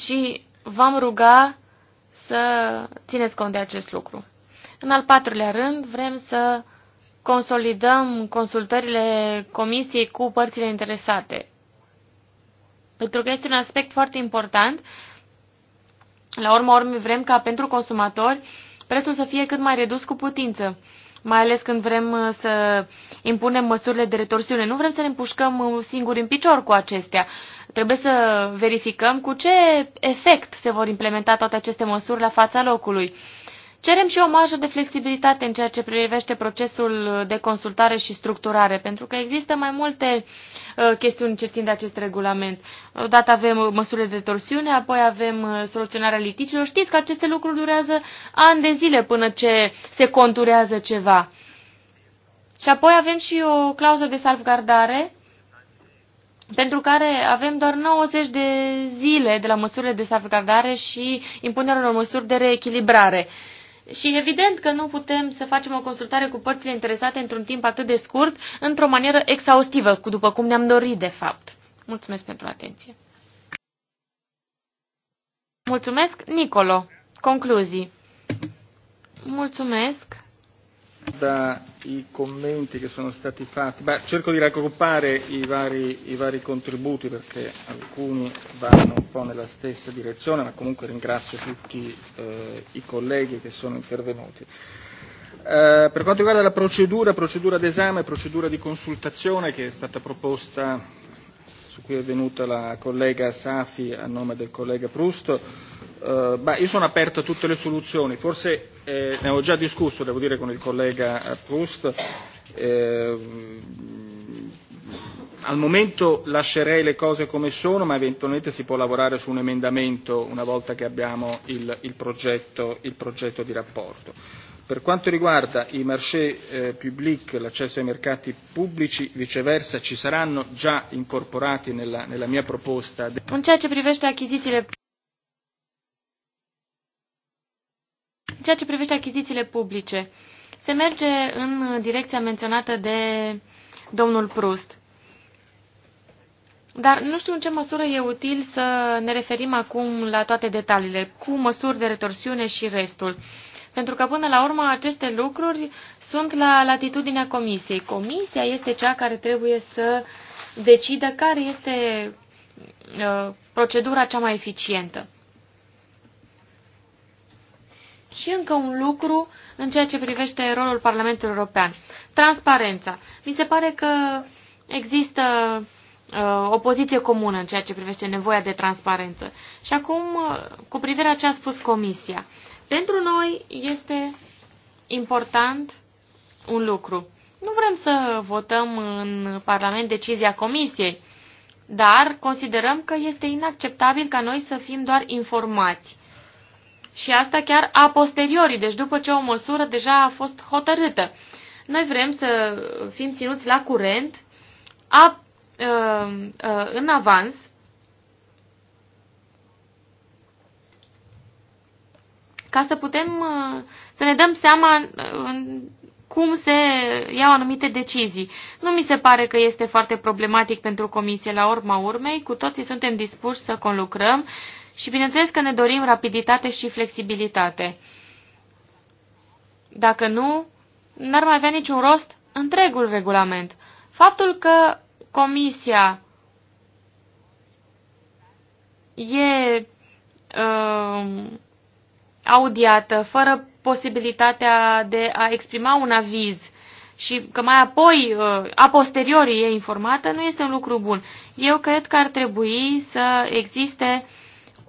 Speaker 2: Și v-am ruga să țineți cont de acest lucru. În al patrulea rând, vrem să consolidăm consultările comisiei cu părțile interesate. Pentru că este un aspect foarte important. La urma urmei vrem ca pentru consumatori prețul să fie cât mai redus cu putință, mai ales când vrem uh, să impunem măsurile de retorsiune. Nu vrem să ne împușcăm uh, singuri în picior cu acestea. Trebuie să verificăm cu ce efect se vor implementa toate aceste măsuri la fața locului. Cerem și o marjă de flexibilitate în ceea ce privește procesul de consultare și structurare, pentru că există mai multe uh, chestiuni ce țin de acest regulament. Odată avem uh, măsurile de torsiune, apoi avem uh, soluționarea liticilor. Știți că aceste lucruri durează ani de zile până ce se conturează ceva. Și apoi avem și o clauză de salvgardare pentru care avem doar 90 de zile de la măsurile de salvgardare și impunerea unor măsuri de reechilibrare. Uh, și evident că nu putem să facem o consultare cu părțile interesate într-un timp atât de scurt, într-o manieră exhaustivă, cu după cum ne-am dorit, de fapt. Mulțumesc pentru atenție. Mulțumesc, Nicolo. Concluzii. Mulțumesc
Speaker 1: dai commenti che sono stati fatti. Beh, cerco di raggruppare i vari, i vari contributi perché alcuni vanno un po' nella stessa direzione, ma comunque ringrazio tutti eh, i colleghi che sono intervenuti. Eh, per quanto riguarda la procedura, procedura d'esame, procedura di consultazione che è stata proposta, su cui è venuta la collega Safi a nome del collega Prusto, Eh, io sono aperto a tutte le soluzioni, forse eh, ne ho già discusso, devo dire, con il collega eh, Proust. Eh, al momento lascerei le cose come sono, ma eventualmente si può lavorare su un emendamento una volta che abbiamo il, il, progetto, il progetto di rapporto. Per quanto riguarda i marché eh, public, l'accesso ai mercati pubblici, viceversa, ci saranno già incorporati nella, nella mia proposta.
Speaker 2: În ceea ce privește achizițiile publice, se merge în direcția menționată de domnul Prust. Dar nu știu în ce măsură e util să ne referim acum la toate detaliile, cu măsuri de retorsiune și restul. Pentru că, până la urmă, aceste lucruri sunt la latitudinea comisiei. Comisia este cea care trebuie să decidă care este uh, procedura cea mai eficientă. Și încă un lucru în ceea ce privește rolul Parlamentului European. Transparența. Mi se pare că există uh, o poziție comună în ceea ce privește nevoia de transparență. Și acum, uh, cu privire la ce a spus Comisia. Pentru noi este important un lucru. Nu vrem să votăm în Parlament decizia Comisiei, dar considerăm că este inacceptabil ca noi să fim doar informați și asta chiar a posteriori, deci după ce o măsură deja a fost hotărâtă. Noi vrem să fim ținuți la curent a, a, ă, a, ă, în avans ca să putem ă, să ne dăm seama cum se iau anumite decizii. Nu mi se pare că este foarte problematic pentru comisie la urma urmei, cu toții suntem dispuși să conlucrăm și bineînțeles că ne dorim rapiditate și flexibilitate. Dacă nu, n-ar mai avea niciun rost întregul regulament. Faptul că comisia e uh, audiată fără posibilitatea de a exprima un aviz și că mai apoi, uh, a posteriori, e informată, nu este un lucru bun. Eu cred că ar trebui să existe uh,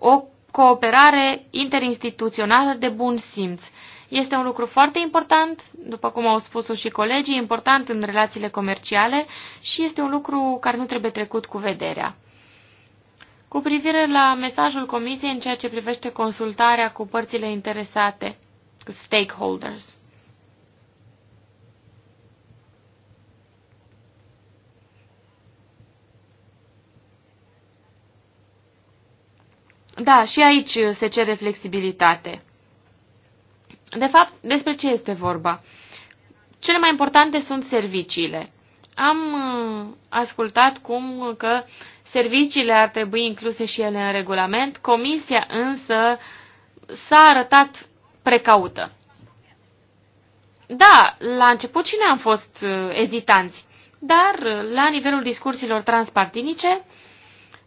Speaker 2: o cooperare interinstituțională de bun simț. Este un lucru foarte important, după cum au spus și colegii, important în relațiile comerciale și este un lucru care nu trebuie trecut cu vederea. Cu privire la mesajul Comisiei în ceea ce privește consultarea cu părțile interesate, stakeholders. Da, și aici se cere flexibilitate. De fapt, despre ce este vorba? Cele mai importante sunt serviciile. Am uh, ascultat cum că serviciile ar trebui incluse și ele în regulament, comisia însă s-a arătat precaută. Da, la început și noi am fost uh, ezitanți, dar uh, la nivelul discursilor transpartinice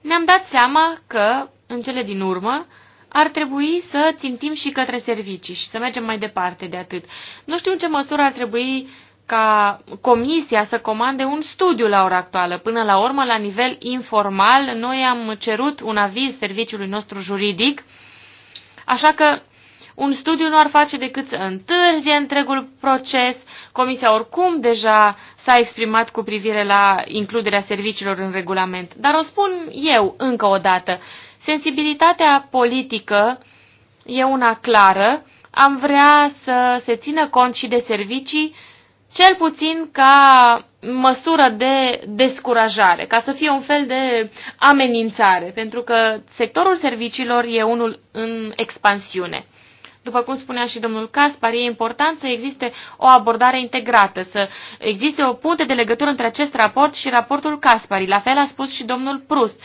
Speaker 2: ne-am dat seama că în cele din urmă, ar trebui să țintim și către servicii și să mergem mai departe de atât. Nu știu în ce măsură ar trebui ca comisia să comande un studiu la ora actuală. Până la urmă, la nivel informal, noi am cerut un aviz serviciului nostru juridic, așa că un studiu nu ar face decât să întârzie întregul proces. Comisia oricum deja s-a exprimat cu privire la includerea serviciilor în regulament. Dar o spun eu încă o dată. Sensibilitatea politică e una clară. Am vrea să se țină cont și de servicii, cel puțin ca măsură de descurajare, ca să fie un fel de amenințare, pentru că sectorul serviciilor e unul în expansiune. După cum spunea și domnul Caspar, e important să existe o abordare integrată, să existe o punte de legătură între acest raport și raportul Caspari. La fel a spus și domnul Prust.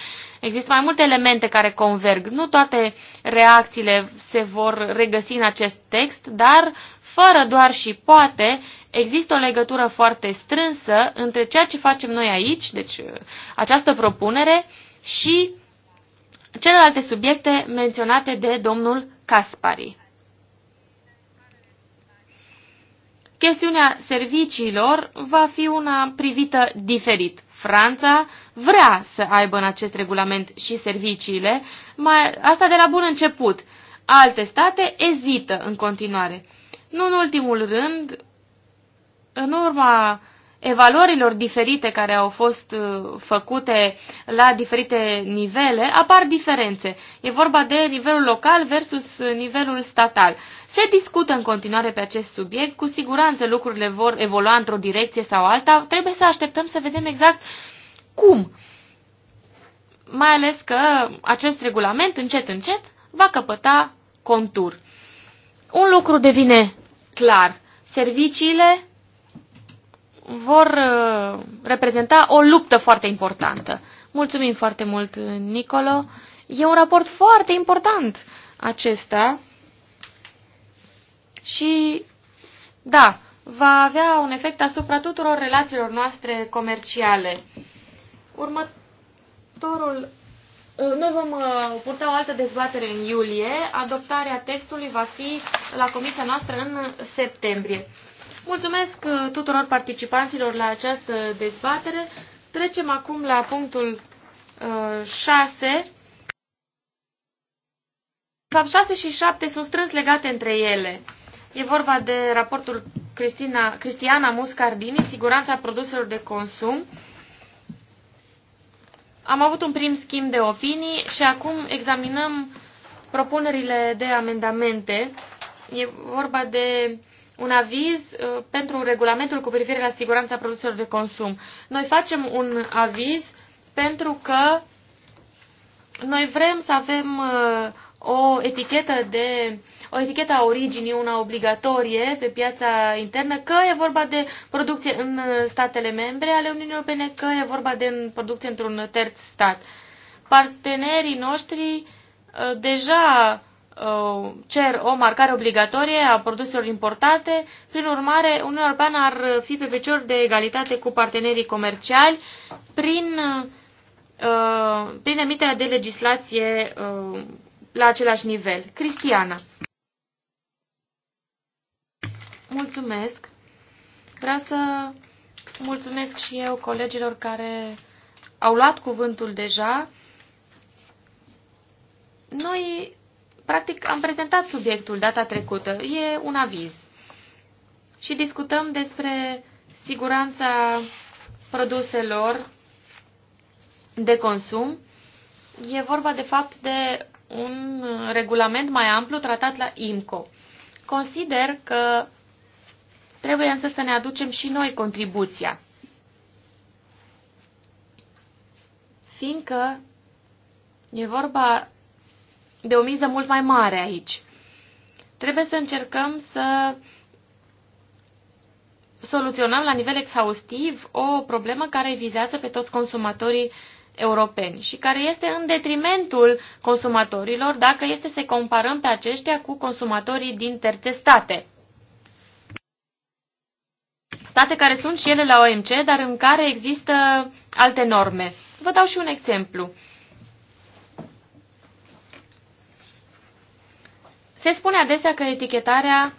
Speaker 2: Există mai multe elemente care converg. Nu toate reacțiile se vor regăsi în acest text, dar fără doar și poate, există o legătură foarte strânsă între ceea ce facem noi aici, deci uh, această propunere, și celelalte subiecte menționate de domnul Caspari. Chestiunea serviciilor va fi una privită diferit. Franța vrea să aibă în acest regulament și serviciile, mai, asta de la bun început. Alte state ezită în continuare. Nu în ultimul rând, în urma evaluărilor diferite care au fost uh, făcute la diferite nivele, apar diferențe. E vorba de nivelul local versus nivelul statal. Se discută în continuare pe acest subiect, cu siguranță lucrurile vor evolua într-o direcție sau alta, trebuie să așteptăm să vedem exact cum. Mai ales că acest regulament, încet, încet, va căpăta contur. Un lucru devine clar. Serviciile vor uh, reprezenta o luptă foarte importantă. Mulțumim foarte mult, Nicolo. E un raport foarte important acesta și, da, va avea un efect asupra tuturor relațiilor noastre comerciale. Următorul uh, noi vom uh, purta o altă dezbatere în iulie. Adoptarea textului va fi la comisia noastră în septembrie. Mulțumesc uh, tuturor participanților la această dezbatere. Trecem acum la punctul uh, 6. De fapt, 6 și 7 sunt strâns legate între ele. E vorba de raportul Cristina, Cristiana Muscardini, Siguranța produselor de consum. Am avut un prim schimb de opinii și acum examinăm propunerile de amendamente. E vorba de un aviz uh, pentru regulamentul cu privire la siguranța produselor de consum. Noi facem un aviz pentru că noi vrem să avem uh, o etichetă de o etichetă a originii, una obligatorie pe piața internă, că e vorba de producție în statele membre ale Uniunii Europene, că e vorba de producție într-un terț stat. Partenerii noștri uh, deja Uh, cer o marcare obligatorie a produselor importate, prin urmare, Uniunea Europeană ar fi pe picior de egalitate cu partenerii comerciali prin, uh, prin emiterea de legislație uh, la același nivel. Cristiana. Mulțumesc. Vreau să mulțumesc și eu colegilor care au luat cuvântul deja. Noi Practic, am prezentat subiectul data trecută. E un aviz. Și discutăm despre siguranța produselor de consum. E vorba, de fapt, de un regulament mai amplu tratat la IMCO. Consider că trebuie însă să ne aducem și noi contribuția. Fiindcă e vorba de o miză mult mai mare aici. Trebuie să încercăm să soluționăm la nivel exhaustiv o problemă care vizează pe toți consumatorii europeni și care este în detrimentul consumatorilor dacă este să comparăm pe aceștia cu consumatorii din terțe state. State care sunt și ele la OMC, dar în care există alte norme. Vă dau și un exemplu. Se spune adesea că etichetarea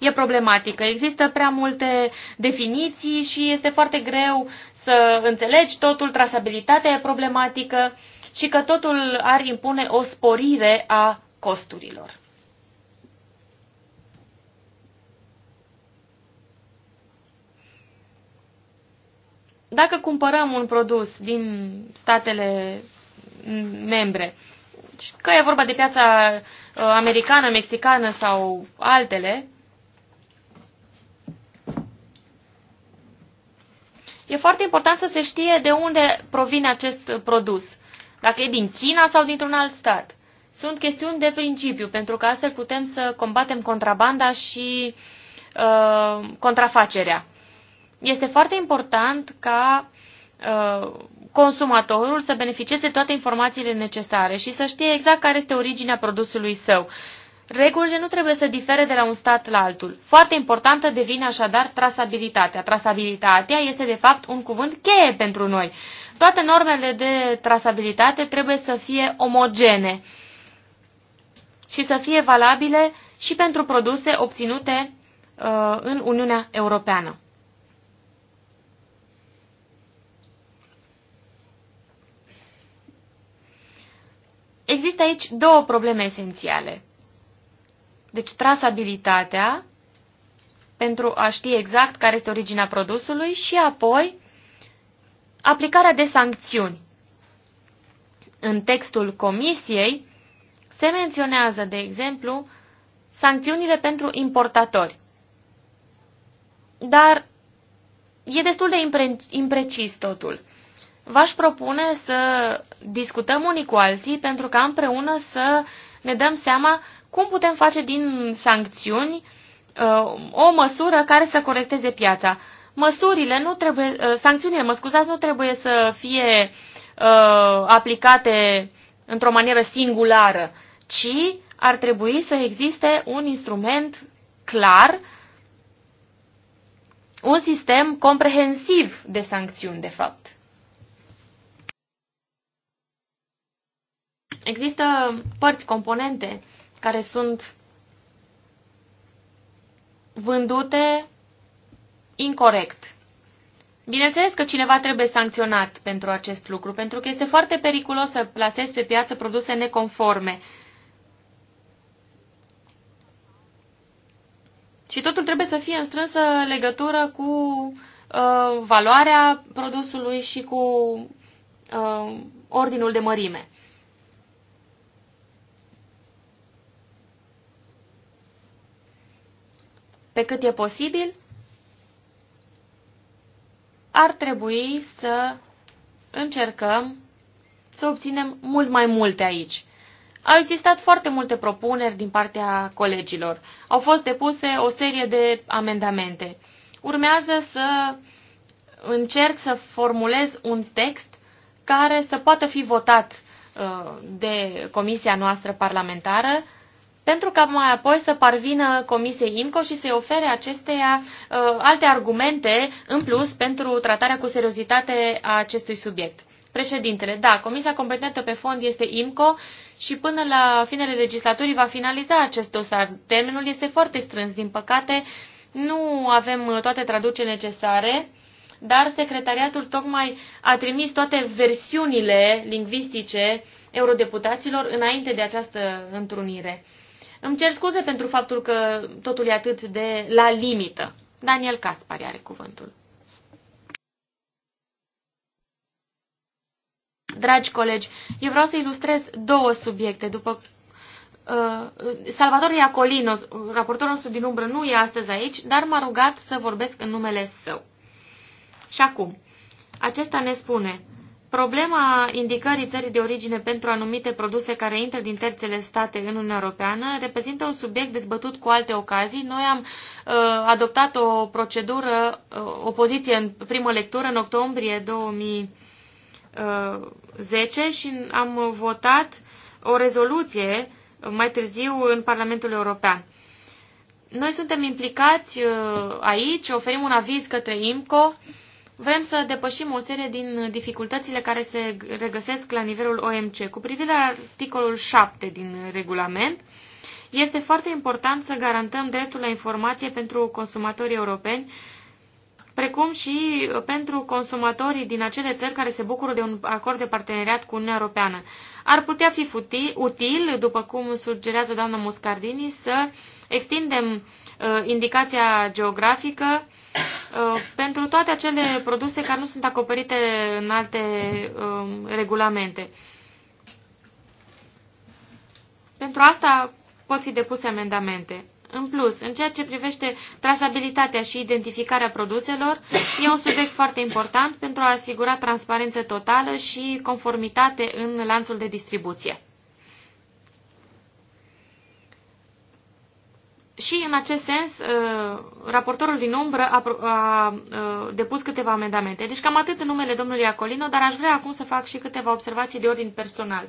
Speaker 2: e problematică. Există prea multe definiții și este foarte greu să înțelegi totul, trasabilitatea e problematică și că totul ar impune o sporire a costurilor. Dacă cumpărăm un produs din statele membre deci, că e vorba de piața uh, americană, mexicană sau altele, e foarte important să se știe de unde provine acest produs, dacă e din China sau dintr-un alt stat. Sunt chestiuni de principiu, pentru că astfel putem să combatem contrabanda și uh, contrafacerea. Este foarte important ca Uh, consumatorul să beneficieze toate informațiile necesare și să știe exact care este originea produsului său. Regulile nu trebuie să difere de la un stat la altul. Foarte importantă devine așadar trasabilitatea. Trasabilitatea este de fapt un cuvânt cheie pentru noi. Toate normele de trasabilitate trebuie să fie omogene și să fie valabile și pentru produse obținute uh, în Uniunea Europeană. Există aici două probleme esențiale. Deci trasabilitatea, pentru a ști exact care este originea produsului și apoi aplicarea de sancțiuni. În textul comisiei se menționează, de exemplu, sancțiunile pentru importatori. Dar e destul de impre imprecis totul v-aș propune să discutăm unii cu alții pentru ca împreună să ne dăm seama cum putem face din sancțiuni uh, o măsură care să corecteze piața. Măsurile nu trebuie, uh, sancțiunile, mă scuzați, nu trebuie să fie uh, aplicate într-o manieră singulară, ci ar trebui să existe un instrument clar, un sistem comprehensiv de sancțiuni, de fapt. Există părți, componente care sunt vândute incorrect. Bineînțeles că cineva trebuie sancționat pentru acest lucru, pentru că este foarte periculos să plasezi pe piață produse neconforme. Și totul trebuie să fie în strânsă legătură cu uh, valoarea produsului și cu uh, ordinul de mărime. pe cât e posibil, ar trebui să încercăm să obținem mult mai multe aici. Au existat foarte multe propuneri din partea colegilor. Au fost depuse o serie de amendamente. Urmează să încerc să formulez un text care să poată fi votat uh, de comisia noastră parlamentară pentru ca mai apoi să parvină Comisiei IMCO și să-i ofere acesteia uh, alte argumente în plus pentru tratarea cu seriozitate a acestui subiect. Președintele, da, Comisia competentă pe fond este IMCO și până la finele legislaturii va finaliza acest dosar. Termenul este foarte strâns, din păcate nu avem toate traducerile necesare, dar secretariatul tocmai a trimis toate versiunile lingvistice eurodeputaților înainte de această întrunire. Îmi cer scuze pentru faptul că totul e atât de la limită. Daniel Caspari are cuvântul. Dragi colegi, eu vreau să ilustrez două subiecte. După uh, Salvador Iacolino, raportorul nostru din umbră, nu e astăzi aici, dar m-a rugat să vorbesc în numele său. Și acum, acesta ne spune, Problema indicării țării de origine pentru anumite produse care intră din terțele state în Uniunea Europeană reprezintă un subiect dezbătut cu alte ocazii. Noi am uh, adoptat o procedură, uh, o poziție în primă lectură în octombrie 2010 uh, și am votat o rezoluție mai târziu în Parlamentul European. Noi suntem implicați uh, aici, oferim un aviz către IMCO. Uh, Vrem să depășim o serie din dificultățile care se regăsesc la nivelul OMC. Cu privire la articolul 7 din regulament, este foarte important să garantăm dreptul la informație pentru consumatorii europeni, precum și pentru consumatorii din acele țări care se bucură de un acord de parteneriat cu Uniunea Europeană. Ar putea fi futi, util, după cum sugerează doamna Muscardini, să extindem uh, Uh, indicația geografică uh, pentru toate acele produse care nu sunt acoperite în alte um, regulamente. Pentru asta pot fi depuse amendamente. În plus, în ceea ce privește trasabilitatea și identificarea produselor, e un subiect foarte important pentru a asigura transparență totală și conformitate în lanțul de distribuție. Și în acest sens, uh, raportorul din umbră a uh, depus câteva amendamente. Deci cam atât în numele domnului Acolino, dar aș vrea acum să fac și câteva observații de ordin personal.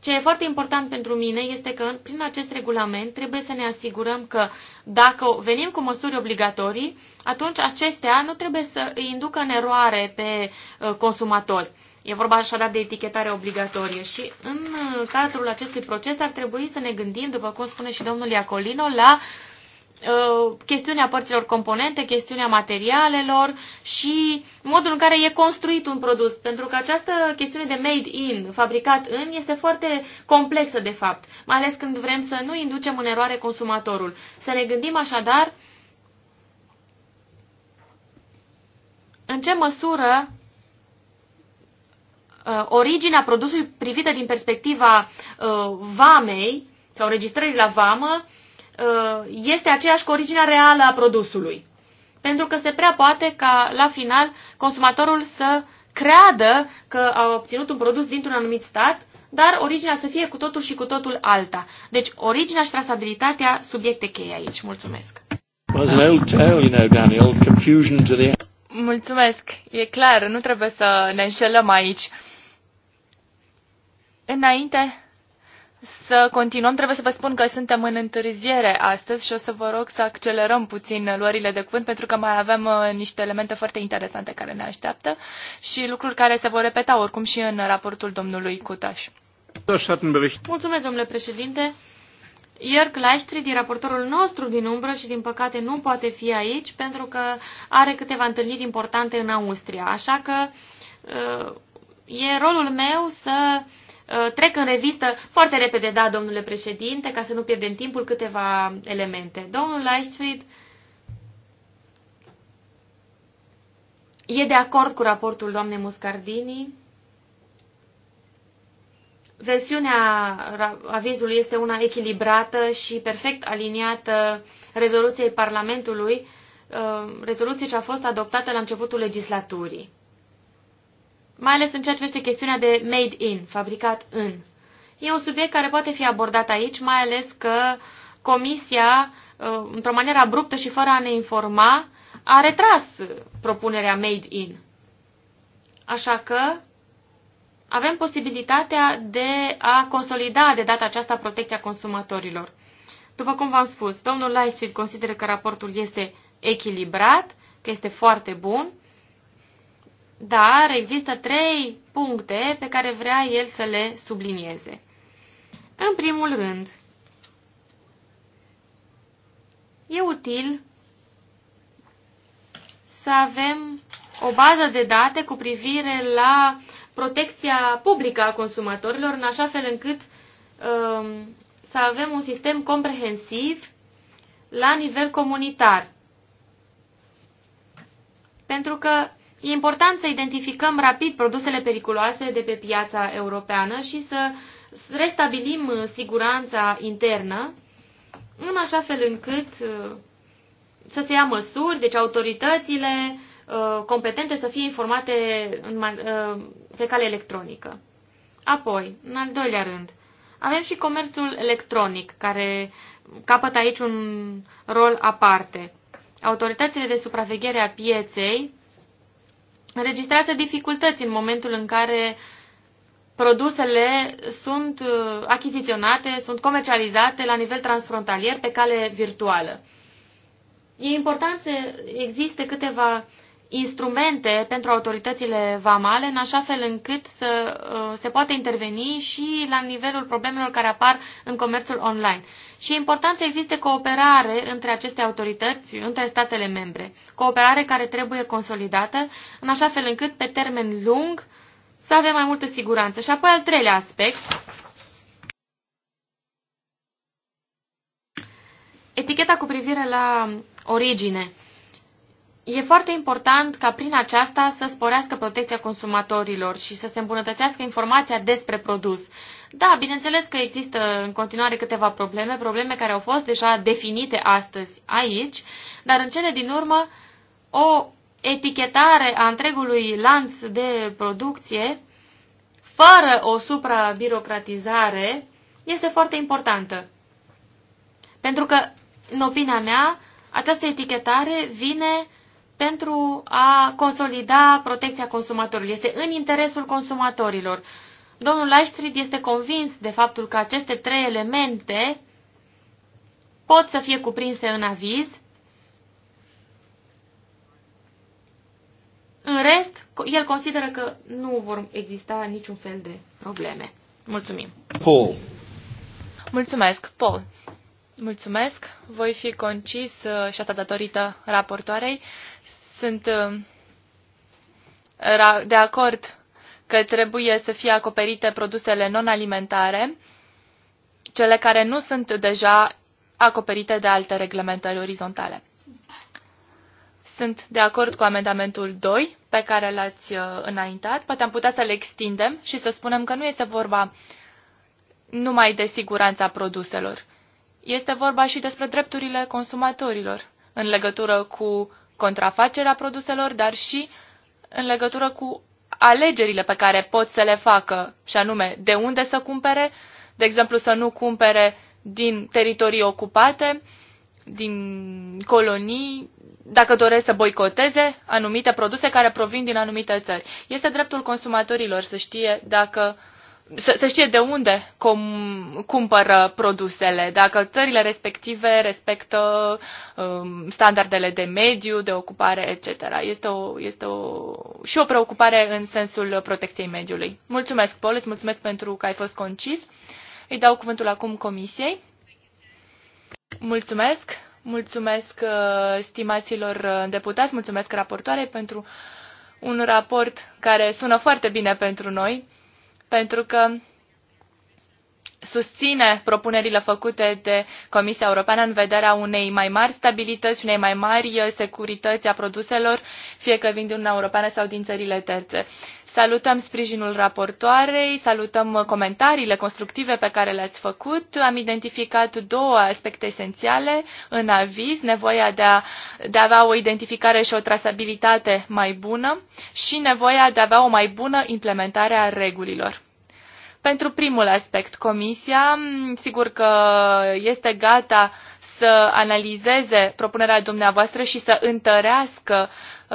Speaker 2: Ce e foarte important pentru mine este că prin acest regulament trebuie să ne asigurăm că dacă venim cu măsuri obligatorii, atunci acestea nu trebuie să îi inducă în eroare pe uh, consumatori. E vorba așadar de etichetare obligatorie și în uh, cadrul acestui proces ar trebui să ne gândim, după cum spune și domnul Iacolino, la uh, chestiunea părților componente, chestiunea materialelor și modul în care e construit un produs. Pentru că această chestiune de made in, fabricat în, este foarte complexă de fapt, mai ales când vrem să nu inducem în eroare consumatorul. Să ne gândim așadar în ce măsură Uh, originea produsului privită din perspectiva uh, vamei sau registrării la vamă uh, este aceeași cu originea reală a produsului. Pentru că se prea poate ca la final consumatorul să creadă că a obținut un produs dintr-un anumit stat, dar originea să fie cu totul și cu totul alta. Deci originea și trasabilitatea subiecte cheie aici. Mulțumesc!
Speaker 1: Oh,
Speaker 3: Mulțumesc! E clar, nu trebuie să ne înșelăm aici. Înainte să continuăm, trebuie să vă spun că suntem în întârziere astăzi și o să vă rog să accelerăm puțin luările de cuvânt pentru că mai avem uh, niște elemente foarte interesante care ne așteaptă și lucruri care se vor repeta oricum și în raportul domnului
Speaker 2: Cutaș. Mulțumesc, domnule președinte. Jörg Leichtrid din raportorul nostru din umbră și din păcate nu poate fi aici pentru că are câteva întâlniri importante în Austria. Așa că uh, e rolul meu să Uh, trec în revistă foarte repede, da, domnule președinte, ca să nu pierdem timpul, câteva elemente. Domnul Leichtfried e de acord cu raportul doamnei Muscardini. Versiunea avizului este una echilibrată și perfect aliniată rezoluției Parlamentului, uh, rezoluție ce a fost adoptată la începutul legislaturii mai ales în ceea ce privește chestiunea de made in, fabricat în. E un subiect care poate fi abordat aici, mai ales că Comisia, uh, într-o manieră abruptă și fără a ne informa, a retras propunerea made in. Așa că avem posibilitatea de a consolida de data aceasta protecția consumatorilor. După cum v-am spus, domnul Lightfield consideră că raportul este echilibrat, că este foarte bun dar există trei puncte pe care vrea el să le sublinieze. În primul rând, e util să avem o bază de date cu privire la protecția publică a consumatorilor, în așa fel încât um, să avem un sistem comprehensiv la nivel comunitar. Pentru că E important să identificăm rapid produsele periculoase de pe piața europeană și să restabilim uh, siguranța internă în așa fel încât uh, să se ia măsuri, deci autoritățile uh, competente să fie informate pe cale electronică. Apoi, în al doilea rând, avem și comerțul electronic, care capătă aici un rol aparte. Autoritățile de supraveghere a pieței înregistrează dificultăți în momentul în care produsele sunt uh, achiziționate, sunt comercializate la nivel transfrontalier pe cale virtuală. E important să existe câteva instrumente pentru autoritățile vamale, în așa fel încât să uh, se poată interveni și la nivelul problemelor care apar în comerțul online și e important să existe cooperare între aceste autorități, între statele membre. Cooperare care trebuie consolidată în așa fel încât pe termen lung să avem mai multă siguranță. Și apoi al treilea aspect, eticheta cu privire la origine. E foarte important ca prin aceasta să sporească protecția consumatorilor și să se îmbunătățească informația despre produs. Da, bineînțeles că există în continuare câteva probleme, probleme care au fost deja definite astăzi aici, dar în cele din urmă o etichetare a întregului lanț de producție fără o suprabirocratizare este foarte importantă. Pentru că, în opinia mea, această etichetare vine pentru a consolida protecția consumatorului. Este în interesul consumatorilor. Domnul Leichtfried este convins de faptul că aceste trei elemente pot să fie cuprinse în aviz. În rest, el consideră că nu vor exista niciun fel de probleme. Mulțumim. Paul. Mulțumesc, Paul. Mulțumesc.
Speaker 3: Voi fi concis uh, și asta datorită raportoarei. Sunt uh, de acord că trebuie să fie acoperite produsele non-alimentare, cele care nu sunt deja acoperite de alte reglementări orizontale. Sunt de acord cu amendamentul 2 pe care l-ați uh, înaintat. Poate am putea să le extindem și să spunem că nu este vorba numai de siguranța produselor. Este vorba și despre drepturile consumatorilor în legătură cu contrafacerea produselor, dar și în legătură cu alegerile pe care pot să le facă, și anume de unde să cumpere, de exemplu să nu cumpere din teritorii ocupate, din colonii, dacă doresc să boicoteze anumite produse care provin din anumite țări. Este dreptul consumatorilor să știe dacă uh, să, să știe de unde cum, cumpără produsele, dacă țările respective respectă um, standardele de mediu, de ocupare, etc. Este, o, este o, și o preocupare în sensul protecției mediului. Mulțumesc, Paul, îți mulțumesc pentru că ai fost concis. Îi dau cuvântul acum Comisiei. Mulțumesc, mulțumesc uh, stimaților uh, deputați, mulțumesc raportoarei pentru un raport care sună foarte bine pentru noi pentru că susține propunerile făcute de Comisia Europeană în vederea unei mai mari stabilități, unei mai mari securități a produselor, fie că vin din Uniunea Europeană sau din țările terțe. Salutăm sprijinul raportoarei, salutăm comentariile constructive pe care le-ați făcut. Am identificat două aspecte esențiale în aviz, nevoia de a, de a avea o identificare și o trasabilitate mai bună și nevoia de a avea o mai bună implementare a regulilor. Pentru primul aspect, Comisia, sigur că este gata uh, să analizeze propunerea dumneavoastră și să întărească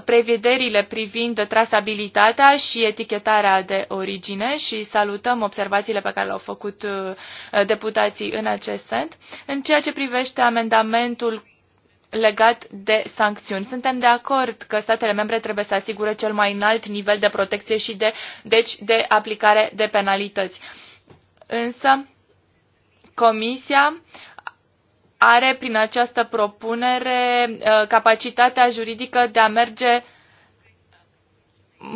Speaker 3: prevederile privind trasabilitatea și etichetarea de origine și salutăm observațiile pe care le-au făcut uh, deputații în acest sens. În ceea ce privește amendamentul legat de sancțiuni. Suntem de acord că statele membre trebuie să asigure cel mai înalt nivel de protecție și de, deci de aplicare de penalități. Însă, Comisia are prin această propunere uh, capacitatea juridică de a merge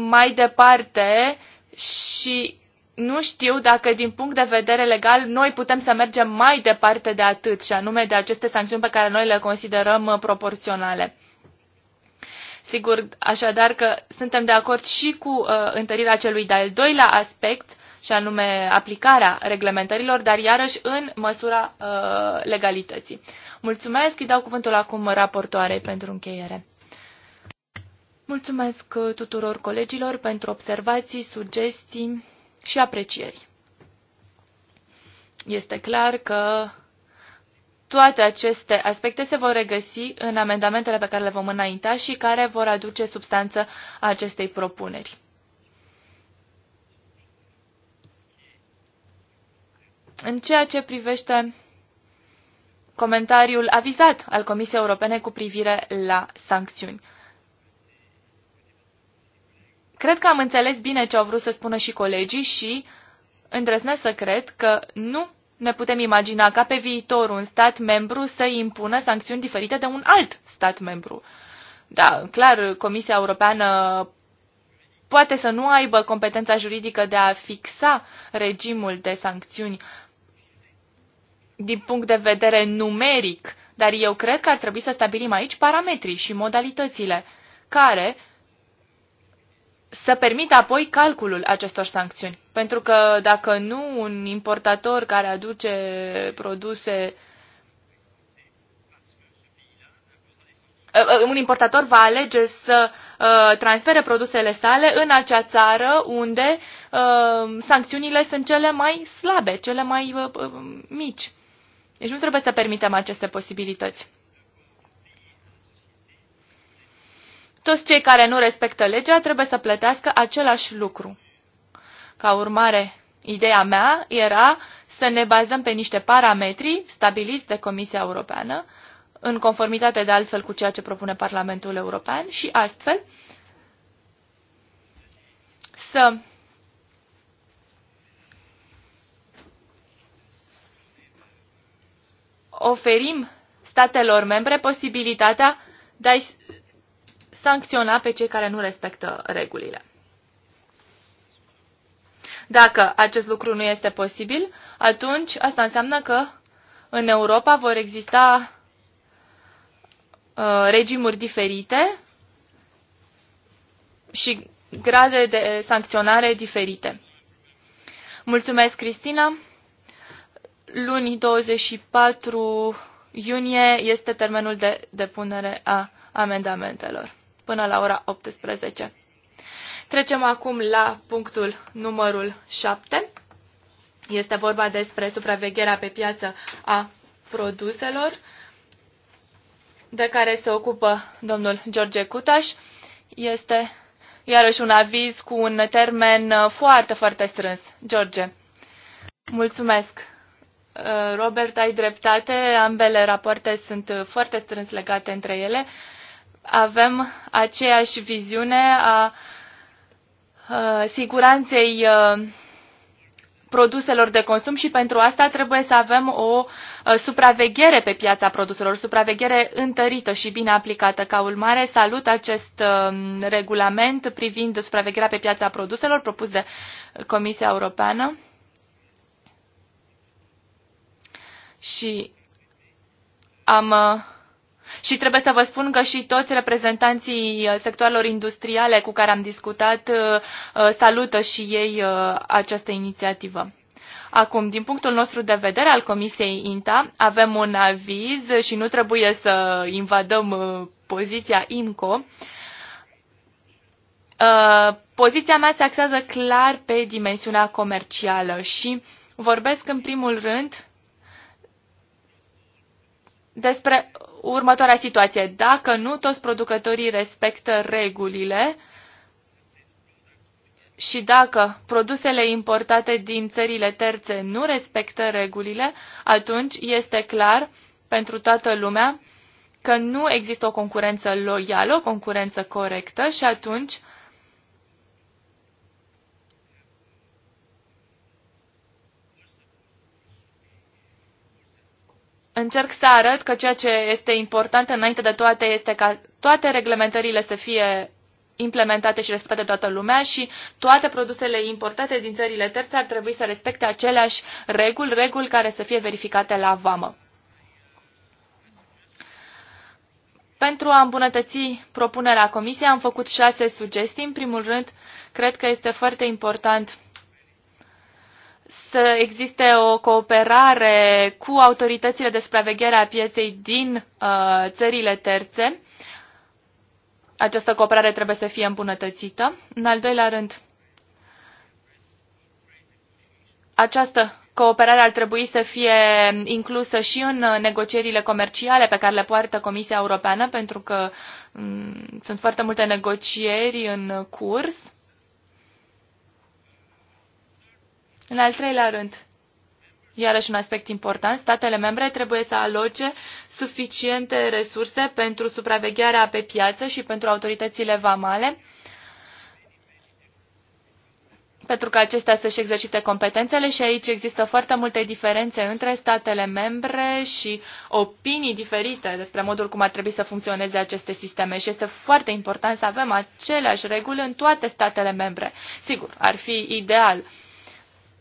Speaker 3: mai departe și nu știu dacă din punct de vedere legal noi putem să mergem mai departe de atât și anume de aceste sancțiuni pe care noi le considerăm uh, proporționale. Sigur, așadar că suntem de acord și cu uh, întărirea celui de-al doilea aspect, și anume aplicarea reglementărilor, dar iarăși în măsura uh, legalității. Mulțumesc, îi dau cuvântul acum raportoarei pentru încheiere. Mulțumesc uh, tuturor colegilor pentru observații, sugestii și aprecieri. Este clar că toate aceste aspecte se vor regăsi în amendamentele pe care le vom înainta și care vor aduce substanță acestei propuneri. În ceea ce privește comentariul avizat al Comisiei Europene cu privire la sancțiuni. Cred că am înțeles bine ce au vrut să spună și colegii și îndrăznesc să cred că nu ne putem imagina ca pe viitor un stat membru să impună sancțiuni diferite de un alt stat membru. Da, clar, Comisia Europeană poate să nu aibă competența juridică de a fixa regimul de sancțiuni din punct de vedere numeric, dar eu cred că ar trebui să stabilim aici parametrii și modalitățile care să permită apoi calculul acestor sancțiuni. Pentru că dacă nu, un importator care aduce produse ă, ă, un importator va alege să ă, transfere produsele sale în acea țară unde sancțiunile sunt cele mai slabe, cele mai mici. Deci nu trebuie să permitem aceste posibilități. Toți cei care nu respectă legea trebuie să plătească același lucru. Ca urmare, ideea mea era să ne bazăm pe niște parametri stabiliți de Comisia Europeană, în conformitate de altfel cu ceea ce propune Parlamentul European și astfel să oferim statelor membre posibilitatea de a-i sancționa pe cei care nu respectă regulile. Dacă acest lucru nu este posibil, atunci asta înseamnă că în Europa vor exista uh, regimuri diferite și grade de sancționare diferite. Mulțumesc, Cristina! luni 24 iunie este termenul de depunere a amendamentelor, până la ora 18. Trecem acum la punctul numărul 7. Este vorba despre supravegherea pe piață a produselor, de care se ocupă domnul George Cutaș. Este iarăși un aviz cu un termen foarte, foarte strâns. George, mulțumesc! Uh, Robert, ai dreptate, ambele rapoarte sunt foarte strâns legate între ele. Avem aceeași viziune a uh, siguranței uh, produselor de consum și pentru asta trebuie să avem o supraveghere pe piața produselor, supraveghere întărită și bine aplicată. Ca urmare, salut acest um, regulament privind supravegherea pe piața produselor propus de Comisia Europeană. și am uh, și trebuie să vă spun că și toți reprezentanții uh, sectoarelor industriale cu care am discutat uh, salută și ei această inițiativă. Acum, din punctul nostru de vedere al Comisiei INTA, avem un aviz și nu trebuie să invadăm poziția IMCO. Poziția mea se axează clar pe dimensiunea comercială și vorbesc în primul rând despre următoarea situație. Dacă nu toți producătorii respectă regulile și dacă produsele importate din țările terțe nu respectă regulile, atunci este clar pentru toată lumea că nu există o concurență loială, o concurență corectă și atunci încerc să arăt că ceea ce este important înainte de toate este ca toate reglementările să fie implementate și respectate toată lumea și toate produsele importate din țările terțe ar trebui să respecte aceleași reguli, reguli care să fie verificate la vamă. Pentru a îmbunătăți propunerea Comisiei am făcut șase sugestii. În primul rând, cred că este foarte important să existe o cooperare cu autoritățile de supraveghere a pieței din uh, țările terțe. Această cooperare trebuie să fie îmbunătățită. În al doilea rând, această cooperare ar trebui să fie inclusă și în negocierile comerciale pe care le poartă Comisia Europeană, pentru că mm, sunt foarte multe negocieri în curs În al treilea rând, iarăși un aspect important, statele membre trebuie să aloce suficiente resurse pentru supravegherea pe piață și pentru autoritățile vamale, pentru ca acestea să-și exercite competențele și aici există foarte multe diferențe între statele membre și opinii diferite despre modul cum ar trebui să funcționeze aceste sisteme și este foarte important să avem aceleași reguli în toate statele membre. Sigur, ar fi ideal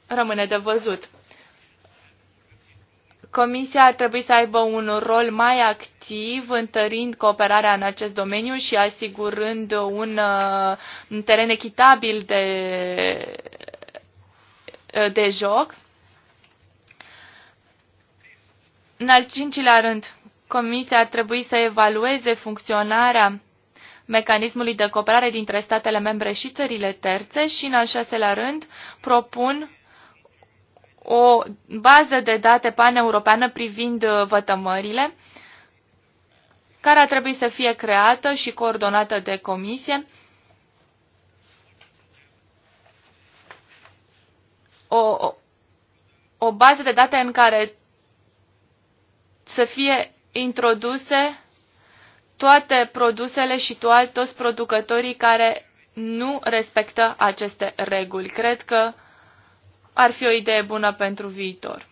Speaker 3: rămâne de văzut. Comisia ar trebui să aibă un rol mai activ, întărind cooperarea în acest domeniu și asigurând un, uh, un teren echitabil de, uh, de joc. În al cincilea rând, Comisia ar trebui să evalueze funcționarea mecanismului de cooperare dintre statele membre și țările terțe și, în al șaselea rând, propun o bază de date paneuropeană privind uh, vătămările, care ar trebui să fie creată și coordonată de comisie. O, o, o bază de date în care să fie introduse toate produsele și toți producătorii care nu respectă aceste reguli. Cred că ar fi o idee bună pentru viitor.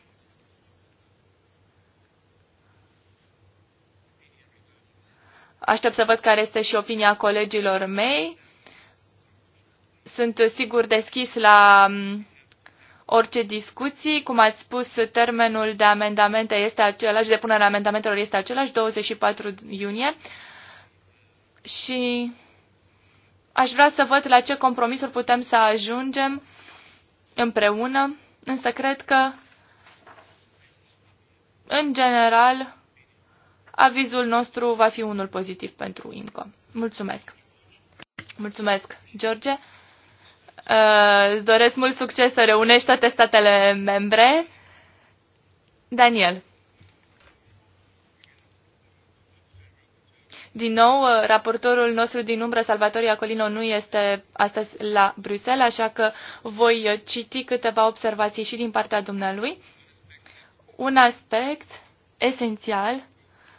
Speaker 3: Aștept să văd care este și opinia colegilor mei. Sunt sigur deschis la mm, orice discuții. Cum ați spus, termenul de amendamente este același, de punerea amendamentelor este același, 24 iunie. Și aș vrea să văd la ce compromisuri putem să ajungem împreună, însă cred că, în general, avizul nostru va fi unul pozitiv pentru IMCO. Mulțumesc! Mulțumesc, George! Uh, îți doresc mult succes să reunești toate statele membre. Daniel. Din nou, uh, raportorul nostru din umbră, Salvatore Acolino, nu este astăzi la Bruxelles, așa că voi uh, citi câteva observații și din partea dumnealui. Un aspect esențial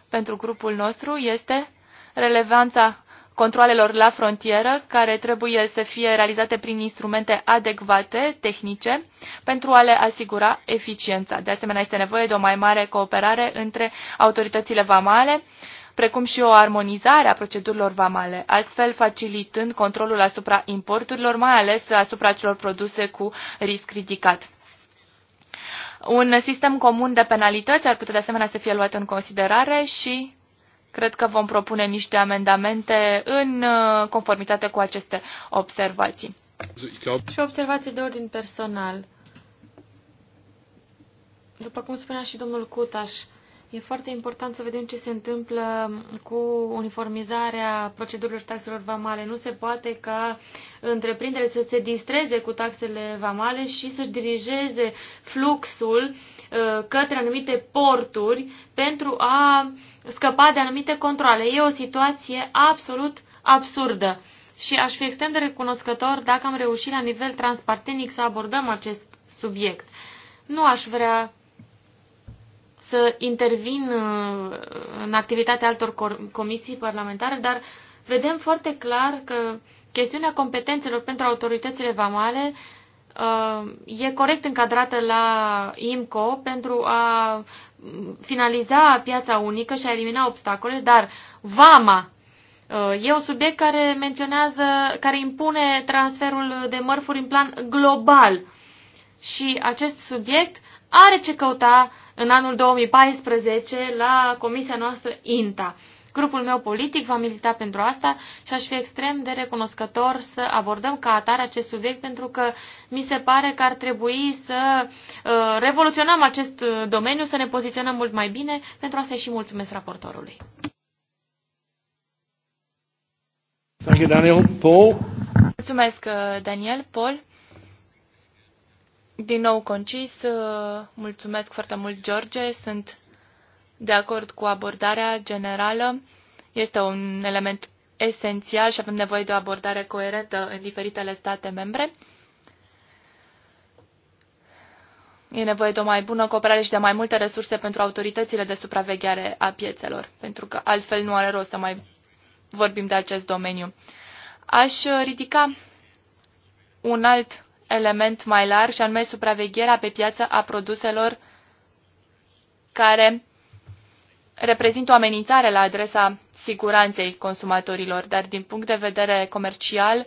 Speaker 3: pentru grupul nostru este relevanța controlelor la frontieră, care trebuie să fie realizate prin instrumente adecvate, tehnice, pentru a le asigura eficiența. De asemenea, este nevoie de o mai mare cooperare între autoritățile vamale, uh, precum și o armonizare a procedurilor vamale, astfel facilitând controlul asupra importurilor, mai ales asupra celor produse cu risc ridicat. Un sistem comun de penalități ar putea de asemenea să fie luat în considerare și cred că vom propune niște amendamente în uh, conformitate cu aceste observații.
Speaker 2: Și observații de ordin personal. După cum spunea și domnul Cutaș, E foarte important să vedem ce se întâmplă cu uniformizarea procedurilor taxelor vamale. Nu se poate ca întreprinderile să se distreze cu taxele vamale și să-și dirigeze fluxul uh, către anumite porturi pentru a scăpa de anumite controle. E o situație absolut absurdă și aș fi extrem de recunoscător dacă am reușit la nivel transpartenic să abordăm acest subiect. Nu aș vrea să intervin uh, în activitatea altor comisii parlamentare, dar vedem foarte clar că chestiunea competențelor pentru autoritățile vamale uh, e corect încadrată la IMCO pentru a finaliza piața unică și a elimina obstacole, dar vama uh, e un subiect care menționează, care impune transferul de mărfuri în plan global. Și acest subiect are ce căuta în anul 2014 la comisia noastră INTA. Grupul meu politic va milita pentru asta și aș fi extrem de recunoscător să abordăm ca atare acest subiect pentru că mi se pare că ar trebui să uh, revoluționăm acest uh, domeniu, să ne poziționăm mult mai bine. Pentru asta și mulțumesc raportorului.
Speaker 1: Daniel Paul.
Speaker 3: Mulțumesc, uh, Daniel Paul. Din nou concis, uh, mulțumesc foarte mult, George. Sunt de acord cu abordarea generală. Este un element esențial și avem nevoie de o abordare coerentă în diferitele state membre. E nevoie de o mai bună cooperare și de mai multe resurse pentru autoritățile de supraveghere a piețelor, pentru că altfel nu are rost să mai vorbim de acest domeniu. Aș ridica un alt element mai larg și anume supravegherea pe piață a produselor care reprezintă o amenințare la adresa siguranței consumatorilor, dar din punct de vedere comercial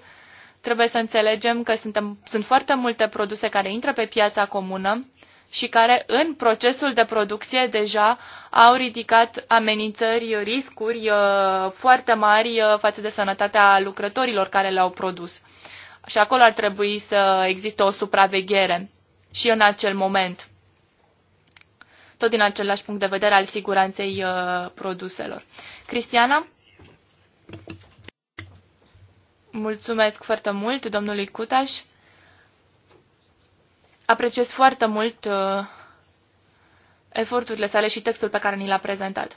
Speaker 3: trebuie să înțelegem că suntem, sunt foarte multe produse care intră pe piața comună și care în procesul de producție deja au ridicat amenințări, riscuri uh, foarte mari uh, față de sănătatea lucrătorilor care le-au produs și acolo ar trebui să existe o supraveghere și în acel moment, tot din același punct de vedere al siguranței uh, produselor. Cristiana? Mulțumesc foarte mult domnului Cutaș. Apreciez foarte mult uh, eforturile sale și textul pe care ni l-a prezentat.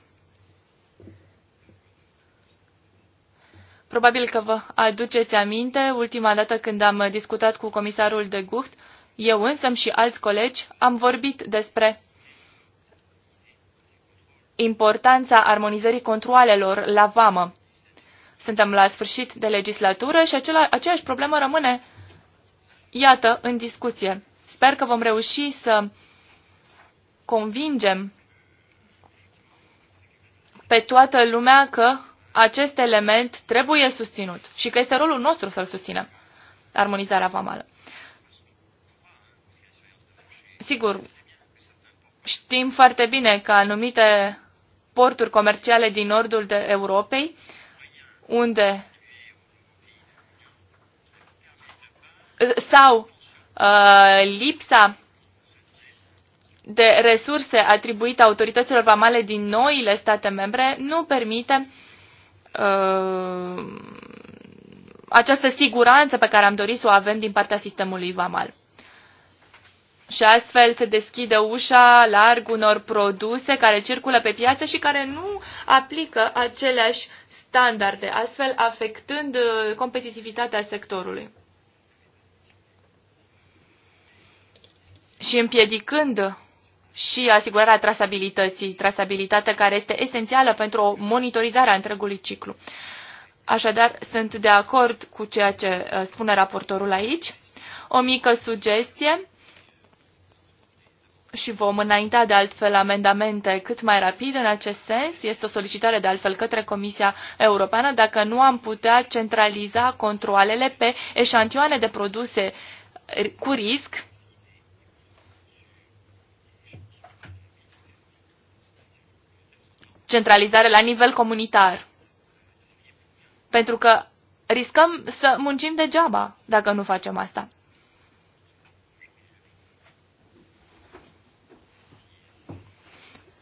Speaker 3: Probabil că vă aduceți aminte, ultima dată când am discutat cu comisarul de Gucht, eu însă și alți colegi am vorbit despre importanța armonizării controalelor la vamă. Suntem la sfârșit de legislatură și acela, aceeași problemă rămâne, iată, în discuție. Sper că vom reuși să convingem pe toată lumea că acest element trebuie susținut și că este rolul nostru să-l susținem, armonizarea vamală. Sigur, știm foarte bine că anumite porturi comerciale din nordul de Europei, unde sau uh, lipsa de resurse atribuite autorităților vamale din noile state membre nu permite uh, uh, această siguranță pe care am dorit să o avem din partea sistemului VAMAL. Și astfel se deschide ușa larg unor produse care circulă pe piață și care nu aplică aceleași standarde, astfel afectând uh, competitivitatea sectorului. Și împiedicând și asigurarea trasabilității, trasabilitate care este esențială pentru o monitorizare a întregului ciclu. Așadar, sunt de acord cu ceea ce uh, spune raportorul aici. O mică sugestie și vom înainta de altfel amendamente cât mai rapid în acest sens. Este o solicitare de altfel către Comisia Europeană dacă nu am putea centraliza controalele pe eșantioane de produse cu risc centralizare la nivel comunitar. Pentru că riscăm să muncim degeaba dacă nu facem asta.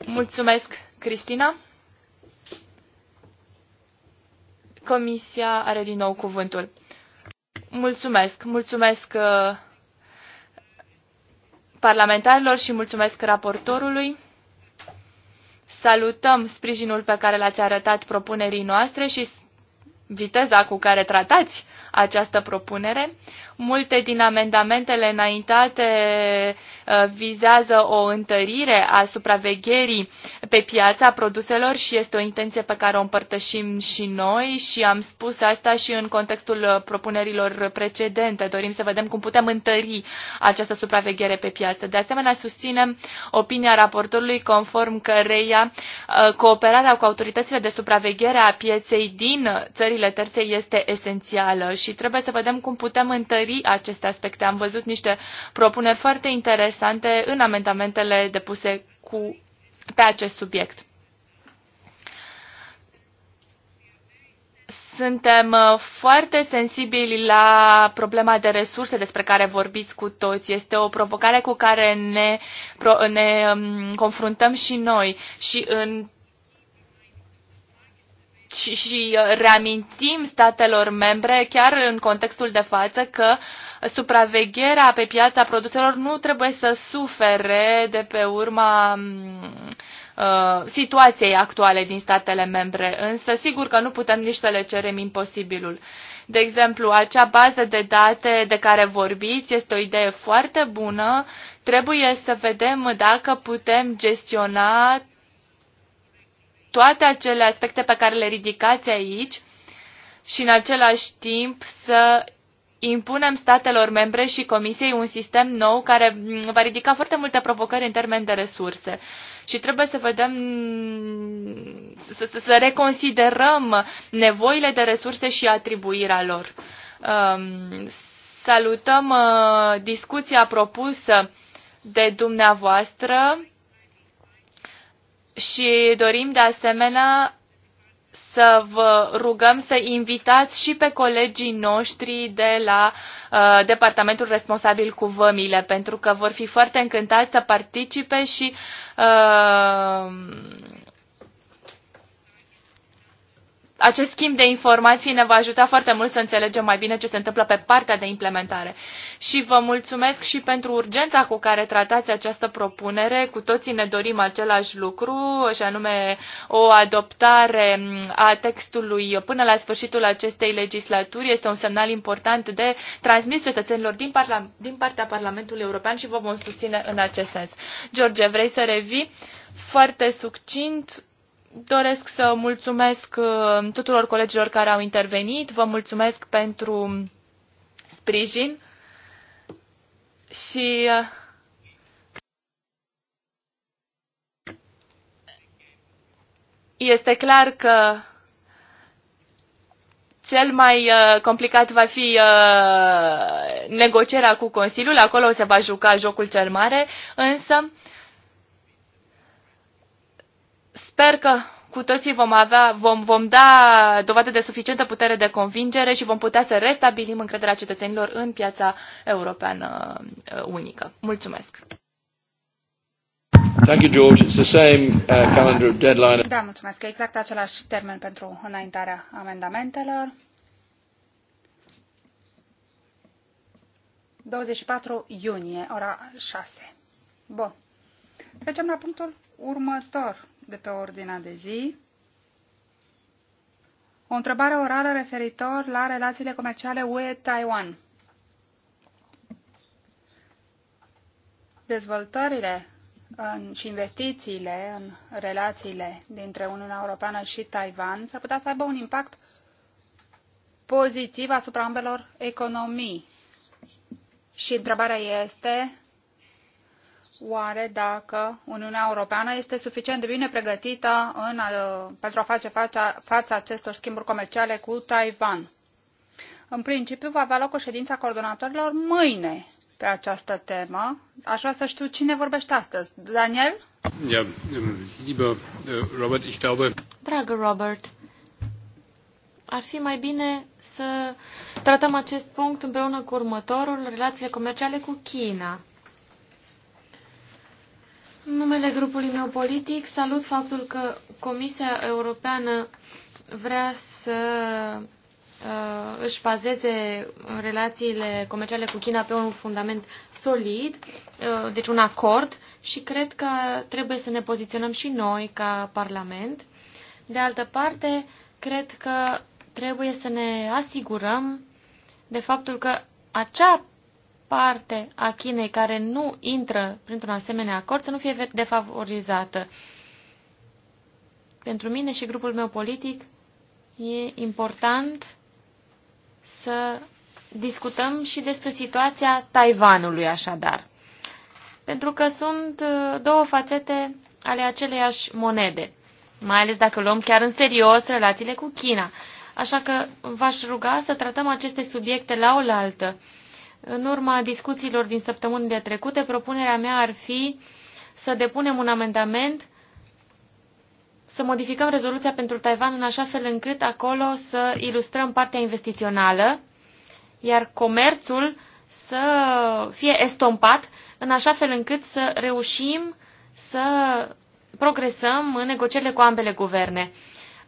Speaker 3: Mulțumesc, Cristina. Comisia are din nou cuvântul. Mulțumesc, mulțumesc uh, parlamentarilor și mulțumesc raportorului. Salutăm sprijinul pe care l-ați arătat propunerii noastre și viteza cu care tratați această propunere. Multe din amendamentele înaintate uh, vizează o întărire a supravegherii pe piața produselor și este o intenție pe care o împărtășim și noi și am spus asta și în contextul uh, propunerilor precedente. Dorim să vedem cum putem întări această supraveghere pe piață. De asemenea, susținem opinia raportorului conform căreia uh, cooperarea cu autoritățile de supraveghere a pieței din țările țările terțe este esențială și trebuie să vedem cum putem întări aceste aspecte. Am văzut niște propuneri foarte interesante în amendamentele depuse cu, pe acest subiect. Suntem uh, foarte sensibili la problema de resurse despre care vorbiți cu toți. Este o provocare cu care ne, ne um, confruntăm și noi și în și uh, reamintim statelor membre, chiar în contextul de față, că supravegherea pe piața produselor nu trebuie să sufere de pe urma mm, uh, situației actuale din statele membre, însă sigur că nu putem nici să le cerem imposibilul. De exemplu, acea bază de date de care vorbiți este o idee foarte bună. Trebuie să vedem dacă putem gestiona toate acele aspecte pe care le ridicați aici și în același timp să impunem statelor membre și Comisiei un sistem nou care mm, va ridica foarte multe provocări în termen de resurse. Și trebuie să vedem, mm, să, să, să reconsiderăm nevoile de resurse și atribuirea lor. Um, salutăm uh, discuția propusă de dumneavoastră și dorim de asemenea să vă rugăm să invitați și pe colegii noștri de la uh, departamentul responsabil cu vămile, pentru că vor fi foarte încântați să participe și uh, acest schimb de informații ne va ajuta foarte mult să înțelegem mai bine ce se întâmplă pe partea de implementare. Și vă mulțumesc și pentru urgența cu care tratați această propunere. Cu toții ne dorim același lucru, și anume o adoptare a textului până la sfârșitul acestei legislaturi. Este un semnal important de transmis cetățenilor din, parla- din partea Parlamentului European și vă vom susține în acest sens. George, vrei să revii? Foarte succint doresc să mulțumesc uh, tuturor colegilor care au intervenit, vă mulțumesc pentru sprijin și uh, este clar că cel mai uh, complicat va fi negocierea cu Consiliul, acolo se va juca jocul cel mare, însă Sper că cu toții vom, avea, vom, vom da dovadă de suficientă putere de convingere și vom putea să restabilim încrederea cetățenilor în piața europeană uh, unică. Mulțumesc!
Speaker 1: Thank you, George. It's the same uh, calendar of deadline. Da,
Speaker 4: mulțumesc. Exact același termen pentru înaintarea amendamentelor. 24 iunie, ora 6. Bun. Trecem la punctul următor de pe ordinea de zi. O întrebare orală referitor la relațiile comerciale UE-Taiwan. Dezvoltările în, și investițiile în relațiile dintre Uniunea Europeană și Taiwan s-ar putea să aibă un impact pozitiv asupra ambelor economii. Și întrebarea este oare dacă Uniunea Europeană este suficient de bine pregătită în, uh, pentru a face fața, fața acestor schimburi comerciale cu Taiwan. În principiu, va avea loc o ședință a coordonatorilor mâine pe această temă. Aș vrea să știu cine vorbește astăzi. Daniel?
Speaker 1: Ja, ähm, lieber äh, Robert, ich glaube...
Speaker 4: Dragă
Speaker 2: Robert, ar fi mai bine să tratăm acest punct împreună cu următorul, relațiile comerciale cu China. În numele grupului meu politic salut faptul că Comisia Europeană vrea să uh, își bazeze relațiile comerciale cu China pe un fundament solid, uh, deci un acord, și cred că trebuie să ne poziționăm și noi ca Parlament. De altă parte, cred că trebuie să ne asigurăm de faptul că acea parte a Chinei care nu intră printr-un asemenea acord să nu fie defavorizată. Pentru mine și grupul meu politic e important să discutăm și despre situația Taiwanului așadar. Pentru că sunt uh, două fațete ale aceleiași monede, mai ales dacă luăm chiar în serios relațiile cu China. Așa că v-aș ruga să tratăm aceste subiecte la oaltă. În urma discuțiilor din săptămânile trecute, propunerea mea ar fi să depunem un amendament, să modificăm rezoluția pentru Taiwan în așa fel încât acolo să ilustrăm partea investițională, iar comerțul să fie estompat în așa fel încât să reușim să progresăm în negocierile cu ambele guverne.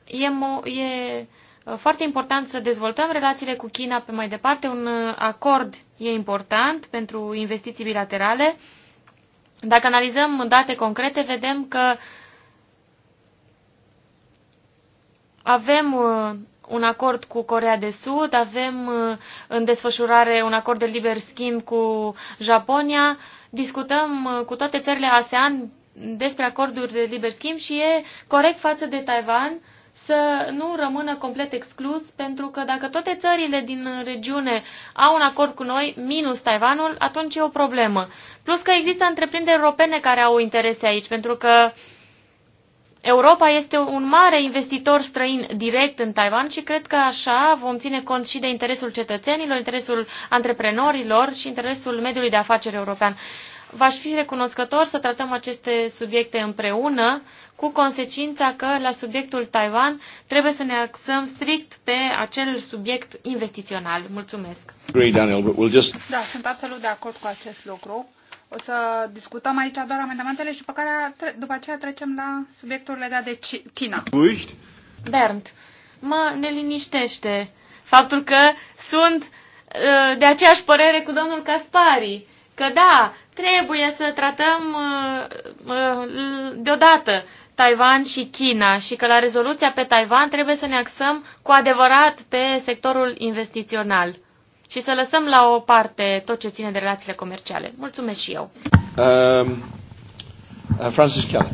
Speaker 2: E, mo- e Uh, foarte important să dezvoltăm relațiile cu China pe mai departe. Un uh, acord e important pentru investiții bilaterale. Dacă analizăm date concrete, vedem că avem uh, un acord cu Corea de Sud, avem în desfășurare un acord de liber schimb cu Japonia, discutăm cu toate țările ASEAN despre acorduri de liber schimb și e corect față de Taiwan să nu rămână complet exclus, pentru că dacă toate țările din regiune au un acord cu noi, minus Taiwanul, atunci e o problemă. Plus că există întreprinderi europene care au interese aici, pentru că Europa este un mare investitor străin direct în Taiwan și cred că așa vom ține cont și de interesul cetățenilor, interesul antreprenorilor și interesul mediului de afaceri european v-aș fi recunoscător să tratăm aceste subiecte împreună, cu consecința că la subiectul Taiwan trebuie să ne axăm strict pe acel subiect investițional. Mulțumesc!
Speaker 4: Da, sunt absolut de acord cu acest lucru. O să discutăm aici doar amendamentele și după, care, după aceea trecem la subiectul legat de China. Bernd, mă neliniștește faptul că sunt uh,
Speaker 2: de aceeași părere cu domnul Caspari că da, trebuie să tratăm uh, uh, deodată Taiwan și China și că la rezoluția pe Taiwan trebuie să ne axăm cu adevărat pe sectorul investițional și să lăsăm la o parte tot ce ține de relațiile comerciale. Mulțumesc și eu.
Speaker 1: Um, uh, Francis Keller.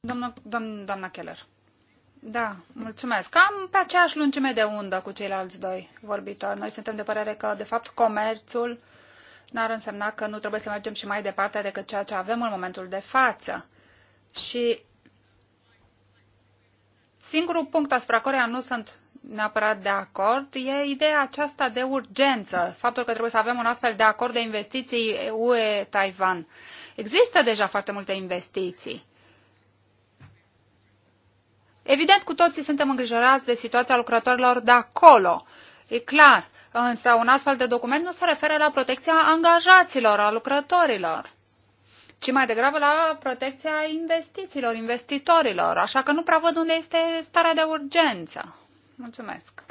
Speaker 4: Doamna, doam, doamna Keller. Da, mulțumesc. Cam pe aceeași lungime de undă cu ceilalți doi vorbitori. Noi suntem de părere că, de fapt, comerțul uh, n-ar însemna că nu trebuie să mergem și mai departe decât ceea ce avem în momentul de față. Și singurul punct asupra căruia nu sunt neapărat de acord e ideea aceasta de urgență, faptul că trebuie să avem un astfel de acord de investiții UE-Taiwan. Există deja foarte multe investiții. Evident, cu toții suntem îngrijorați de situația lucrătorilor de acolo. E clar. Însă un astfel de document nu se referă la protecția angajaților, a lucrătorilor, ci mai degrabă la protecția investițiilor, investitorilor, așa că nu prea văd unde este starea de urgență. Mulțumesc.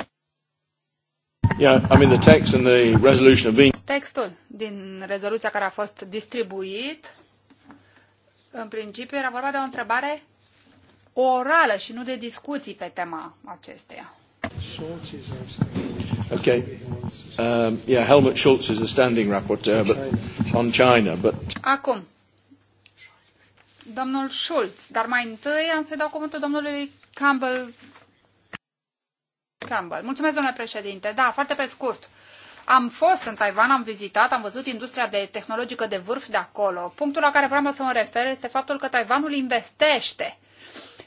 Speaker 1: Yeah, I mean the text and the resolution have being...
Speaker 4: Textul din rezoluția care a fost distribuit, în principiu era vorba de o întrebare orală și nu de discuții pe tema acesteia.
Speaker 1: Schultz is our standing Okay. Um, yeah, Helmut Schultz is the standing rapporteur but on China, but...
Speaker 4: Acum. Domnul Schultz, dar mai întâi am să dau cuvântul domnului Campbell. Campbell. Mulțumesc, domnule președinte. Da, foarte pe scurt. Am fost în Taiwan, am vizitat, am văzut industria de tehnologică de vârf de acolo. Punctul la care vreau să mă refer este faptul că Taiwanul investește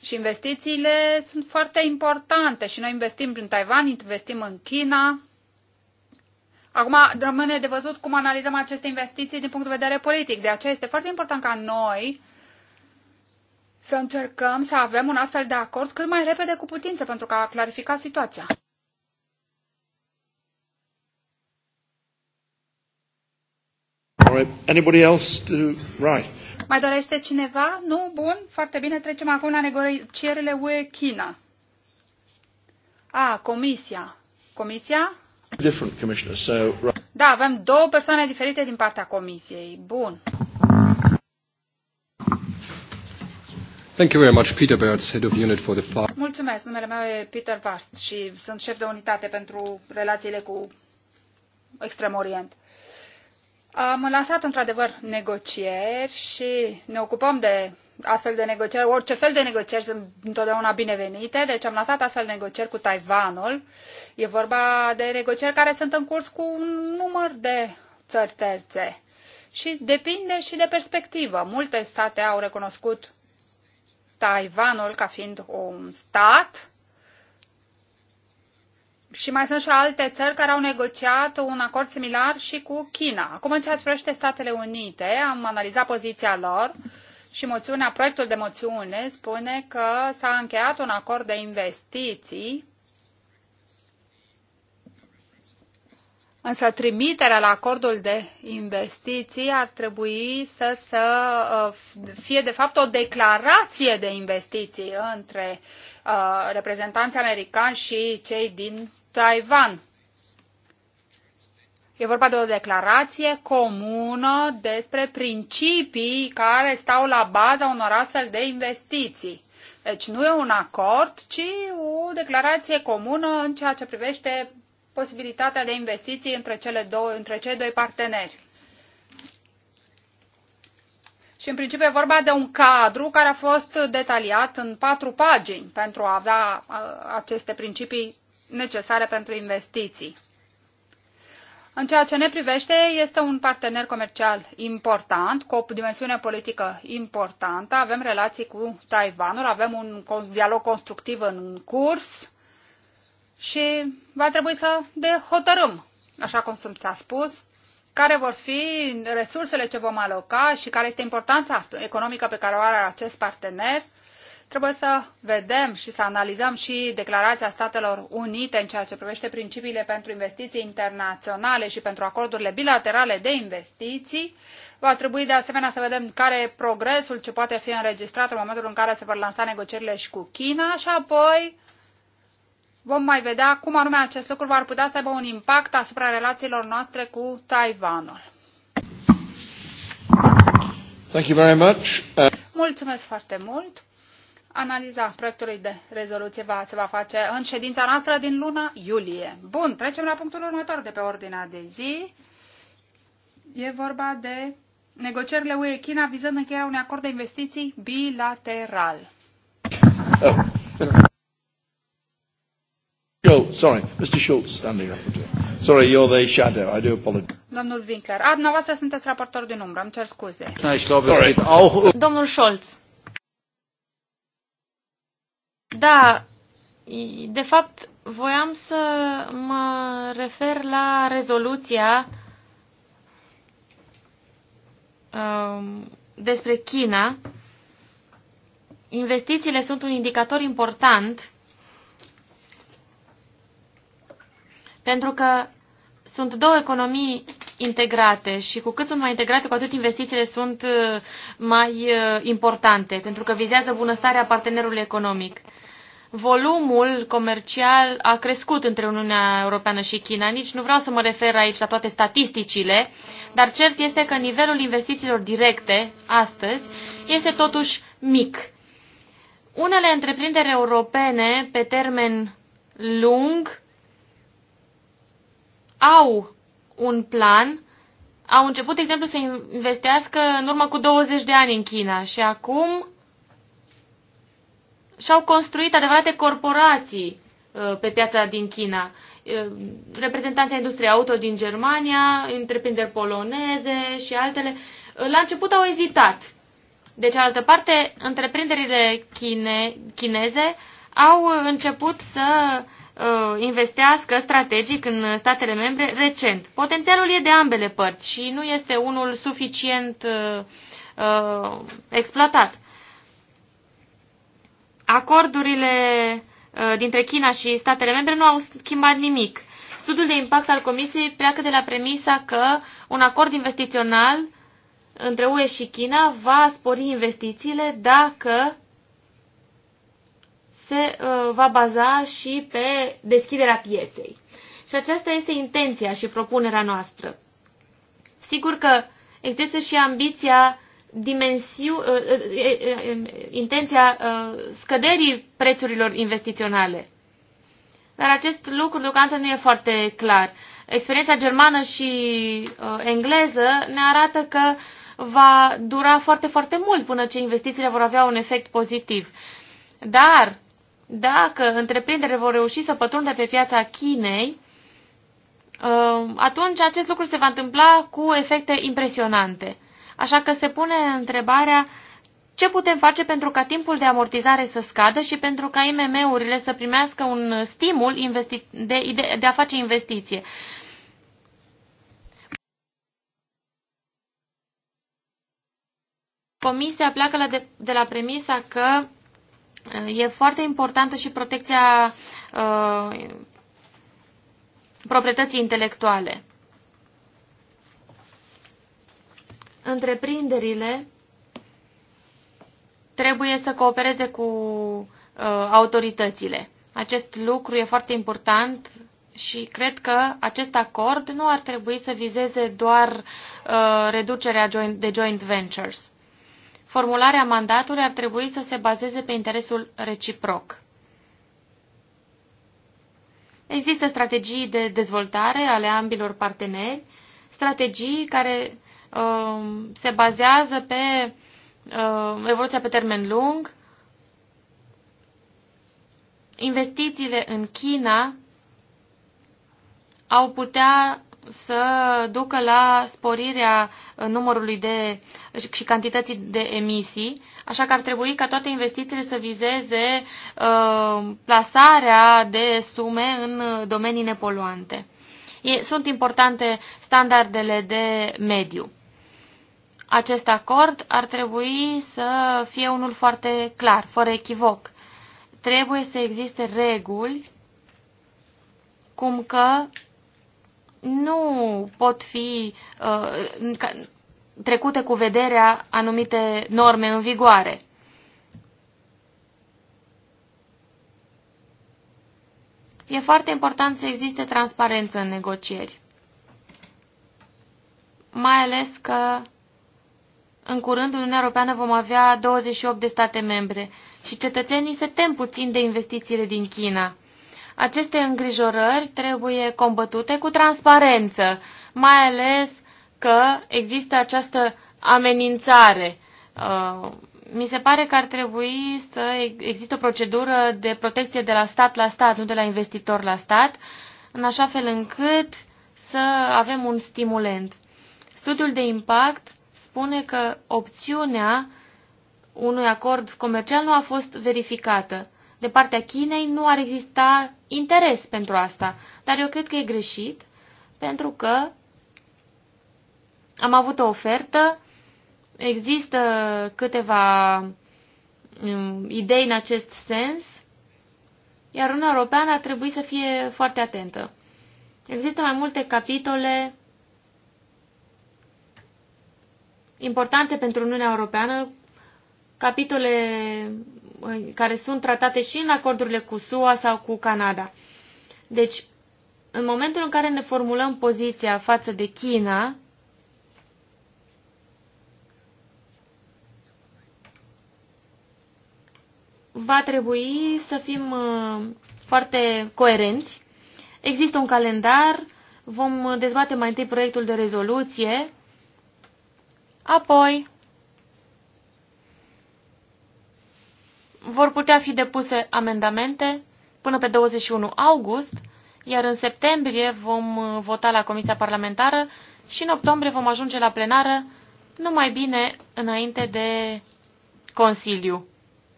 Speaker 4: și investițiile sunt foarte importante și noi investim în Taiwan, investim în China. Acum rămâne de văzut cum analizăm aceste investiții din punct de vedere politic. De aceea este foarte important ca noi să încercăm să avem un astfel de acord cât mai repede cu putință pentru ca a clarifica situația.
Speaker 1: Anybody else to... Right.
Speaker 4: Mai dorește cineva? Nu? Bun. Foarte bine. Trecem acum la negocierile UE-China. A, comisia. Comisia?
Speaker 1: Different commissioner, so...
Speaker 4: Da, avem două persoane diferite din partea comisiei. Bun.
Speaker 1: Thank you very much, Peter Bertz, head of unit for the FAR.
Speaker 4: Mulțumesc, numele meu e Peter Vast și sunt șef de unitate pentru relațiile cu Extrem Orient. Am lansat într-adevăr negocieri și ne ocupăm de astfel de negocieri. Orice fel de negocieri sunt întotdeauna binevenite, deci am lansat astfel de negocieri cu Taiwanul. E vorba de negocieri care sunt în curs cu un număr de țări terțe. Și depinde și de perspectivă. Multe state au recunoscut Taiwanul ca fiind un stat și mai sunt și alte țări care au negociat un acord similar și cu China. Acum, în ceea ce privește Statele Unite, am analizat poziția lor și moțiunea, proiectul de moțiune spune că s-a încheiat un acord de investiții, însă trimiterea la acordul de investiții ar trebui să, să uh, fie, de fapt, o declarație de investiții între uh, reprezentanți americani și cei din Taiwan. E vorba de o declarație comună despre principii care stau la baza unor astfel de investiții. Deci nu e un acord, ci o declarație comună în ceea ce privește posibilitatea de investiții între, cele două, între cei doi parteneri. Și în principiu e vorba de un cadru care a fost detaliat în patru pagini pentru a avea aceste principii necesare pentru investiții. În ceea ce ne privește, este un partener comercial important, cu o dimensiune politică importantă. Avem relații cu Taiwanul, avem un dialog constructiv în curs și va trebui să de hotărâm, așa cum s-a spus, care vor fi resursele ce vom aloca și care este importanța economică pe care o are acest partener Trebuie să vedem și să analizăm și declarația Statelor Unite în ceea ce privește principiile pentru investiții internaționale și pentru acordurile bilaterale de investiții. Va trebui de asemenea să vedem care e progresul ce poate fi înregistrat în momentul în care se vor lansa negocierile și cu China și apoi vom mai vedea cum anume acest lucru va putea să aibă un impact asupra relațiilor noastre cu Taiwanul.
Speaker 1: Thank you very much. Uh,
Speaker 4: Mulțumesc foarte mult analiza proiectului de rezoluție va, se va face în ședința noastră din luna iulie. Bun, trecem la punctul următor de pe ordinea de zi. E vorba de negocierile UE-China vizând încheierea unui acord de investiții bilateral.
Speaker 1: Oh, sorry, Mr. Schultz standing up. Sorry, you're the shadow. I do apologize.
Speaker 4: Domnul Winkler, a, dumneavoastră sunteți raportor din umbră, îmi cer scuze.
Speaker 2: Domnul Scholz. Da, de fapt, voiam să mă refer la rezoluția um, despre China. Investițiile sunt un indicator important pentru că sunt două economii integrate și cu cât sunt mai integrate, cu atât investițiile sunt uh, mai uh, importante, pentru că vizează bunăstarea partenerului economic volumul comercial a crescut între Uniunea Europeană și China. Nici nu vreau să mă refer aici la toate statisticile, dar cert este că nivelul investițiilor directe astăzi este totuși mic. Unele întreprinderi europene pe termen lung au un plan, au început, de exemplu, să investească în urmă cu 20 de ani în China și acum și-au construit adevărate corporații uh, pe piața din China. Uh, reprezentanții industriei auto din Germania, întreprinderi poloneze și altele, uh, la început au ezitat. De cealaltă parte, întreprinderile chine, chineze au început să investească strategic în statele membre recent. Potențialul e de ambele părți și nu este unul suficient uh, exploatat acordurile uh, dintre China și statele membre nu au schimbat nimic. Studiul de impact al Comisiei pleacă de la premisa că un acord investițional între UE și China va spori investițiile dacă se uh, va baza și pe deschiderea pieței. Și aceasta este intenția și propunerea noastră. Sigur că există și ambiția dimensiu, uh, uh, intenția uh, scăderii prețurilor investiționale. Dar acest lucru deocamdată nu e foarte clar. Experiența germană și engleză ne arată că va dura foarte, foarte mult până ce investițiile vor avea un efect pozitiv. Dar dacă întreprinderile vor reuși să pătrundă pe piața Chinei, atunci acest lucru se va întâmpla cu efecte impresionante. Așa că se pune întrebarea ce putem face pentru ca timpul de amortizare să scadă și pentru ca IMM-urile să primească un stimul de, de, de a face investiție. Comisia pleacă la de, de la premisa că uh, e foarte importantă și protecția uh, proprietății intelectuale. întreprinderile trebuie să coopereze cu uh, autoritățile. Acest lucru e foarte important și cred că acest acord nu ar trebui să vizeze doar uh, reducerea joint, de joint ventures. Formularea mandatului ar trebui să se bazeze pe interesul reciproc. Există strategii de dezvoltare ale ambilor parteneri, strategii care Um, se bazează pe um, evoluția pe termen lung. Investițiile în China au putea să ducă la sporirea uh, numărului de și cantității de emisii, așa că ar trebui ca toate investițiile să vizeze uh, plasarea de sume în domenii nepoluante. E, sunt importante standardele de mediu acest acord ar trebui să fie unul foarte clar, fără echivoc. Trebuie să existe reguli cum că nu pot fi uh, trecute cu vederea anumite norme în vigoare. E foarte important să existe transparență în negocieri, mai ales că în curând, în Uniunea Europeană vom avea 28 de state membre și cetățenii se tem puțin de investițiile din China. Aceste îngrijorări trebuie combătute cu transparență, mai ales că există această amenințare. Uh, mi se pare că ar trebui să există o procedură de protecție de la stat la stat, nu de la investitor la stat, în așa fel încât să avem un stimulent. Studiul de impact spune că opțiunea unui acord comercial nu a fost verificată. De partea Chinei nu ar exista interes pentru asta, dar eu cred că e greșit, pentru că am avut o ofertă, există câteva um, idei în acest sens, iar Uniunea Europeană ar trebui să fie foarte atentă. Există mai multe capitole importante pentru Uniunea Europeană, capitole care sunt tratate și în acordurile cu SUA sau cu Canada. Deci, în momentul în care ne formulăm poziția față de China, va trebui să fim uh, foarte coerenți. Există un calendar, vom dezbate mai întâi proiectul de rezoluție Apoi, vor putea fi depuse amendamente până pe 21 august, iar în septembrie vom uh, vota la Comisia Parlamentară și în octombrie vom ajunge la plenară numai bine înainte de Consiliu.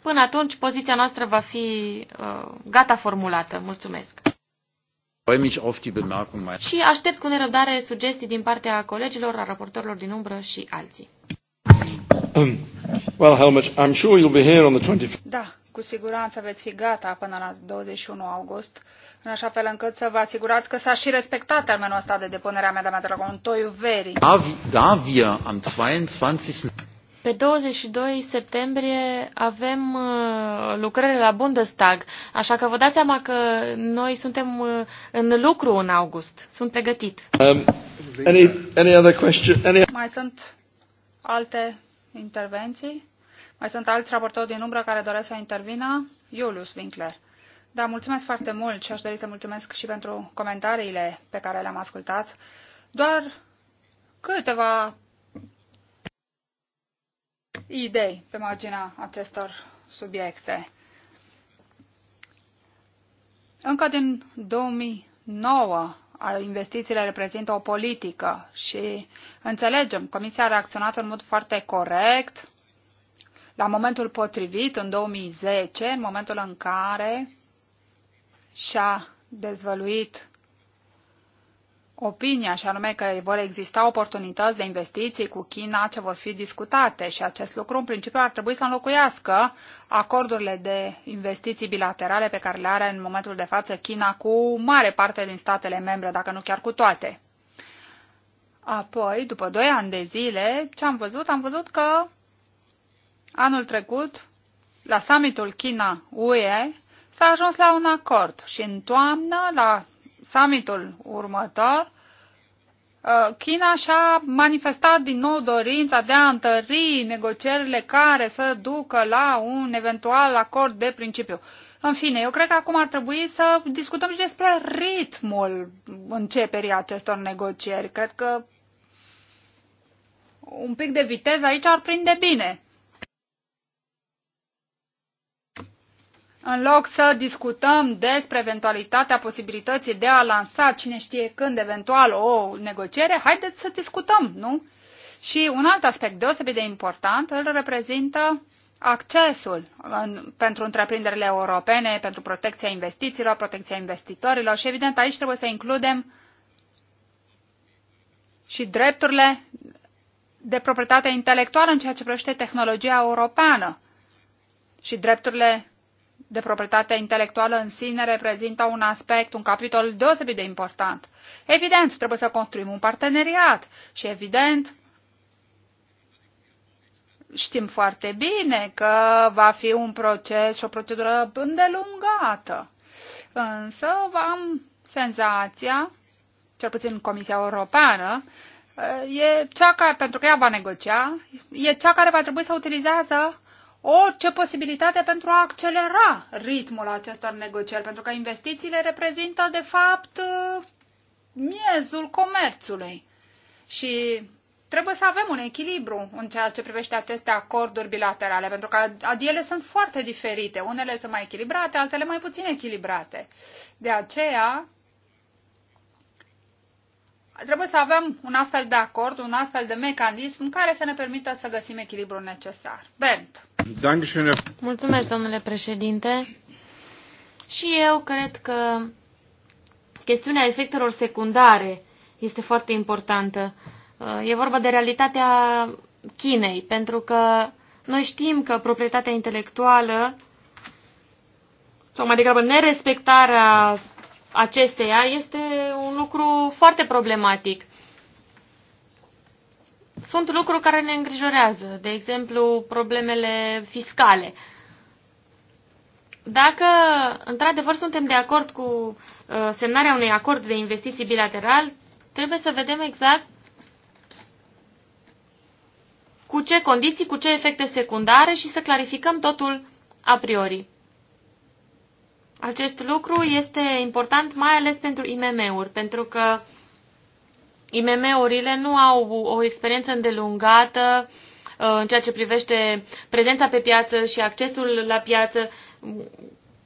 Speaker 2: Până atunci, poziția noastră va fi uh, gata formulată. Mulțumesc! Și aștept cu nerăbdare sugestii din partea colegilor, a raportorilor din umbră și alții.
Speaker 1: Um, well, Helmut, I'm sure you'll be here on the
Speaker 4: Da, cu siguranță veți fi gata până la 21 august, în așa fel încât să vă asigurați că s-a și respectat termenul ăsta de depunere a amendamentelor în Da, verii. via, da, am 22... Pe 22
Speaker 2: septembrie avem uh, lucrările la Bundestag, așa că vă dați seama că noi suntem uh, în lucru în august. Sunt pregătit. Um, any, any other
Speaker 1: question? Any...
Speaker 4: Mai sunt alte intervenții? Mai sunt alți raportori din umbră care doresc să intervină? Iulius Winkler. Da, mulțumesc foarte mult și aș dori să mulțumesc și pentru comentariile pe care le-am ascultat. Doar câteva idei pe marginea acestor subiecte. Încă din 2009 investițiile reprezintă o politică și înțelegem, Comisia a reacționat în mod foarte corect la momentul potrivit, în 2010, în momentul în care și-a dezvăluit opinia și anume că vor exista oportunități de investiții cu China ce vor fi discutate și acest lucru în principiu ar trebui să înlocuiască acordurile de investiții bilaterale pe care le are în momentul de față China cu mare parte din statele membre, dacă nu chiar cu toate. Apoi, după doi ani de zile, ce am văzut? Am văzut că anul trecut, la summitul China-UE, s-a ajuns la un acord și în toamnă, la summitul următor, uh, China și-a manifestat din nou dorința de a întări negocierile care să ducă la un eventual acord de principiu. În fine, eu cred că acum ar trebui să discutăm și despre ritmul începerii acestor negocieri. Cred că un pic de viteză aici ar prinde bine. în loc să discutăm despre eventualitatea posibilității de a lansa cine știe când eventual o negociere, haideți să discutăm, nu? Și un alt aspect deosebit de important îl reprezintă accesul în, pentru întreprinderile europene, pentru protecția investițiilor, protecția investitorilor și evident aici trebuie să includem și drepturile de proprietate intelectuală în ceea ce privește tehnologia europeană și drepturile de proprietate intelectuală în sine reprezintă un aspect, un capitol deosebit de important. Evident, trebuie să construim un parteneriat și evident, știm foarte bine că va fi un proces și o procedură îndelungată. Însă am senzația, cel puțin Comisia Europeană, e cea care, pentru că ea va negocia, e cea care va trebui să utilizează orice posibilitate pentru a accelera ritmul acestor negocieri, pentru că investițiile reprezintă, de fapt, miezul comerțului. Și trebuie să avem un echilibru în ceea ce privește aceste acorduri bilaterale, pentru că ele sunt foarte diferite. Unele sunt mai echilibrate, altele mai puțin echilibrate. De aceea, trebuie să avem un astfel de acord, un astfel de mecanism care să ne permită să găsim echilibrul necesar. Bent.
Speaker 1: Mulțumesc,
Speaker 2: domnule președinte. Și eu cred că chestiunea efectelor secundare este foarte importantă. Uh, e vorba de realitatea Chinei, pentru că noi știm că proprietatea intelectuală, sau mai degrabă nerespectarea acesteia, este un lucru foarte problematic sunt lucruri care ne îngrijorează, de exemplu problemele fiscale. Dacă, într-adevăr, suntem de acord cu uh, semnarea unui acord de investiții bilateral, trebuie să vedem exact cu ce condiții, cu ce efecte secundare și să clarificăm totul a priori. Acest lucru este important mai ales pentru IMM-uri, pentru că uh, IMM-urile nu au o experiență îndelungată uh, în ceea ce privește prezența pe piață și accesul la piață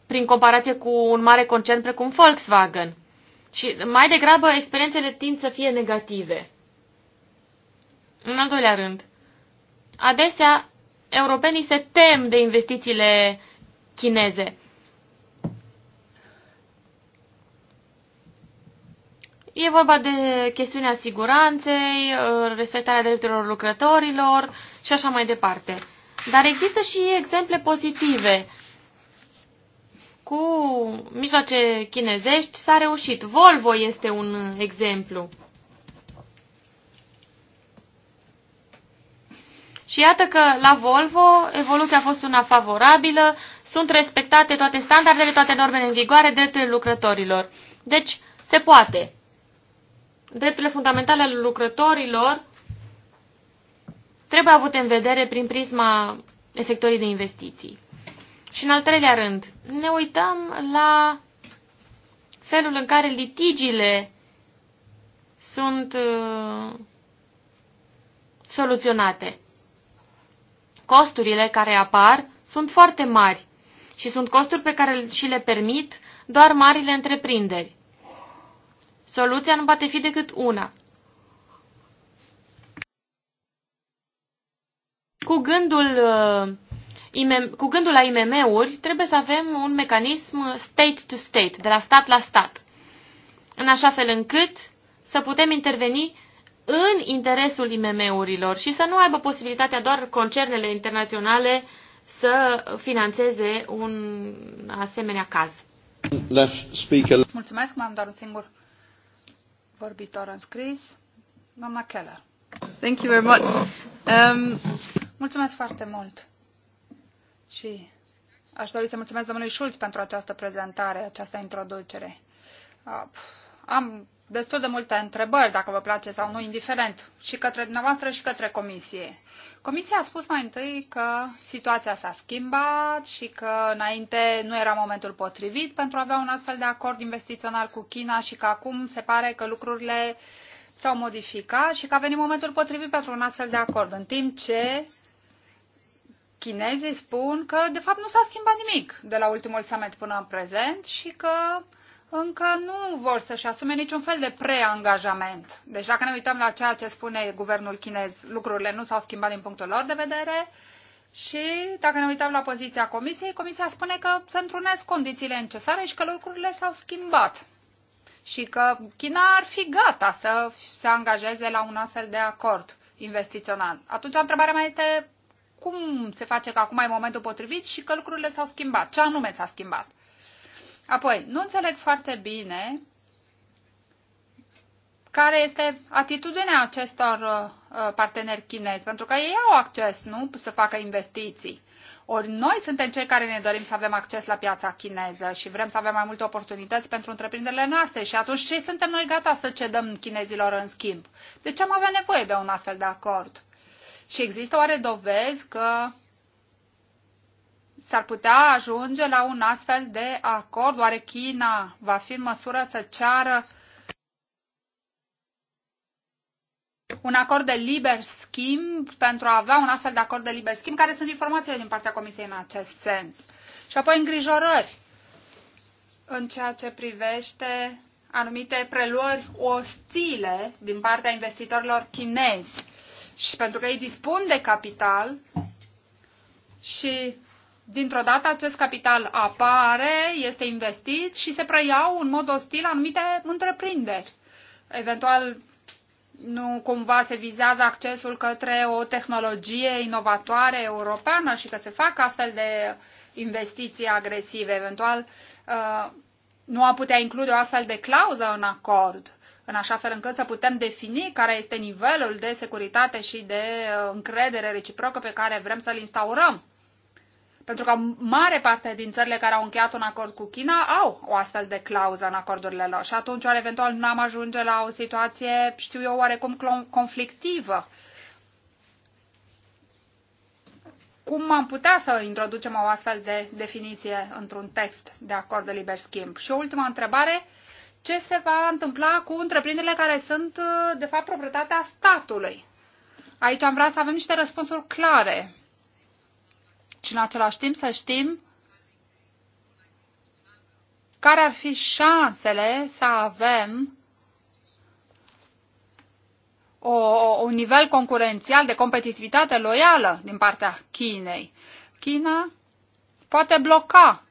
Speaker 2: prin comparație cu un mare concern precum Volkswagen. Și mai degrabă experiențele tind să fie negative. În al doilea rând, adesea europenii se tem de investițiile chineze. E vorba de chestiunea siguranței, uh, respectarea drepturilor lucrătorilor și așa mai departe. Dar există și exemple pozitive. Cu mijloace chinezești s-a reușit. Volvo este un exemplu. Și iată că la Volvo evoluția a fost una favorabilă, sunt respectate toate standardele, toate normele în vigoare, drepturile lucrătorilor. Deci, se poate drepturile fundamentale ale lucrătorilor trebuie avute în vedere prin prisma efectorii de investiții. Și în al treilea rând, ne uităm la felul în care litigiile sunt uh, soluționate. Costurile care apar sunt foarte mari și sunt costuri pe care și le permit doar marile întreprinderi. Soluția nu poate fi decât una. Cu gândul, uh, cu gândul la IMM-uri, trebuie să avem un mecanism state to state, de la stat la stat, în așa fel încât să putem interveni în interesul IMM-urilor și să nu aibă posibilitatea doar concernele internaționale să financeze un asemenea caz.
Speaker 4: Mulțumesc, m-am doar un singur vorbitor înscris, doamna Keller. Thank you very much. Um... Mulțumesc foarte mult. Și aș dori să mulțumesc domnului Schulz pentru această prezentare, această introducere. Am destul de multe întrebări, dacă vă place sau nu, indiferent, și către dumneavoastră și către comisie. Comisia a spus mai întâi că situația s-a schimbat și că înainte nu era momentul potrivit pentru a avea un astfel de acord investițional cu China și că acum se pare că lucrurile s-au modificat și că a venit momentul potrivit pentru un astfel de acord, în timp ce chinezii spun că de fapt nu s-a schimbat nimic de la ultimul summit până în prezent și că încă nu vor să-și asume niciun fel de preangajament. Deci dacă ne uităm la ceea ce spune guvernul chinez, lucrurile nu s-au schimbat din punctul lor de vedere și dacă ne uităm la poziția comisiei, comisia spune că se întrunesc condițiile necesare și că lucrurile s-au schimbat și că China ar fi gata să se angajeze la un astfel de acord investițional. Atunci întrebarea mea este cum se face că acum e momentul potrivit și că lucrurile s-au schimbat. Ce anume s-a schimbat? Apoi, nu înțeleg foarte bine care este atitudinea acestor uh, parteneri chinezi, pentru că ei au acces, nu, să facă investiții. Ori noi suntem cei care ne dorim să avem acces la piața chineză și vrem să avem mai multe oportunități pentru întreprinderile noastre și atunci ce suntem noi gata să cedăm chinezilor în schimb? De ce am avea nevoie de un astfel de acord? Și există oare dovezi că s-ar putea ajunge la un astfel de acord? Oare China va fi în măsură să ceară un acord de liber schimb pentru a avea un astfel de acord de liber schimb? Care sunt informațiile din partea Comisiei în acest sens? Și apoi îngrijorări în ceea ce privește anumite preluări ostile din partea investitorilor chinezi. Și pentru că ei dispun de capital și dintr-o dată acest capital apare, este investit și se preiau în mod ostil anumite întreprinderi. Eventual nu cumva se vizează accesul către o tehnologie inovatoare europeană și că se fac astfel de investiții agresive. Eventual uh, nu am putea include o astfel de clauză în acord, în așa fel încât să putem defini care este nivelul de securitate și de uh, încredere reciprocă pe care vrem să-l instaurăm pentru că mare parte din țările care au încheiat un acord cu China au o astfel de clauză în acordurile lor și atunci oare eventual nu am ajunge la o situație, știu eu, oarecum conflictivă. Cum am putea să introducem o astfel de definiție într-un text de acord de liber schimb? Și o ultima întrebare, ce se va întâmpla cu întreprinderile care sunt, de fapt, proprietatea statului? Aici am vrea să avem niște răspunsuri clare ci în același timp să știm care ar fi șansele să avem o, un nivel concurențial de competitivitate loială din partea Chinei. China poate bloca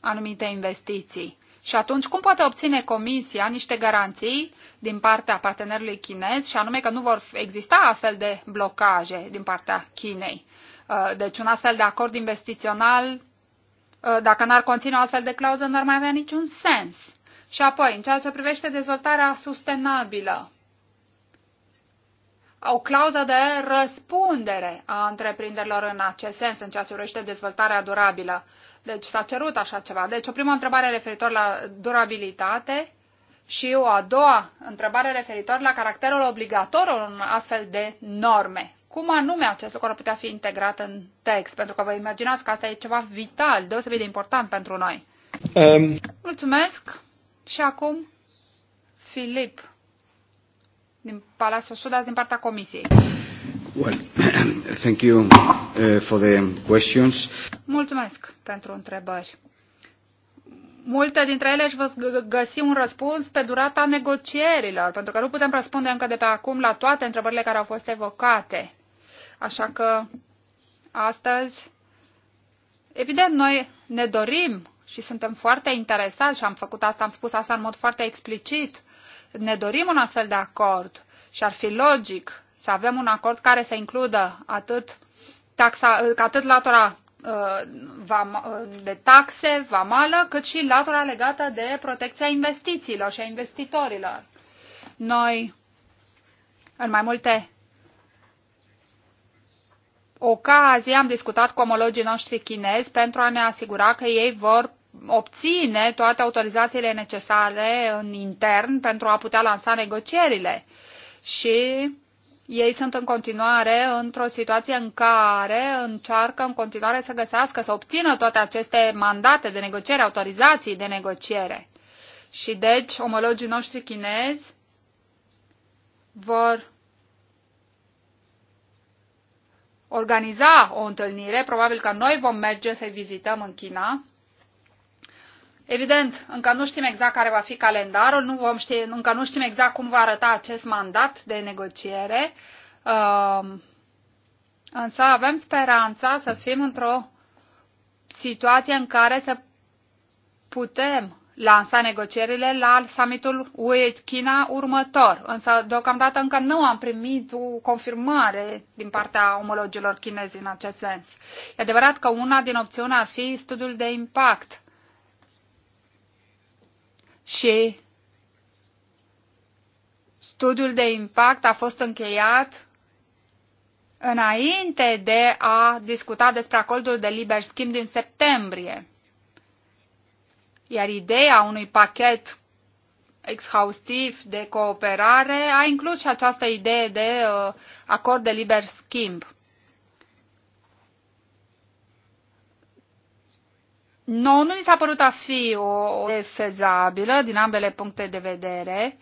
Speaker 4: anumite investiții. Și atunci, cum poate obține Comisia niște garanții din partea partenerului chinez, și anume că nu vor exista astfel de blocaje din partea Chinei? Uh, deci un astfel de acord investițional, uh, dacă n-ar conține o astfel de clauză, n-ar mai avea niciun sens. Și apoi, în ceea ce privește dezvoltarea sustenabilă, au clauză de răspundere a întreprinderilor în acest sens, în ceea ce privește dezvoltarea durabilă. Deci s-a cerut așa ceva. Deci o primă întrebare referitor la durabilitate și o a doua întrebare referitor la caracterul obligatoriu în astfel de norme cum anume acest lucru ar putea fi integrat în text, pentru că vă imaginați că asta e ceva vital, deosebit de important pentru noi. Um. Mulțumesc și acum Filip din Palatul Sudas din partea Comisiei.
Speaker 1: Well, (clears throat) thank you uh, for the questions.
Speaker 4: Mulțumesc pentru întrebări. Multe dintre ele își vă găsi un răspuns pe durata negocierilor, pentru că nu putem răspunde încă de pe acum la toate întrebările care au fost evocate. Așa că astăzi, evident, noi ne dorim și suntem foarte interesați și am făcut asta, am spus asta în mod foarte explicit. Ne dorim un astfel de acord și ar fi logic să avem un acord care să includă atât, taxa, atât latura uh, uh, de taxe vamală, cât și latura legată de protecția investițiilor și a investitorilor. Noi, în mai multe ocazie am discutat cu omologii noștri chinezi pentru a ne asigura că ei vor obține toate autorizațiile necesare în intern pentru a putea lansa negocierile. Și ei sunt în continuare într-o situație în care încearcă în continuare să găsească, să obțină toate aceste mandate de negociere, autorizații de negociere. Și deci omologii noștri chinezi vor organiza o întâlnire, probabil că noi vom merge să-i vizităm în China. Evident, încă nu știm exact care va fi calendarul, nu vom ști, încă nu știm exact cum va arăta acest mandat de negociere, um, însă avem speranța să fim într-o situație în care să putem lansa negocierile la summitul UE-China următor, însă deocamdată încă nu am primit o confirmare din partea omologilor chinezi în acest sens. E adevărat că una din opțiuni ar fi studiul de impact și studiul de impact a fost încheiat înainte de a discuta despre acordul de liber schimb din septembrie. Iar ideea unui pachet exhaustiv de cooperare a inclus și această idee de uh, acord de liber schimb. No, nu ni s-a părut a fi o, o fezabilă din ambele puncte de vedere,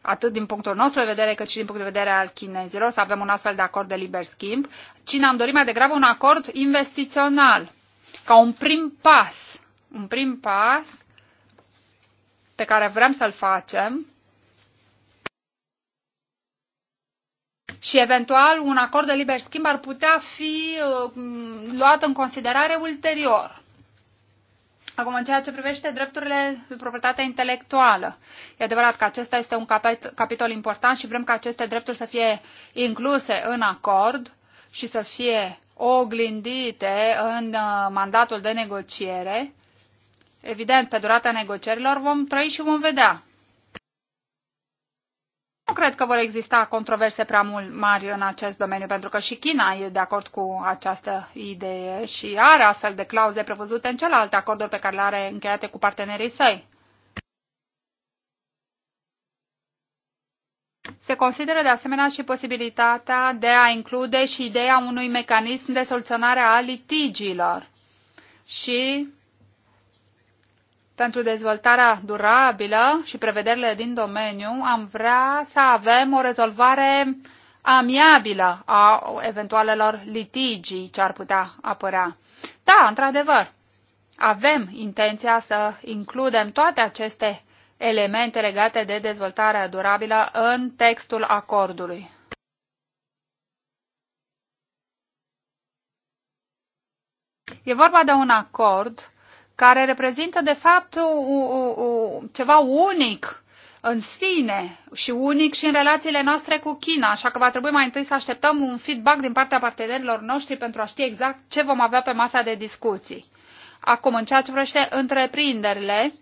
Speaker 4: atât din punctul nostru de vedere cât și din punctul de vedere al chinezilor, să avem un astfel de acord de liber schimb, ci ne-am dorit mai degrabă un acord investițional, ca un prim pas. Un prim pas pe care vrem să-l facem și eventual un acord de liber schimb ar putea fi uh, luat în considerare ulterior. Acum, în ceea ce privește drepturile de proprietate intelectuală, e adevărat că acesta este un capet, capitol important și vrem ca aceste drepturi să fie incluse în acord și să fie oglindite în uh, mandatul de negociere Evident, pe durata negocierilor vom trăi și vom vedea. Nu cred că vor exista controverse prea mult mari în acest domeniu, pentru că și China e de acord cu această idee și are astfel de clauze prevăzute în celelalte acorduri pe care le are încheiate cu partenerii săi. Se consideră de asemenea și posibilitatea de a include și ideea unui mecanism de soluționare a litigiilor și pentru dezvoltarea durabilă și prevederile din domeniu, am vrea să avem o rezolvare amiabilă a eventualelor litigii ce ar putea apărea. Da, într-adevăr, avem intenția să includem toate aceste elemente legate de dezvoltarea durabilă în textul acordului. E vorba de un acord care reprezintă de fapt o, o, o, ceva unic în sine și unic și în relațiile noastre cu China, așa că va trebui mai întâi să așteptăm un feedback din partea partenerilor noștri pentru a ști exact ce vom avea pe masa de discuții. Acum, în ceea ce vrește întreprinderile,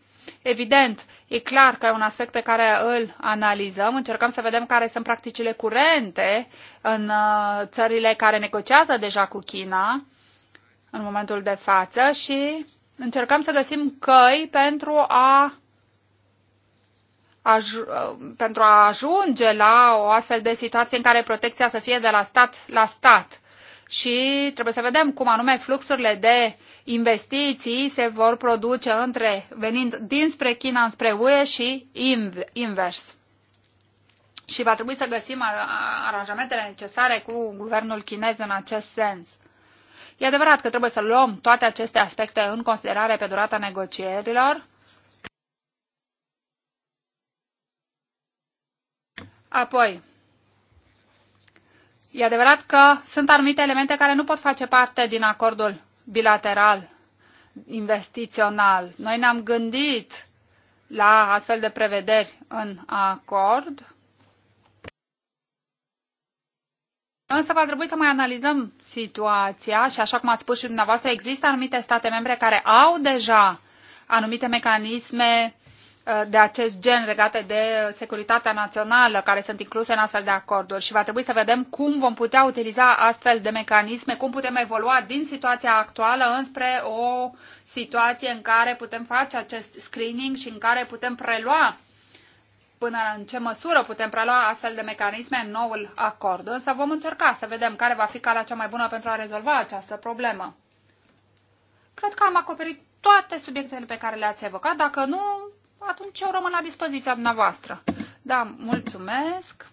Speaker 4: evident, e clar că e un aspect pe care îl analizăm, încercăm să vedem care sunt practicile curente în uh, țările care negociază deja cu China în momentul de față și încercăm să găsim căi pentru a, aj, pentru a ajunge la o astfel de situație în care protecția să fie de la stat la stat. Și trebuie să vedem cum anume fluxurile de investiții se vor produce între, venind dinspre China spre UE și invers. Și va trebui să găsim aranjamentele necesare cu guvernul chinez în acest sens. E adevărat că trebuie să luăm toate aceste aspecte în considerare pe durata negocierilor. Apoi, e adevărat că sunt anumite elemente care nu pot face parte din acordul bilateral investițional. Noi ne-am gândit la astfel de prevederi în acord Însă va trebui să mai analizăm situația și așa cum ați spus și dumneavoastră, există anumite state membre care au deja anumite mecanisme uh, de acest gen legate de securitatea națională care sunt incluse în astfel de acorduri și va trebui să vedem cum vom putea utiliza astfel de mecanisme, cum putem evolua din situația actuală înspre o situație în care putem face acest screening și în care putem prelua până în ce măsură putem prelua astfel de mecanisme în noul acord, însă vom încerca să vedem care va fi calea cea mai bună pentru a rezolva această problemă. Cred că am acoperit toate subiectele pe care le-ați evocat. Dacă nu, atunci eu rămân la dispoziția dumneavoastră. Da, mulțumesc.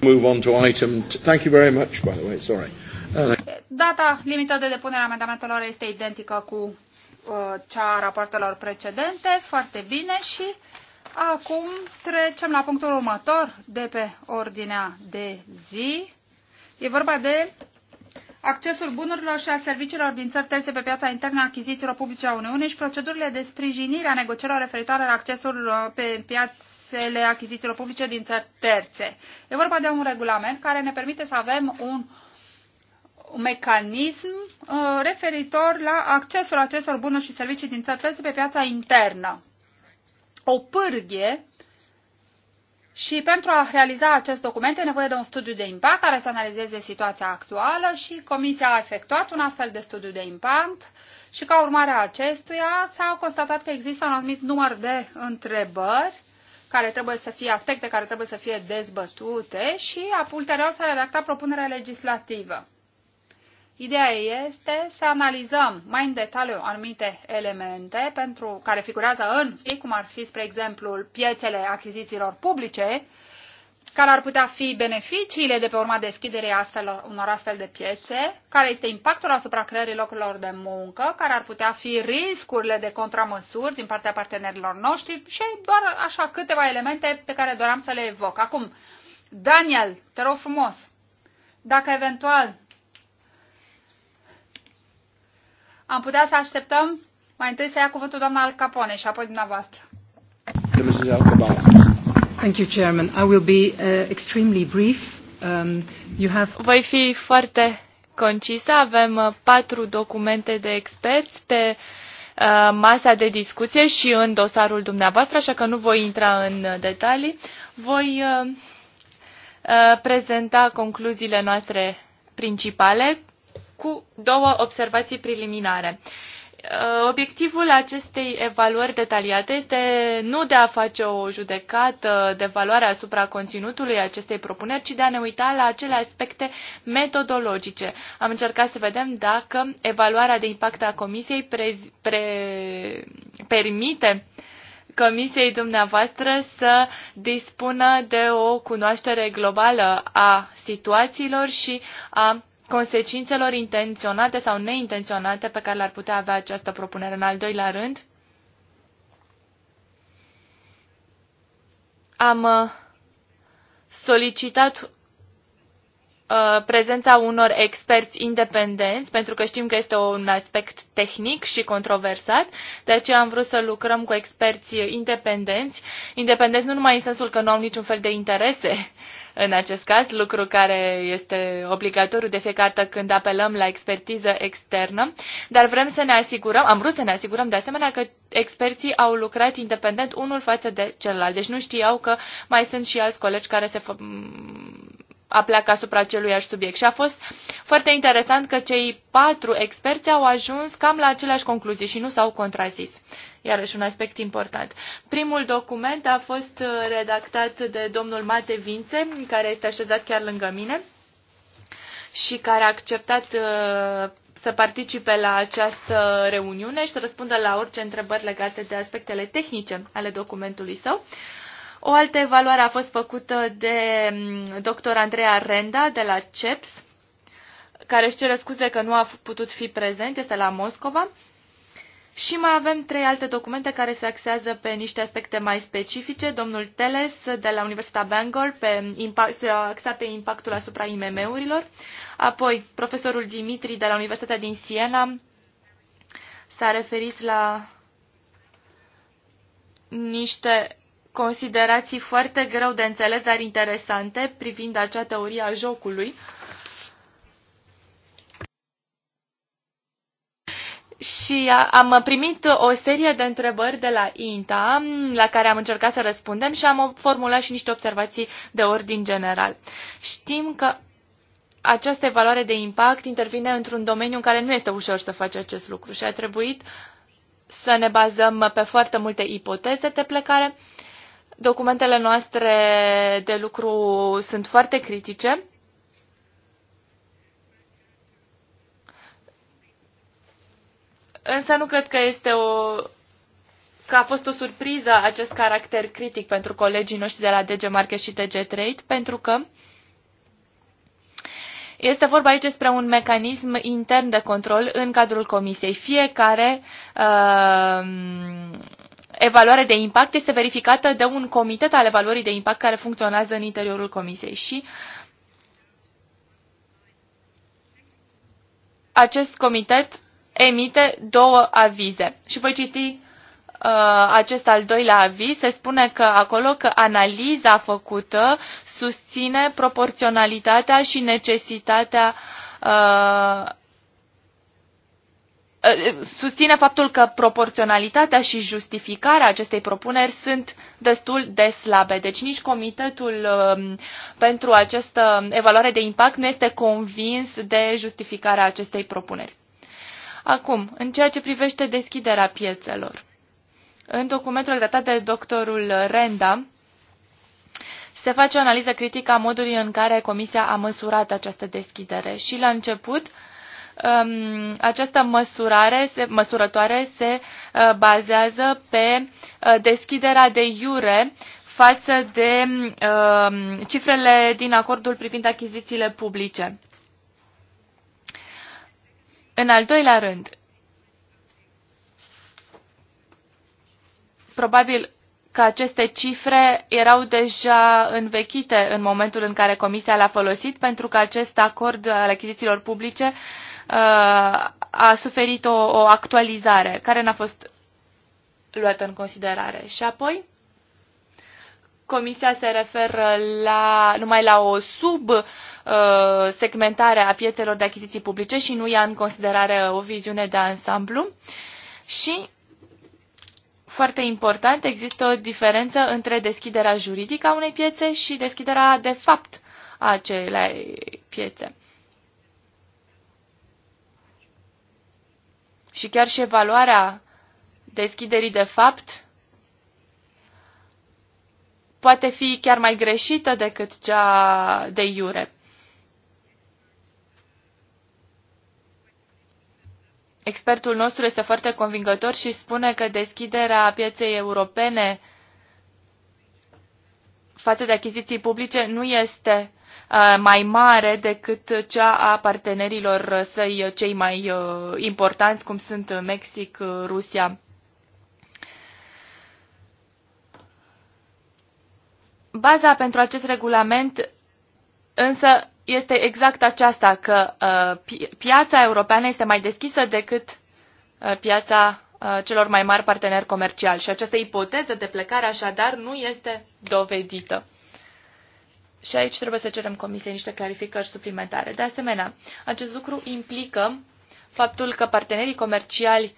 Speaker 1: Move on to item. Thank you very much, by the way. Sorry. Uh,
Speaker 4: Data limită de depunere a amendamentelor este identică cu uh, cea a rapoartelor precedente. Foarte bine și Acum trecem la punctul următor de pe ordinea de zi. E vorba de accesul bunurilor și a serviciilor din țări terțe pe piața internă a achizițiilor publice a Uniunii și procedurile de sprijinire a negocierilor referitoare la accesul pe piațele achizițiilor publice din țări terțe. E vorba de un regulament care ne permite să avem un un mecanism uh, referitor la accesul acestor bunuri și servicii din țări terțe pe piața internă o pârghie și pentru a realiza acest document e nevoie de un studiu de impact care să analizeze situația actuală și Comisia a efectuat un astfel de studiu de impact și ca urmare a acestuia s-a constatat că există un anumit număr de întrebări care trebuie să fie aspecte care trebuie să fie dezbătute și ulterior s-a redactat propunerea legislativă. Ideea este să analizăm mai în detaliu anumite elemente pentru care figurează în zi, cum ar fi, spre exemplu, piețele achizițiilor publice, care ar putea fi beneficiile de pe urma deschiderii astfel, unor astfel de piețe, care este impactul asupra creării locurilor de muncă, care ar putea fi riscurile de contramăsuri din partea partenerilor noștri și doar așa câteva elemente pe care doream să le evoc. Acum, Daniel, te rog frumos, dacă eventual Am putea să așteptăm mai întâi să ia cuvântul doamna Al Capone și apoi dumneavoastră. Thank you, Chairman. I will be uh, extremely
Speaker 1: brief. Um, you have...
Speaker 3: Voi fi foarte concisă. Avem uh, patru documente de experți pe uh, masa de discuție și în dosarul dumneavoastră, așa că nu voi intra în detalii. Voi uh, uh prezenta concluziile noastre principale cu două observații preliminare. Uh, obiectivul acestei evaluări detaliate este nu de a face o judecată de valoare asupra conținutului acestei propuneri, ci de a ne uita la acele aspecte metodologice. Am încercat să vedem dacă evaluarea de impact a Comisiei pre, pre, permite Comisiei dumneavoastră să dispună de o cunoaștere globală a situațiilor și a consecințelor intenționate sau neintenționate pe care le-ar putea avea această propunere. În al doilea rând, am uh, solicitat uh, prezența unor experți independenți, pentru că știm că este un aspect tehnic și controversat, de aceea am vrut să lucrăm cu experți independenți, independenți nu numai în sensul că nu au niciun fel de interese în acest caz, lucru care este obligatoriu de fiecare dată când apelăm la expertiză externă, dar vrem să ne asigurăm, am vrut să ne asigurăm de asemenea că experții au lucrat independent unul față de celălalt. Deci nu știau că mai sunt și alți colegi care se a pleacă asupra aceluiași subiect. Și a fost foarte interesant că cei patru experți au ajuns cam la aceleași concluzii și nu s-au contrazis. Iarăși un aspect important. Primul document a fost uh, redactat de domnul Mate Vințe, care este așezat chiar lângă mine și care a acceptat uh, să participe la această reuniune și să răspundă la orice întrebări legate de aspectele tehnice ale documentului său. Uh, o altă evaluare a fost făcută de mm, dr. Andreea Renda de la CEPS, care își cere scuze că nu a putut fi prezent, este la Moscova. Și mai avem trei alte documente care se axează pe niște aspecte mai specifice. Domnul Teles de la Universitatea Bangor pe impact, se axa pe impactul asupra IMM-urilor. Apoi, profesorul Dimitri de la Universitatea din Siena s-a referit la niște considerații foarte greu de înțeles, dar interesante, privind acea teorie a jocului. Și am primit o serie de întrebări de la INTA, la care am încercat să răspundem și am formulat și niște observații de ordin general. Știm că această evaluare de impact intervine într-un domeniu în care nu este ușor să faci acest lucru și a trebuit să ne bazăm pe foarte multe ipoteze de plecare Documentele noastre de lucru sunt foarte critice. Însă nu cred că este o că a fost o surpriză acest caracter critic pentru colegii noștri de la DG Market și DG Trade, pentru că este vorba aici despre un mecanism intern de control în cadrul comisiei. Fiecare uh, evaluare de impact este verificată de un comitet al evaluării de impact care funcționează în interiorul comisiei și acest comitet emite două avize. Și voi citi uh, acest al doilea aviz. Se spune că acolo că analiza făcută susține proporționalitatea și necesitatea uh, susține faptul că proporționalitatea și justificarea acestei propuneri sunt destul de slabe. Deci nici comitetul um, pentru această evaluare de impact nu este convins de justificarea acestei propuneri. Acum, în ceea ce privește deschiderea piețelor, în documentul datat de doctorul Renda, se face o analiză critică a modului în care Comisia a măsurat această deschidere și la început uh, um, această măsurare, se, măsurătoare se uh, bazează pe uh, deschiderea de iure față de uh, cifrele din acordul privind achizițiile publice. În al doilea rând, probabil că aceste cifre erau deja învechite în momentul în care Comisia le-a folosit, pentru că acest acord al achizițiilor publice uh, a suferit o, o actualizare care n-a fost luată în considerare. Și apoi, Comisia se referă la, numai la o subsegmentare a piețelor de achiziții publice și nu ia în considerare o viziune de ansamblu. Și, foarte important, există o diferență între deschiderea juridică a unei piețe și deschiderea de fapt a acelei piețe. și chiar și evaluarea deschiderii de fapt poate fi chiar mai greșită decât cea de iure. Expertul nostru este foarte convingător și spune că deschiderea pieței europene față de achiziții publice nu este Uh, mai mare decât cea a partenerilor săi uh, cei mai uh, importanți, cum sunt Mexic, Rusia. Baza pentru acest regulament însă este exact aceasta, că piața europeană este mai deschisă decât piața celor mai mari parteneri comerciali și această ipoteză de plecare așadar nu este dovedită. Și aici trebuie să cerem Comisiei niște clarificări suplimentare. De asemenea, acest lucru implică faptul că partenerii comerciali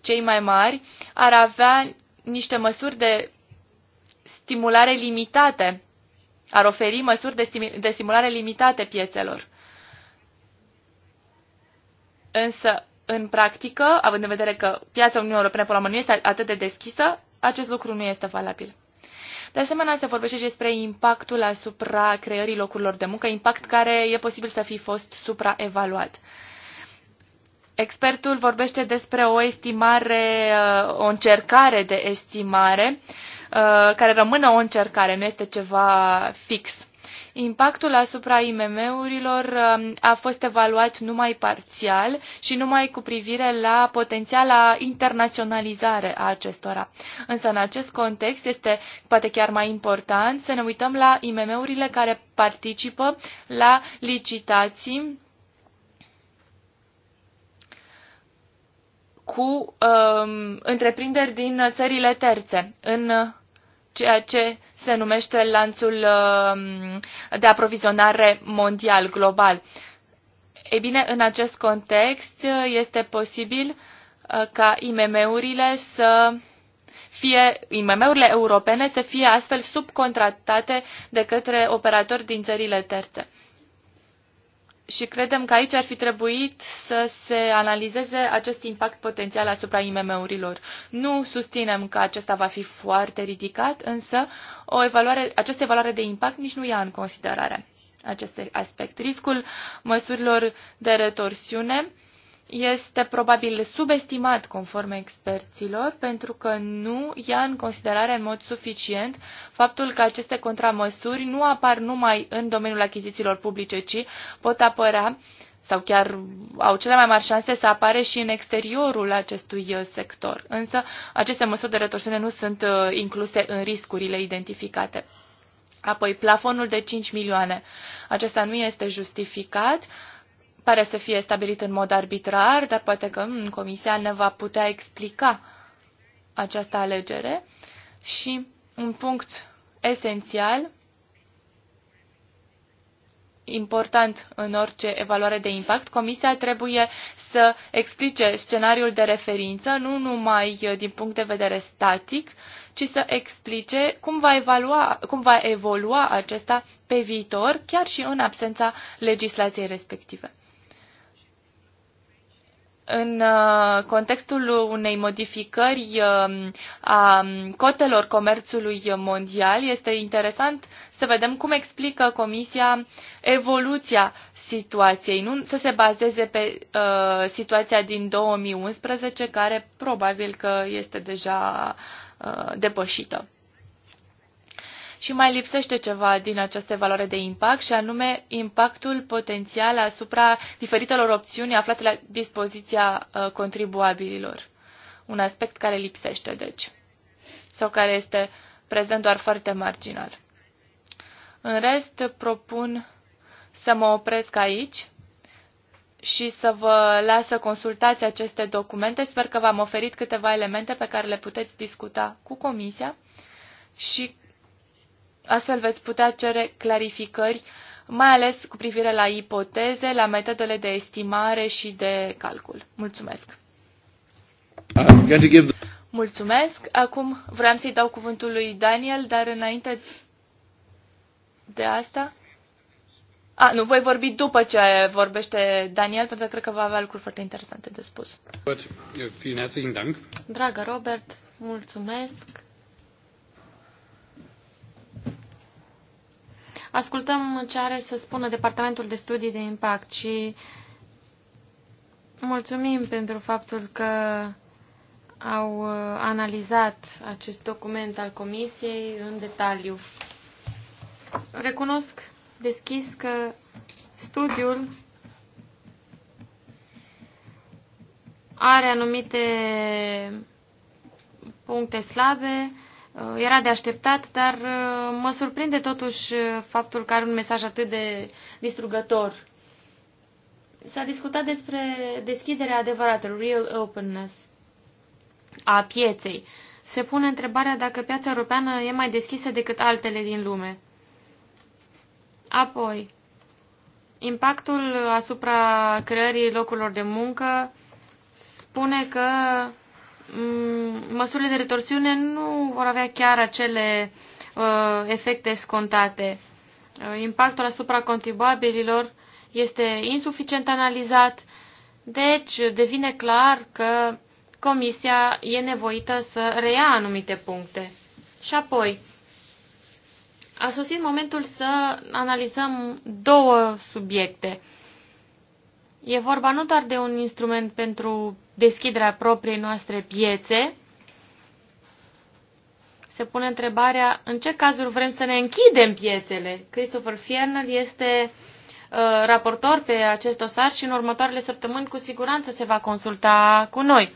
Speaker 3: cei mai mari ar avea niște măsuri de stimulare limitate, ar oferi măsuri de, de stimulare limitate piețelor. Însă, în practică, având în vedere că piața Uniunii Europene, până la urmă, nu este atât de deschisă, acest lucru nu este valabil. De asemenea, se vorbește și despre impactul asupra creării locurilor de muncă, impact care e posibil să fi fost supraevaluat. Expertul vorbește despre o estimare, uh, o încercare de estimare, uh, care rămână o încercare, nu este ceva fix. Impactul asupra IMM-urilor um, a fost evaluat numai parțial și numai cu privire la potențiala internaționalizare a acestora. Însă în acest context este poate chiar mai important să ne uităm la IMM-urile care participă la licitații cu um, întreprinderi din țările terțe în ceea ce se numește lanțul um, de aprovizionare mondial, global. Ei bine, în acest context este posibil uh, ca IMM-urile să fie IMM-urile europene să fie astfel subcontractate de către operatori din țările terțe. Și credem că aici ar fi trebuit să se analizeze acest impact potențial asupra IMM-urilor. Nu susținem că acesta va fi foarte ridicat, însă o evaluare, această evaluare de impact nici nu ia în considerare acest aspect. Riscul măsurilor de retorsiune este probabil subestimat conform experților, pentru că nu ia în considerare în mod suficient faptul că aceste contramăsuri nu apar numai în domeniul achizițiilor publice, ci pot apărea sau chiar au cele mai mari șanse să apare și în exteriorul acestui uh, sector. Însă aceste măsuri de retorsiune nu sunt uh, incluse în riscurile identificate. Apoi, plafonul de 5 milioane. Acesta nu este justificat. Uh, pare să fie stabilit în mod arbitrar, dar poate că m, mm, Comisia ne va putea explica această alegere. Și un punct esențial, important în orice evaluare de impact, Comisia trebuie să explice scenariul de referință, nu numai din punct de vedere static, ci să explice cum va, evalua, cum va evolua acesta pe viitor, chiar și în absența legislației respective în uh, contextul unei modificări um, a um, cotelor comerțului mondial, este interesant să vedem cum explică Comisia evoluția situației, nu să se bazeze pe uh, situația din 2011, care probabil că este deja uh, depășită și mai lipsește ceva din această valoare de impact și anume impactul potențial asupra diferitelor opțiuni aflate la dispoziția uh, contribuabililor. Un aspect care lipsește, deci, sau care este prezent doar foarte marginal. În rest, propun să mă opresc aici și să vă las să consultați aceste documente. Sper că v-am oferit câteva elemente pe care le puteți discuta cu Comisia și Astfel veți putea cere clarificări, mai ales cu privire la ipoteze, la metodele de estimare și de calcul. Mulțumesc! Mulțumesc! Acum vreau să-i dau cuvântul lui Daniel, dar înainte de asta... A, nu, voi vorbi după ce vorbește Daniel, pentru că cred că va avea lucruri foarte interesante
Speaker 1: de spus.
Speaker 2: Dragă Robert, mulțumesc! ascultăm ce are să spună Departamentul de Studii de Impact și mulțumim pentru faptul că au uh, analizat acest document al Comisiei în detaliu. Recunosc deschis că studiul are anumite puncte slabe, Uh, era de așteptat, dar uh, mă surprinde totuși uh, faptul că are un mesaj atât de distrugător. S-a discutat despre deschiderea adevărată, real openness, a pieței. Se pune întrebarea dacă piața europeană e mai deschisă decât altele din lume. Apoi, impactul asupra creării locurilor de muncă spune că Mm, măsurile de retorsiune nu vor avea chiar acele uh, efecte scontate. Uh, impactul asupra contribuabililor este insuficient analizat, deci devine clar că Comisia e nevoită să reia anumite puncte. Și apoi, a sosit momentul să analizăm două subiecte – E vorba nu doar de un instrument pentru deschiderea propriei noastre piețe, se pune întrebarea în ce cazuri vrem să ne închidem piețele. Christopher Fiernel este uh, raportor pe acest dosar și în următoarele săptămâni cu siguranță se va consulta cu noi.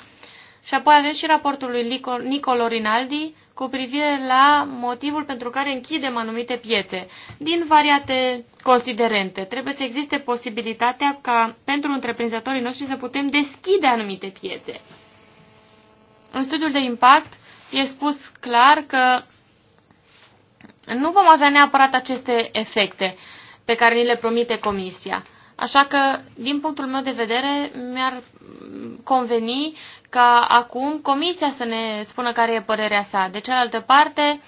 Speaker 2: Și apoi avem și raportul lui Nicolo Rinaldi cu privire la motivul pentru care închidem anumite piețe, din variate considerente. Trebuie să existe posibilitatea ca pentru întreprinzătorii noștri să putem deschide anumite piețe. În studiul de impact e spus clar că nu vom avea neapărat aceste efecte pe care ni le promite Comisia. Așa că, din punctul meu de vedere, mi-ar conveni ca acum Comisia să ne spună care e părerea sa. De cealaltă parte,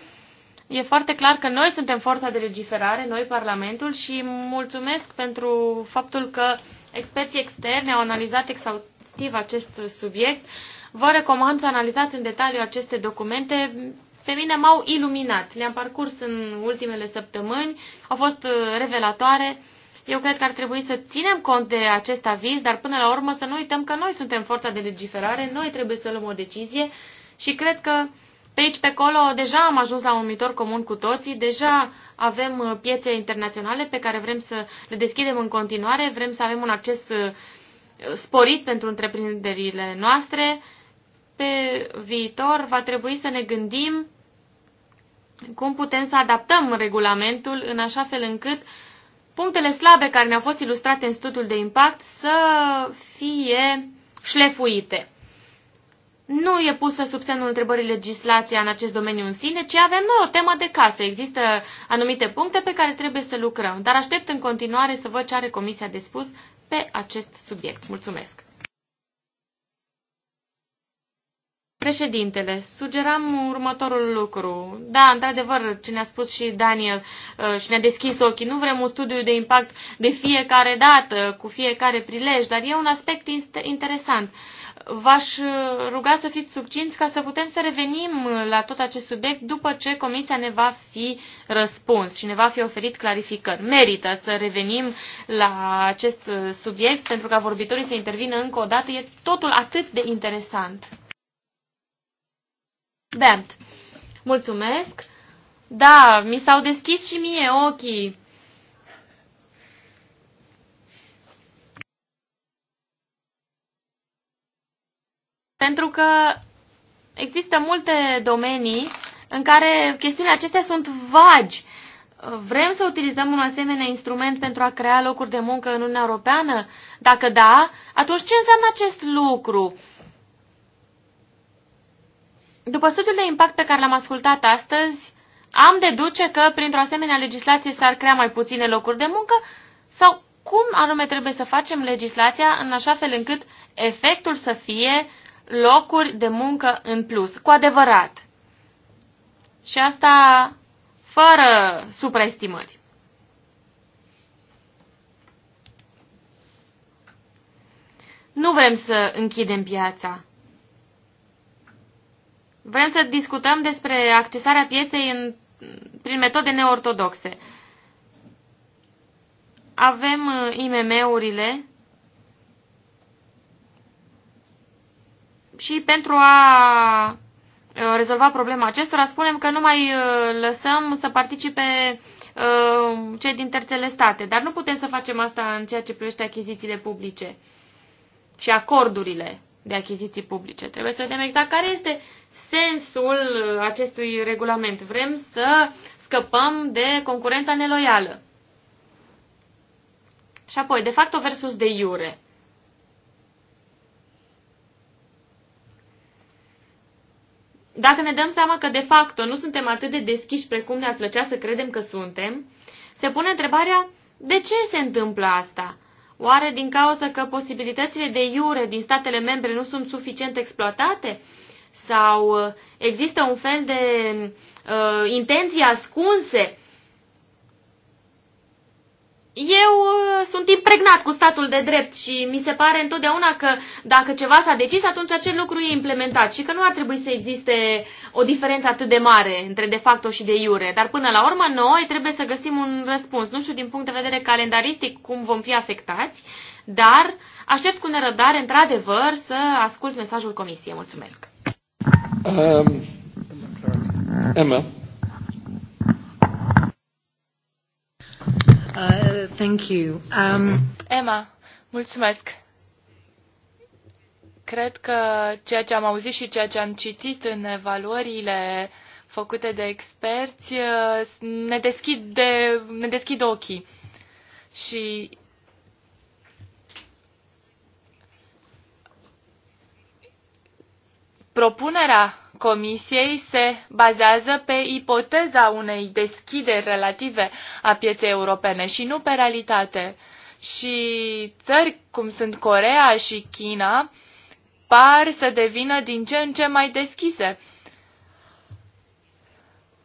Speaker 2: e foarte clar că noi suntem forța de legiferare, noi Parlamentul, și mulțumesc pentru faptul că experții externi au analizat exhaustiv acest subiect. Vă recomand să analizați în detaliu aceste documente. Pe mine m-au iluminat. Le-am parcurs în ultimele săptămâni, au fost uh, revelatoare eu cred că ar trebui să ținem cont de acest aviz, dar până la urmă să nu uităm că noi suntem forța de legiferare, noi trebuie să luăm o decizie și cred că pe aici, pe acolo, deja am ajuns la un numitor comun cu toții, deja avem uh, piețe internaționale pe care vrem să le deschidem în continuare, vrem să avem un acces uh, sporit pentru întreprinderile noastre. Pe viitor va trebui să ne gândim cum putem să adaptăm regulamentul în așa fel încât punctele slabe care ne-au fost ilustrate în studiul de impact să fie șlefuite. Nu e pusă sub semnul întrebării legislația în acest domeniu în sine, ci avem noi o temă de casă. Există anumite puncte pe care trebuie să lucrăm, dar aștept în continuare să văd ce are Comisia de spus pe acest subiect. Mulțumesc! Președintele, sugeram următorul lucru. Da, într-adevăr, ce ne-a spus și Daniel uh, și ne-a deschis ochii, nu vrem un studiu de impact de fiecare dată, cu fiecare prilej, dar e un aspect interesant. V-aș uh, ruga să fiți succinți ca să putem să revenim uh, la tot acest subiect după ce comisia ne va fi răspuns și ne va fi oferit clarificări. Merită să revenim la acest subiect pentru ca vorbitorii să intervină încă o dată. E totul atât de interesant. Bernd, mulțumesc. Da, mi s-au deschis și mie ochii. Pentru că există multe domenii în care chestiunile acestea sunt vagi. Vrem să utilizăm un asemenea instrument pentru a crea locuri de muncă în Uniunea Europeană? Dacă da, atunci ce înseamnă acest lucru? După studiul de impact pe care l-am ascultat astăzi, am deduce că printr-o asemenea legislație s-ar crea mai puține locuri de muncă sau cum anume trebuie să facem legislația în așa fel încât efectul să fie locuri de muncă în plus, cu adevărat. Și asta fără supraestimări. Nu vrem să închidem piața. Vrem să discutăm despre accesarea pieței în, prin metode neortodoxe. Avem uh, IMM-urile și pentru a uh, rezolva problema acestora, spunem că nu mai uh, lăsăm să participe cei din terțele state, dar nu putem să facem asta în ceea ce privește achizițiile publice și acordurile de achiziții publice. Trebuie să vedem exact care este sensul uh, acestui regulament. Vrem să scăpăm de concurența neloială. Și apoi, de facto versus de iure. Dacă ne dăm seama că de facto nu suntem atât de deschiși precum ne-ar plăcea să credem că suntem, se pune întrebarea de ce se întâmplă asta? Oare din cauza că posibilitățile de iure din statele membre nu sunt suficient exploatate? sau uh, există un fel de uh, intenții ascunse. Eu uh, sunt impregnat cu statul de drept și mi se pare întotdeauna că dacă ceva s-a decis, atunci acel lucru e implementat și că nu ar trebui să existe o diferență atât de mare între de facto și de iure. Dar până la urmă noi trebuie să găsim un răspuns. Nu știu din punct de vedere calendaristic cum vom fi afectați, dar aștept cu nerăbdare, într-adevăr, să ascult mesajul comisiei. Mulțumesc!
Speaker 1: Um, Emma. Uh, thank you. Um...
Speaker 3: Emma, mulțumesc. Cred că ceea ce am auzit și ceea ce am citit în evaluările făcute de experți uh, ne deschid, de, ne deschid ochii. Și Propunerea Comisiei se bazează pe ipoteza unei deschideri relative a pieței europene și nu pe realitate. Și țări cum sunt Corea și China par să devină din ce în ce mai deschise.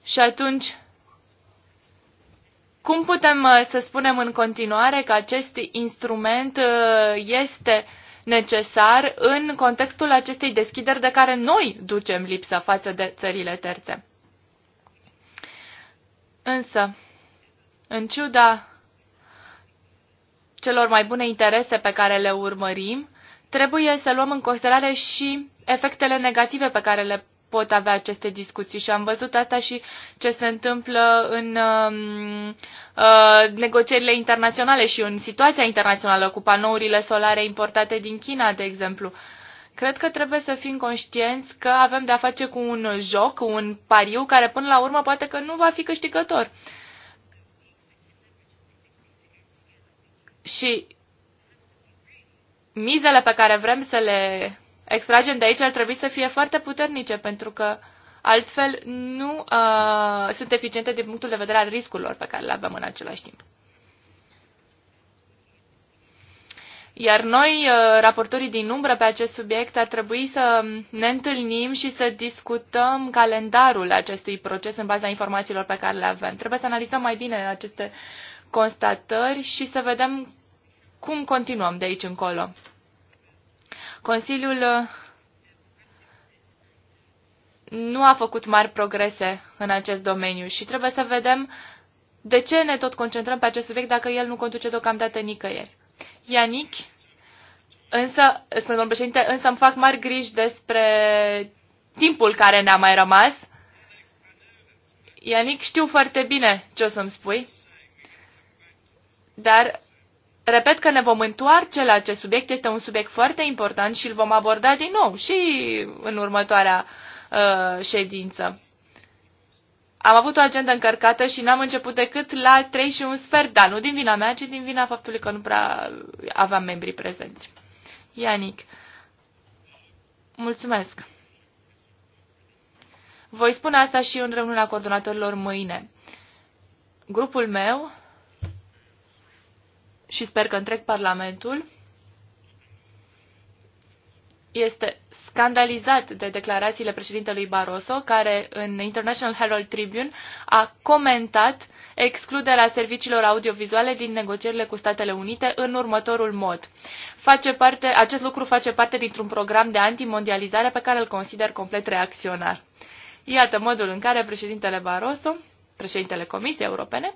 Speaker 3: Și atunci, cum putem uh, să spunem în continuare că acest instrument uh, este necesar în contextul acestei deschideri de care noi ducem lipsă față de țările terțe. Însă, în ciuda celor mai bune interese pe care le urmărim, trebuie să luăm în considerare și efectele negative pe care le pot avea aceste discuții și am văzut asta și ce se întâmplă în um, uh, negocierile internaționale și în situația internațională cu panourile solare importate din China, de exemplu. Cred că trebuie să fim conștienți că avem de-a face cu un joc, un pariu, care până la urmă poate că nu va fi câștigător. Și mizele pe care vrem să le extragem de aici ar trebui să fie foarte puternice, pentru că altfel nu uh, sunt eficiente din punctul de vedere al riscurilor pe care le avem în același timp. Iar noi, uh, raportorii din umbră pe acest subiect, ar trebui să ne întâlnim și să discutăm calendarul acestui proces în baza informațiilor pe care le avem. Trebuie să analizăm mai bine aceste constatări și să vedem cum continuăm de aici încolo. Consiliul uh, nu a făcut mari progrese în acest domeniu și trebuie să vedem de ce ne tot concentrăm pe acest subiect dacă el nu conduce deocamdată nicăieri. Ianic, însă, spune domnul președinte, însă îmi fac mari griji despre timpul care ne-a mai rămas. Ianic, știu foarte bine ce o să-mi spui, dar Repet că ne vom întoarce la acest subiect, este un subiect foarte important și îl vom aborda din nou și în următoarea uh, ședință. Am avut o agendă încărcată și n-am început decât la 3 și un sfert, dar nu din vina mea, ci din vina faptului că nu prea aveam membrii prezenți. Ianic, mulțumesc. Voi spune asta și în reuniunea coordonatorilor mâine. Grupul meu și sper că întreg Parlamentul este scandalizat de declarațiile președintelui Barroso, care în International Herald Tribune a comentat excluderea serviciilor audiovizuale din negocierile cu Statele Unite în următorul mod. Face parte, acest lucru face parte dintr-un program de antimondializare pe care îl consider complet reacționar. Iată modul în care președintele Barroso, președintele Comisiei Europene,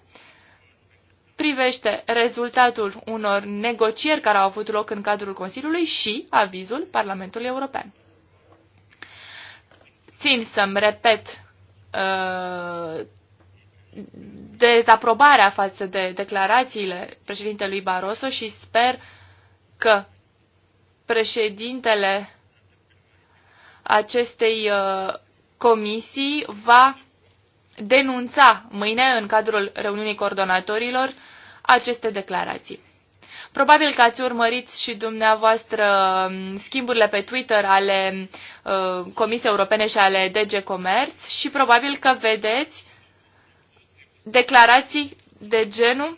Speaker 3: privește rezultatul unor negocieri care au avut loc în cadrul Consiliului și avizul Parlamentului European. Țin să-mi repet uh, dezaprobarea față de declarațiile președintelui Barroso și sper că președintele acestei uh, comisii va denunța mâine, în cadrul reuniunii coordonatorilor, aceste declarații. Probabil că ați urmărit și dumneavoastră um, schimburile pe Twitter ale uh, Comisiei Europene și ale DG Comerț și probabil că vedeți declarații de genul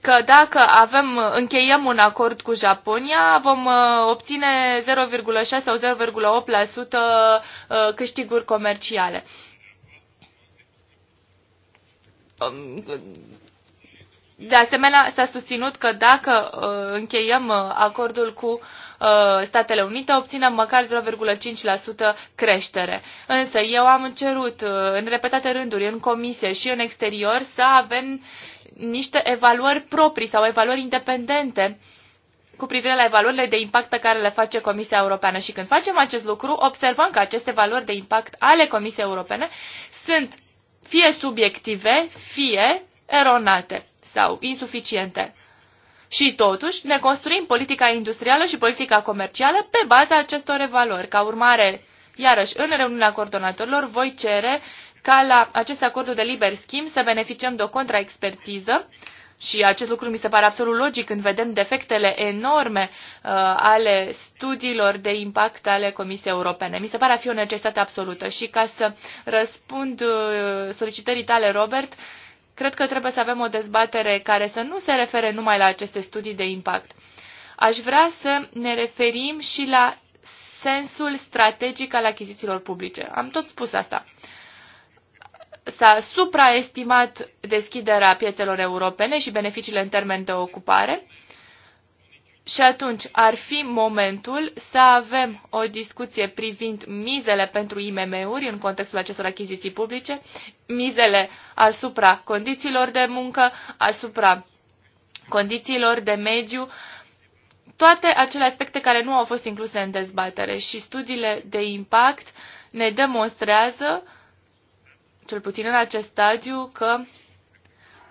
Speaker 3: că dacă avem, încheiem un acord cu Japonia, vom uh, obține 0,6 sau 0,8% uh, câștiguri comerciale de asemenea, s-a susținut că dacă uh, încheiem uh, acordul cu uh, Statele Unite, obținem măcar 0,5% creștere. Însă eu am cerut în repetate rânduri, în comisie și în exterior, să avem niște evaluări proprii sau evaluări independente cu privire la evaluările de impact pe care le face Comisia Europeană. Și când facem acest lucru, observăm că aceste valori de impact ale Comisiei Europene sunt fie subiective, fie eronate sau insuficiente. Și totuși ne construim politica industrială și politica comercială pe baza acestor evaluări. Ca urmare, iarăși, în reuniunea coordonatorilor voi cere ca la acest acord de liber schimb să beneficiem de o contraexpertiză și acest lucru mi se pare absolut logic când vedem defectele enorme uh, ale studiilor de impact ale Comisiei Europene. Mi se pare a fi o necesitate absolută. Și ca să răspund uh, solicitării tale, Robert, cred că trebuie să avem o dezbatere care să nu se refere numai la aceste studii de impact. Aș vrea să ne referim și la sensul strategic al achizițiilor publice. Am tot spus asta. Uh, s-a supraestimat deschiderea piețelor europene și beneficiile în termen de ocupare. Și atunci ar fi momentul să avem o discuție privind mizele pentru IMM-uri în contextul acestor achiziții publice, mizele asupra condițiilor de muncă, asupra condițiilor de mediu, toate acele aspecte care nu au fost incluse în dezbatere și studiile de impact ne demonstrează uh, cel puțin în acest stadiu, că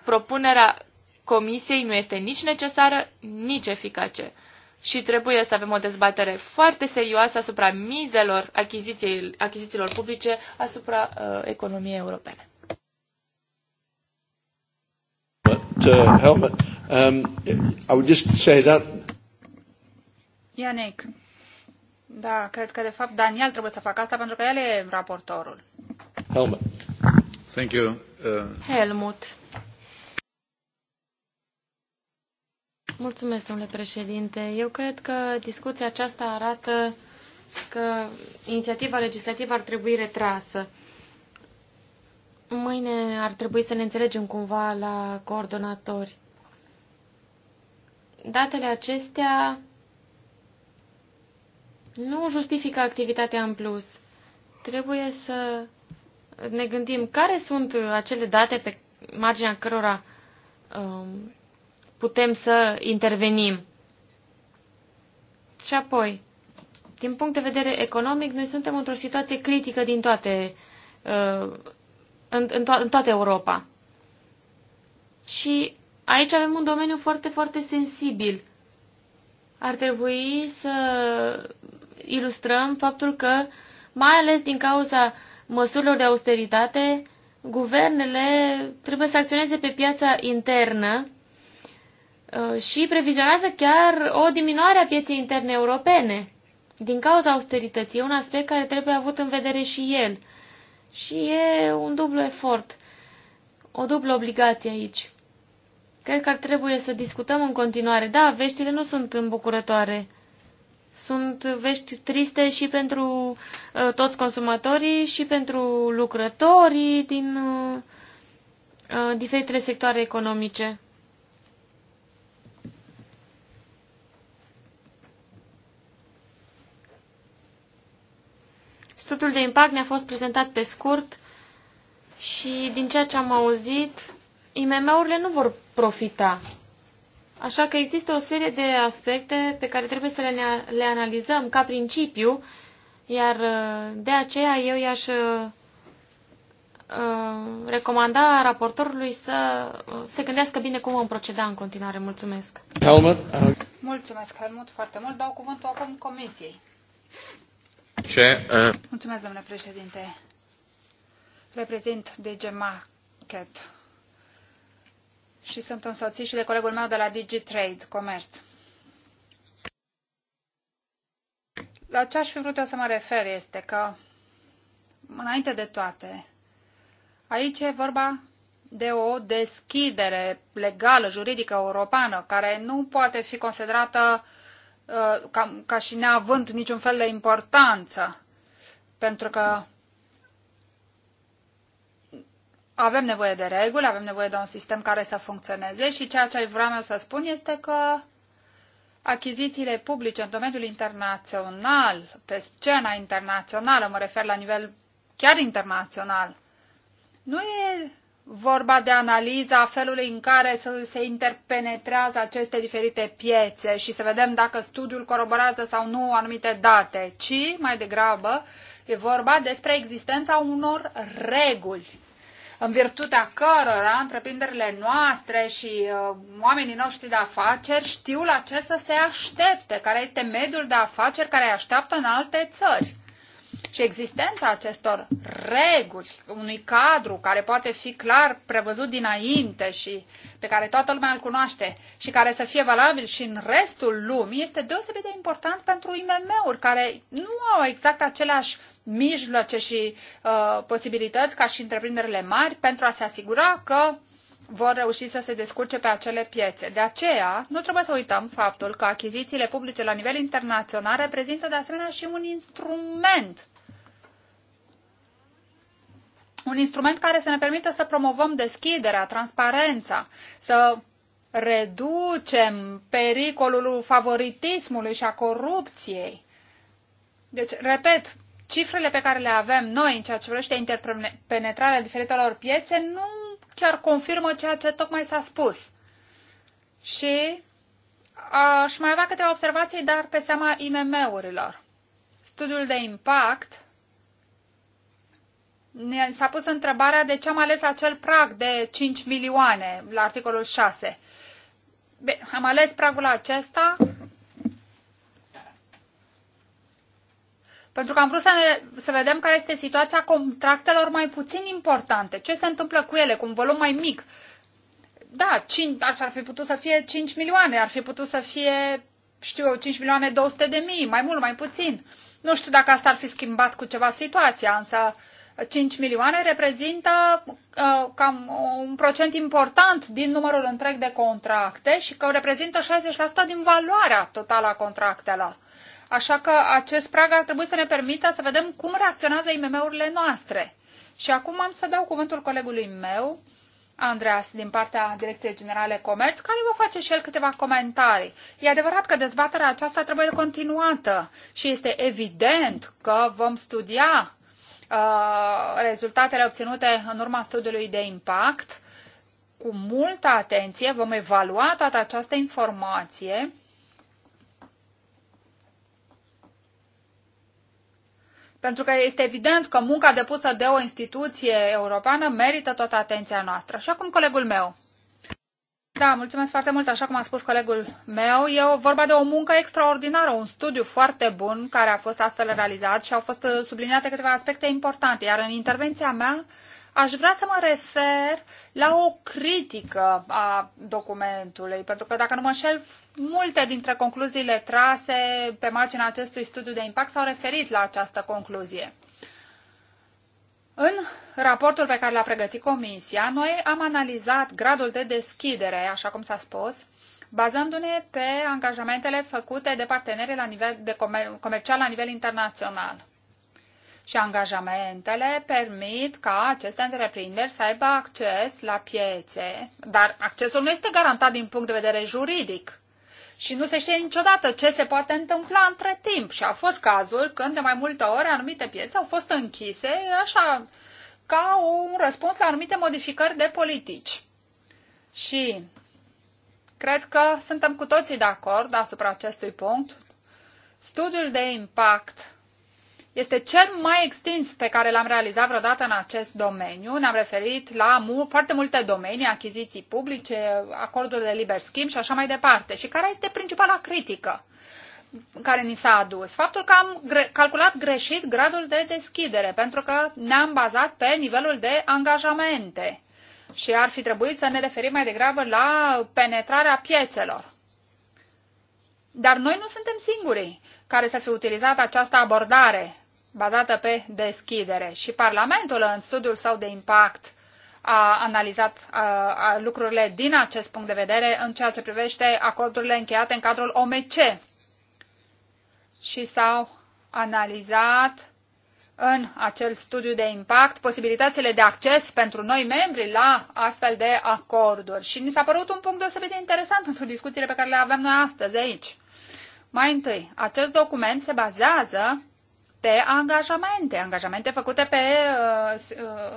Speaker 3: propunerea Comisiei nu este nici necesară, nici eficace. Și trebuie să avem o dezbatere foarte serioasă asupra mizelor achizițiilor publice asupra uh, economiei
Speaker 4: europene.
Speaker 1: But, uh, Helmut, um, I would just say that...
Speaker 4: Ianec, da, cred că de fapt Daniel trebuie să facă asta pentru că el e raportorul.
Speaker 1: Helmut.
Speaker 2: Uh,
Speaker 4: Helmut.
Speaker 2: Mulțumesc, domnule președinte. Eu cred că discuția aceasta arată că inițiativa legislativă ar trebui retrasă. Mâine ar trebui să ne înțelegem cumva la coordonatori. Datele acestea nu justifică activitatea în plus. Trebuie să ne gândim care sunt acele date pe marginea cărora um, putem să intervenim. Și apoi, din punct de vedere economic, noi suntem într-o situație critică din toate, uh, în, în, to- în toată Europa. Și aici avem un domeniu foarte, foarte sensibil. Ar trebui să ilustrăm faptul că, mai ales din cauza uh, măsurilor de austeritate, guvernele trebuie să acționeze pe piața internă uh, și previzionează chiar o diminuare a pieței interne europene din cauza austerității. E un aspect care trebuie avut în vedere și el. Și e un dublu efort, o dublă obligație aici. Cred că ar trebui să discutăm în continuare. Da, veștile nu sunt îmbucurătoare. Sunt vești triste și pentru uh, toți consumatorii și pentru lucrătorii din uh, uh, diferitele sectoare economice. Studiul de impact ne-a fost prezentat pe scurt și din ceea ce am auzit, IMM-urile nu vor profita Așa că există o serie de aspecte pe care trebuie să le, le analizăm ca principiu, iar uh, de aceea eu i-aș uh, uh, recomanda raportorului să se gândească bine cum vom proceda în continuare. Mulțumesc.
Speaker 1: Helmut.
Speaker 4: Mulțumesc, Helmut, foarte mult. Dau cuvântul acum comisiei.
Speaker 1: Ce? Uh...
Speaker 4: Mulțumesc, domnule președinte. Reprezint DG Market și sunt însoțit și de colegul meu de la DigiTrade, Comerț. La ce aș fi vrut eu să mă refer este că, înainte de toate, aici e vorba de o deschidere legală, juridică, europeană, care nu poate fi considerată uh, ca, ca și neavând niciun fel de importanță, pentru că avem nevoie de reguli, avem nevoie de un sistem care să funcționeze și ceea ce vreau să spun este că achizițiile publice în domeniul internațional, pe scena internațională, mă refer la nivel chiar internațional, nu e vorba de analiza felului în care se interpenetrează aceste diferite piețe și să vedem dacă studiul coroborează sau nu anumite date, ci mai degrabă e vorba despre existența unor reguli în virtutea cărora întreprinderile noastre și uh, oamenii noștri de afaceri știu la ce să se aștepte, care este mediul de afaceri care îi așteaptă în alte țări. Și existența acestor reguli, unui cadru care poate fi clar prevăzut dinainte și pe care toată lumea îl cunoaște și care să fie valabil și în restul lumii, este deosebit de important pentru IMM-uri care nu au exact aceleași mijloace și uh, posibilități ca și întreprinderile mari pentru a se asigura că vor reuși să se descurce pe acele piețe. De aceea, nu trebuie să uităm faptul că achizițiile publice la nivel internațional reprezintă de asemenea și un instrument un instrument care să ne permită să promovăm deschiderea, transparența, să reducem pericolul favoritismului și a corupției. Deci, repet, cifrele pe care le avem noi în ceea ce privește interpenetrarea diferitelor piețe nu chiar confirmă ceea ce tocmai s-a spus. Și aș mai avea câteva observații, dar pe seama IMM-urilor. Studiul de impact s-a pus întrebarea de ce am ales acel prag de 5 milioane la articolul 6. Am ales pragul acesta Pentru că am vrut să, ne, să vedem care este situația contractelor mai puțin importante. Ce se întâmplă cu ele, cu un volum mai mic. Da, 5, ar fi putut să fie 5 milioane, ar fi putut să fie, știu eu, 5 milioane 200 de mii, mai mult, mai puțin. Nu știu dacă asta ar fi schimbat cu ceva situația, însă 5 milioane reprezintă uh, cam un procent important din numărul întreg de contracte și că reprezintă 60% din valoarea totală a contractelor. Așa că acest prag ar trebui să ne permită să vedem cum reacționează IMM-urile noastre. Și acum am să dau cuvântul colegului meu, Andreas, din partea Direcției Generale Comerț, care va face și el câteva comentarii. E adevărat că dezbaterea aceasta trebuie continuată și este evident că vom studia uh, rezultatele obținute în urma studiului de impact cu multă atenție, vom evalua toată această informație Pentru că este evident că munca depusă de o instituție europeană merită toată atenția noastră. Și cum colegul meu. Da, mulțumesc foarte mult, așa cum a spus colegul meu. E o, vorba de o muncă extraordinară, un studiu foarte bun care a fost astfel realizat și au fost uh, subliniate câteva aspecte importante. Iar în intervenția mea aș vrea să mă refer la o critică a documentului, pentru că dacă nu mă înșel, Multe dintre concluziile trase pe marginea acestui studiu de impact s-au referit la această concluzie. În raportul pe care l-a pregătit Comisia, noi am analizat gradul de deschidere, așa cum s-a spus, bazându-ne pe angajamentele făcute de parteneri la nivel de comer- comercial la nivel internațional. Și angajamentele permit ca aceste întreprinderi să aibă acces la piețe, dar accesul nu este garantat din punct de vedere juridic și nu se știe niciodată ce se poate întâmpla între timp. Și a fost cazul când de mai multe ori anumite piețe au fost închise așa ca un răspuns la anumite modificări de politici. Și cred că suntem cu toții de acord asupra acestui punct. Studiul de impact este cel mai extins pe care l-am realizat vreodată în acest domeniu. Ne-am referit la mu- foarte multe domenii, achiziții publice, acorduri de liber schimb și așa mai departe. Și care este principala critică care ni s-a adus? Faptul că am gre- calculat greșit gradul de deschidere, pentru că ne-am bazat pe nivelul de angajamente și ar fi trebuit să ne referim mai degrabă la penetrarea piețelor. Dar noi nu suntem singurii care să fi utilizat această abordare bazată pe deschidere. Și Parlamentul, în studiul său de impact, a analizat a, a, lucrurile din acest punct de vedere în ceea ce privește acordurile încheiate în cadrul OMC și s-au analizat în acel studiu de impact posibilitățile de acces pentru noi membri la astfel de acorduri. Și ni s-a părut un punct deosebit de interesant pentru discuțiile pe care le avem noi astăzi aici. Mai întâi, acest document se bazează pe angajamente, angajamente făcute pe uh, uh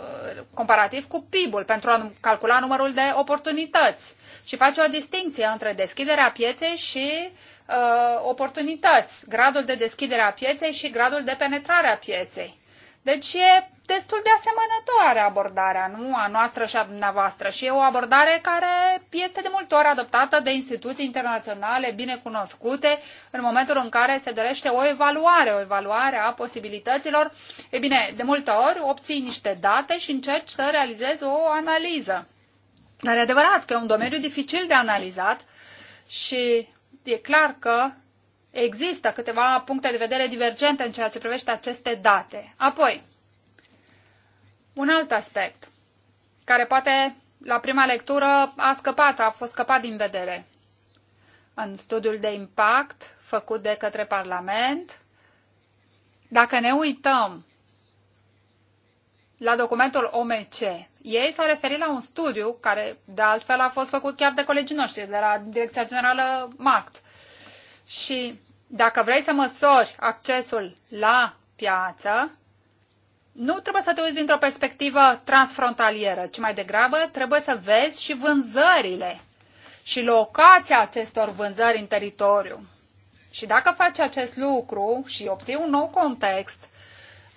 Speaker 4: comparativ cu PIB-ul pentru a calcula numărul de oportunități și face o distinție între deschiderea pieței și uh, oportunități, gradul de deschidere a pieței și gradul de penetrare a pieței. Deci e destul de asemănătoare abordarea, nu a noastră și a dumneavoastră. Și e o abordare care este de multe ori adoptată de instituții internaționale bine cunoscute în momentul în care se dorește o evaluare, o evaluare a posibilităților. E bine, de multe ori obții niște date și încerci să realizezi o analiză. Dar e adevărat că e un domeniu dificil de analizat și e clar că există câteva puncte de vedere divergente în ceea ce privește aceste date. Apoi, un alt aspect care poate la prima lectură a scăpat, a fost scăpat din vedere. În studiul de impact făcut de către Parlament, dacă ne uităm la documentul OMC, ei s-au referit la un studiu care, de altfel, a fost făcut chiar de colegii noștri, de la Direcția Generală MACT, și dacă vrei să măsori accesul la piață, nu trebuie să te uiți dintr-o perspectivă transfrontalieră, ci mai degrabă trebuie să vezi și vânzările și locația acestor vânzări în teritoriu. Și dacă faci acest lucru și obții un nou context,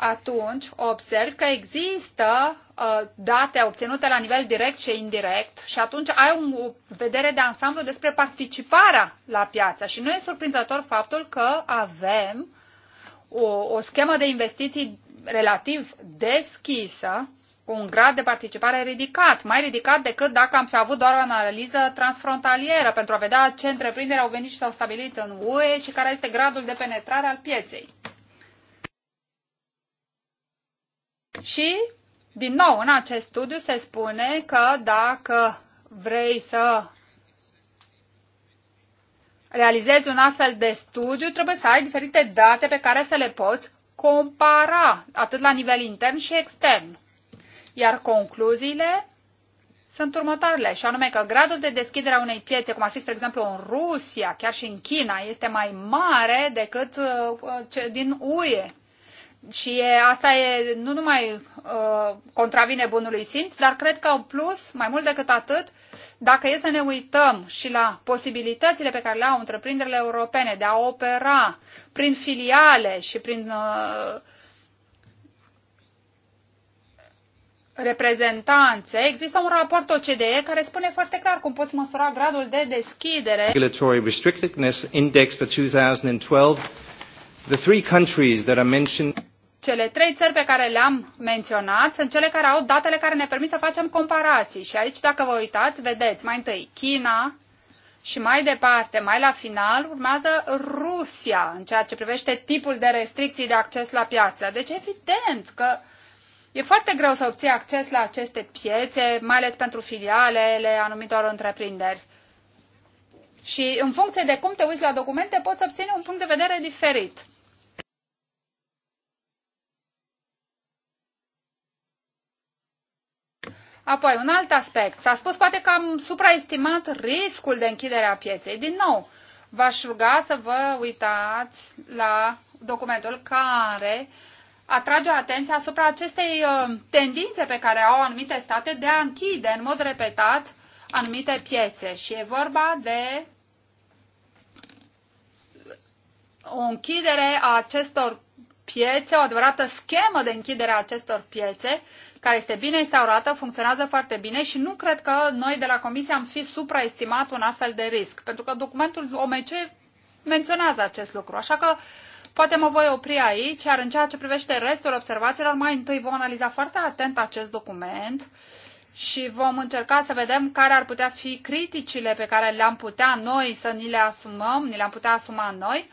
Speaker 4: atunci observ că există uh, date obținute la nivel direct și indirect și atunci ai un, o vedere de ansamblu despre participarea la piață. Și nu e surprinzător faptul că avem o, o schemă de investiții relativ deschisă, cu un grad de participare ridicat, mai ridicat decât dacă am fi avut doar o analiză transfrontalieră pentru a vedea ce întreprinderi au venit și s-au stabilit în UE și care este gradul de penetrare al pieței. Și, din nou, în acest studiu se spune că dacă vrei să realizezi un astfel de studiu, trebuie să ai diferite date pe care să le poți compara, atât la nivel intern și extern. Iar concluziile sunt următoarele, și anume că gradul de deschidere a unei piețe, cum ar fi, spre exemplu, în Rusia, chiar și în China, este mai mare decât uh, ce din UE. Și e, asta e, nu numai uh, contravine bunului simț, dar cred că în plus, mai mult decât atât, dacă e să ne uităm și la posibilitățile pe care le au întreprinderile europene de a opera prin filiale și prin uh, reprezentanțe, există un raport OCDE care spune foarte clar cum poți măsura gradul de deschidere.
Speaker 1: Regulatory Restrictiveness Index for 2012 The three countries that are mentioned
Speaker 4: cele trei țări pe care le-am menționat sunt cele care au datele care ne permit să facem comparații. Și aici, dacă vă uitați, vedeți mai întâi China și mai departe, mai la final, urmează Rusia în ceea ce privește tipul de restricții de acces la piață. Deci, evident că e foarte greu să obții acces la aceste piețe, mai ales pentru filialele anumitor întreprinderi. Și în funcție de cum te uiți la documente, poți obține un punct de vedere diferit. Apoi, un alt aspect. S-a spus poate că am supraestimat riscul de închidere a pieței. Din nou, v-aș ruga să vă uitați la documentul care atrage atenția asupra acestei uh, tendințe pe care au anumite state de a închide în mod repetat anumite piețe. Și e vorba de o închidere a acestor piețe, o adevărată schemă de închidere a acestor piețe, care este bine instaurată, funcționează foarte bine și nu cred că noi de la Comisie am fi supraestimat un astfel de risc, pentru că documentul OMC menționează acest lucru. Așa că poate mă voi opri aici, iar în ceea ce privește restul observațiilor, mai întâi vom analiza foarte atent acest document și vom încerca să vedem care ar putea fi criticile pe care le-am putea noi să ni le asumăm, ni le-am putea asuma noi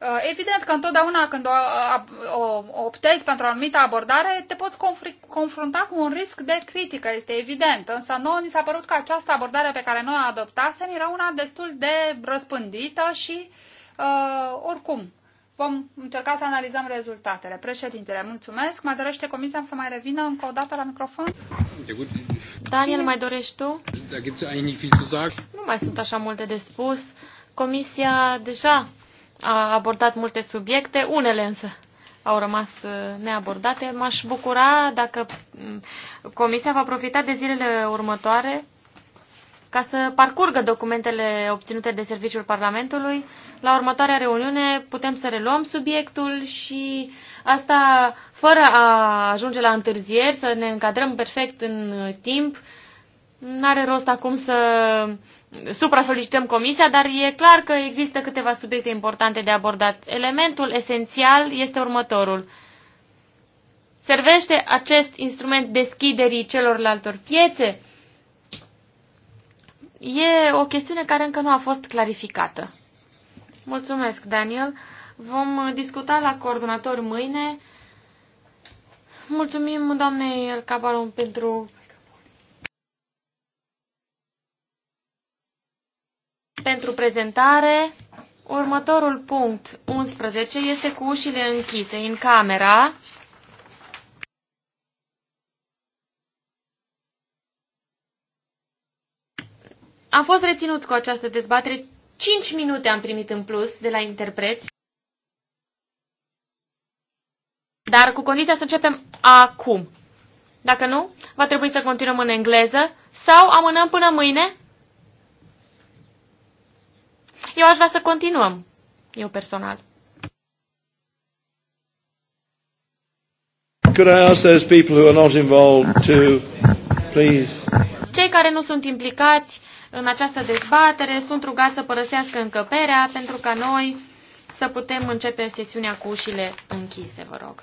Speaker 4: Uh, evident că întotdeauna când o, uh, o, o optezi pentru o anumită abordare, te poți confrunta cu un risc de critică, este evident. Însă nouă ni s-a părut că această abordare pe care noi o adoptasem era una destul de răspândită și, uh, oricum, vom încerca să analizăm rezultatele. Președintele, mulțumesc. Mai dorește comisia să mai revină încă o dată la microfon? Daniel, mai dorești tu? Da, nu mai sunt așa multe de spus.
Speaker 2: Comisia deja a abordat multe subiecte, unele însă au rămas uh, neabordate. M-aș bucura dacă mm, Comisia va profita de zilele următoare ca să parcurgă documentele obținute de Serviciul Parlamentului. La următoarea reuniune putem să reluăm subiectul și asta fără a ajunge la întârzieri, să ne încadrăm perfect în timp. N-are rost acum să suprasolicităm comisia, dar e clar că există câteva subiecte importante de abordat. Elementul esențial este următorul. Servește acest instrument deschiderii celorlaltor piețe? E o chestiune care încă nu a fost clarificată. Mulțumesc, Daniel. Vom discuta la coordonator mâine. Mulțumim doamnei El pentru pentru prezentare. Următorul punct 11 este cu ușile închise în camera. Am fost reținut cu această dezbatere. 5 minute am primit în plus de la interpreți. Dar cu condiția să începem acum. Dacă nu, va trebui să continuăm în engleză sau amânăm până mâine eu aș vrea să continuăm, eu personal.
Speaker 1: Could I ask those people who are not involved to please
Speaker 2: cei care nu sunt implicați în această dezbatere sunt rugați să părăsească încăperea pentru ca noi să putem începe sesiunea cu ușile
Speaker 1: închise, vă rog.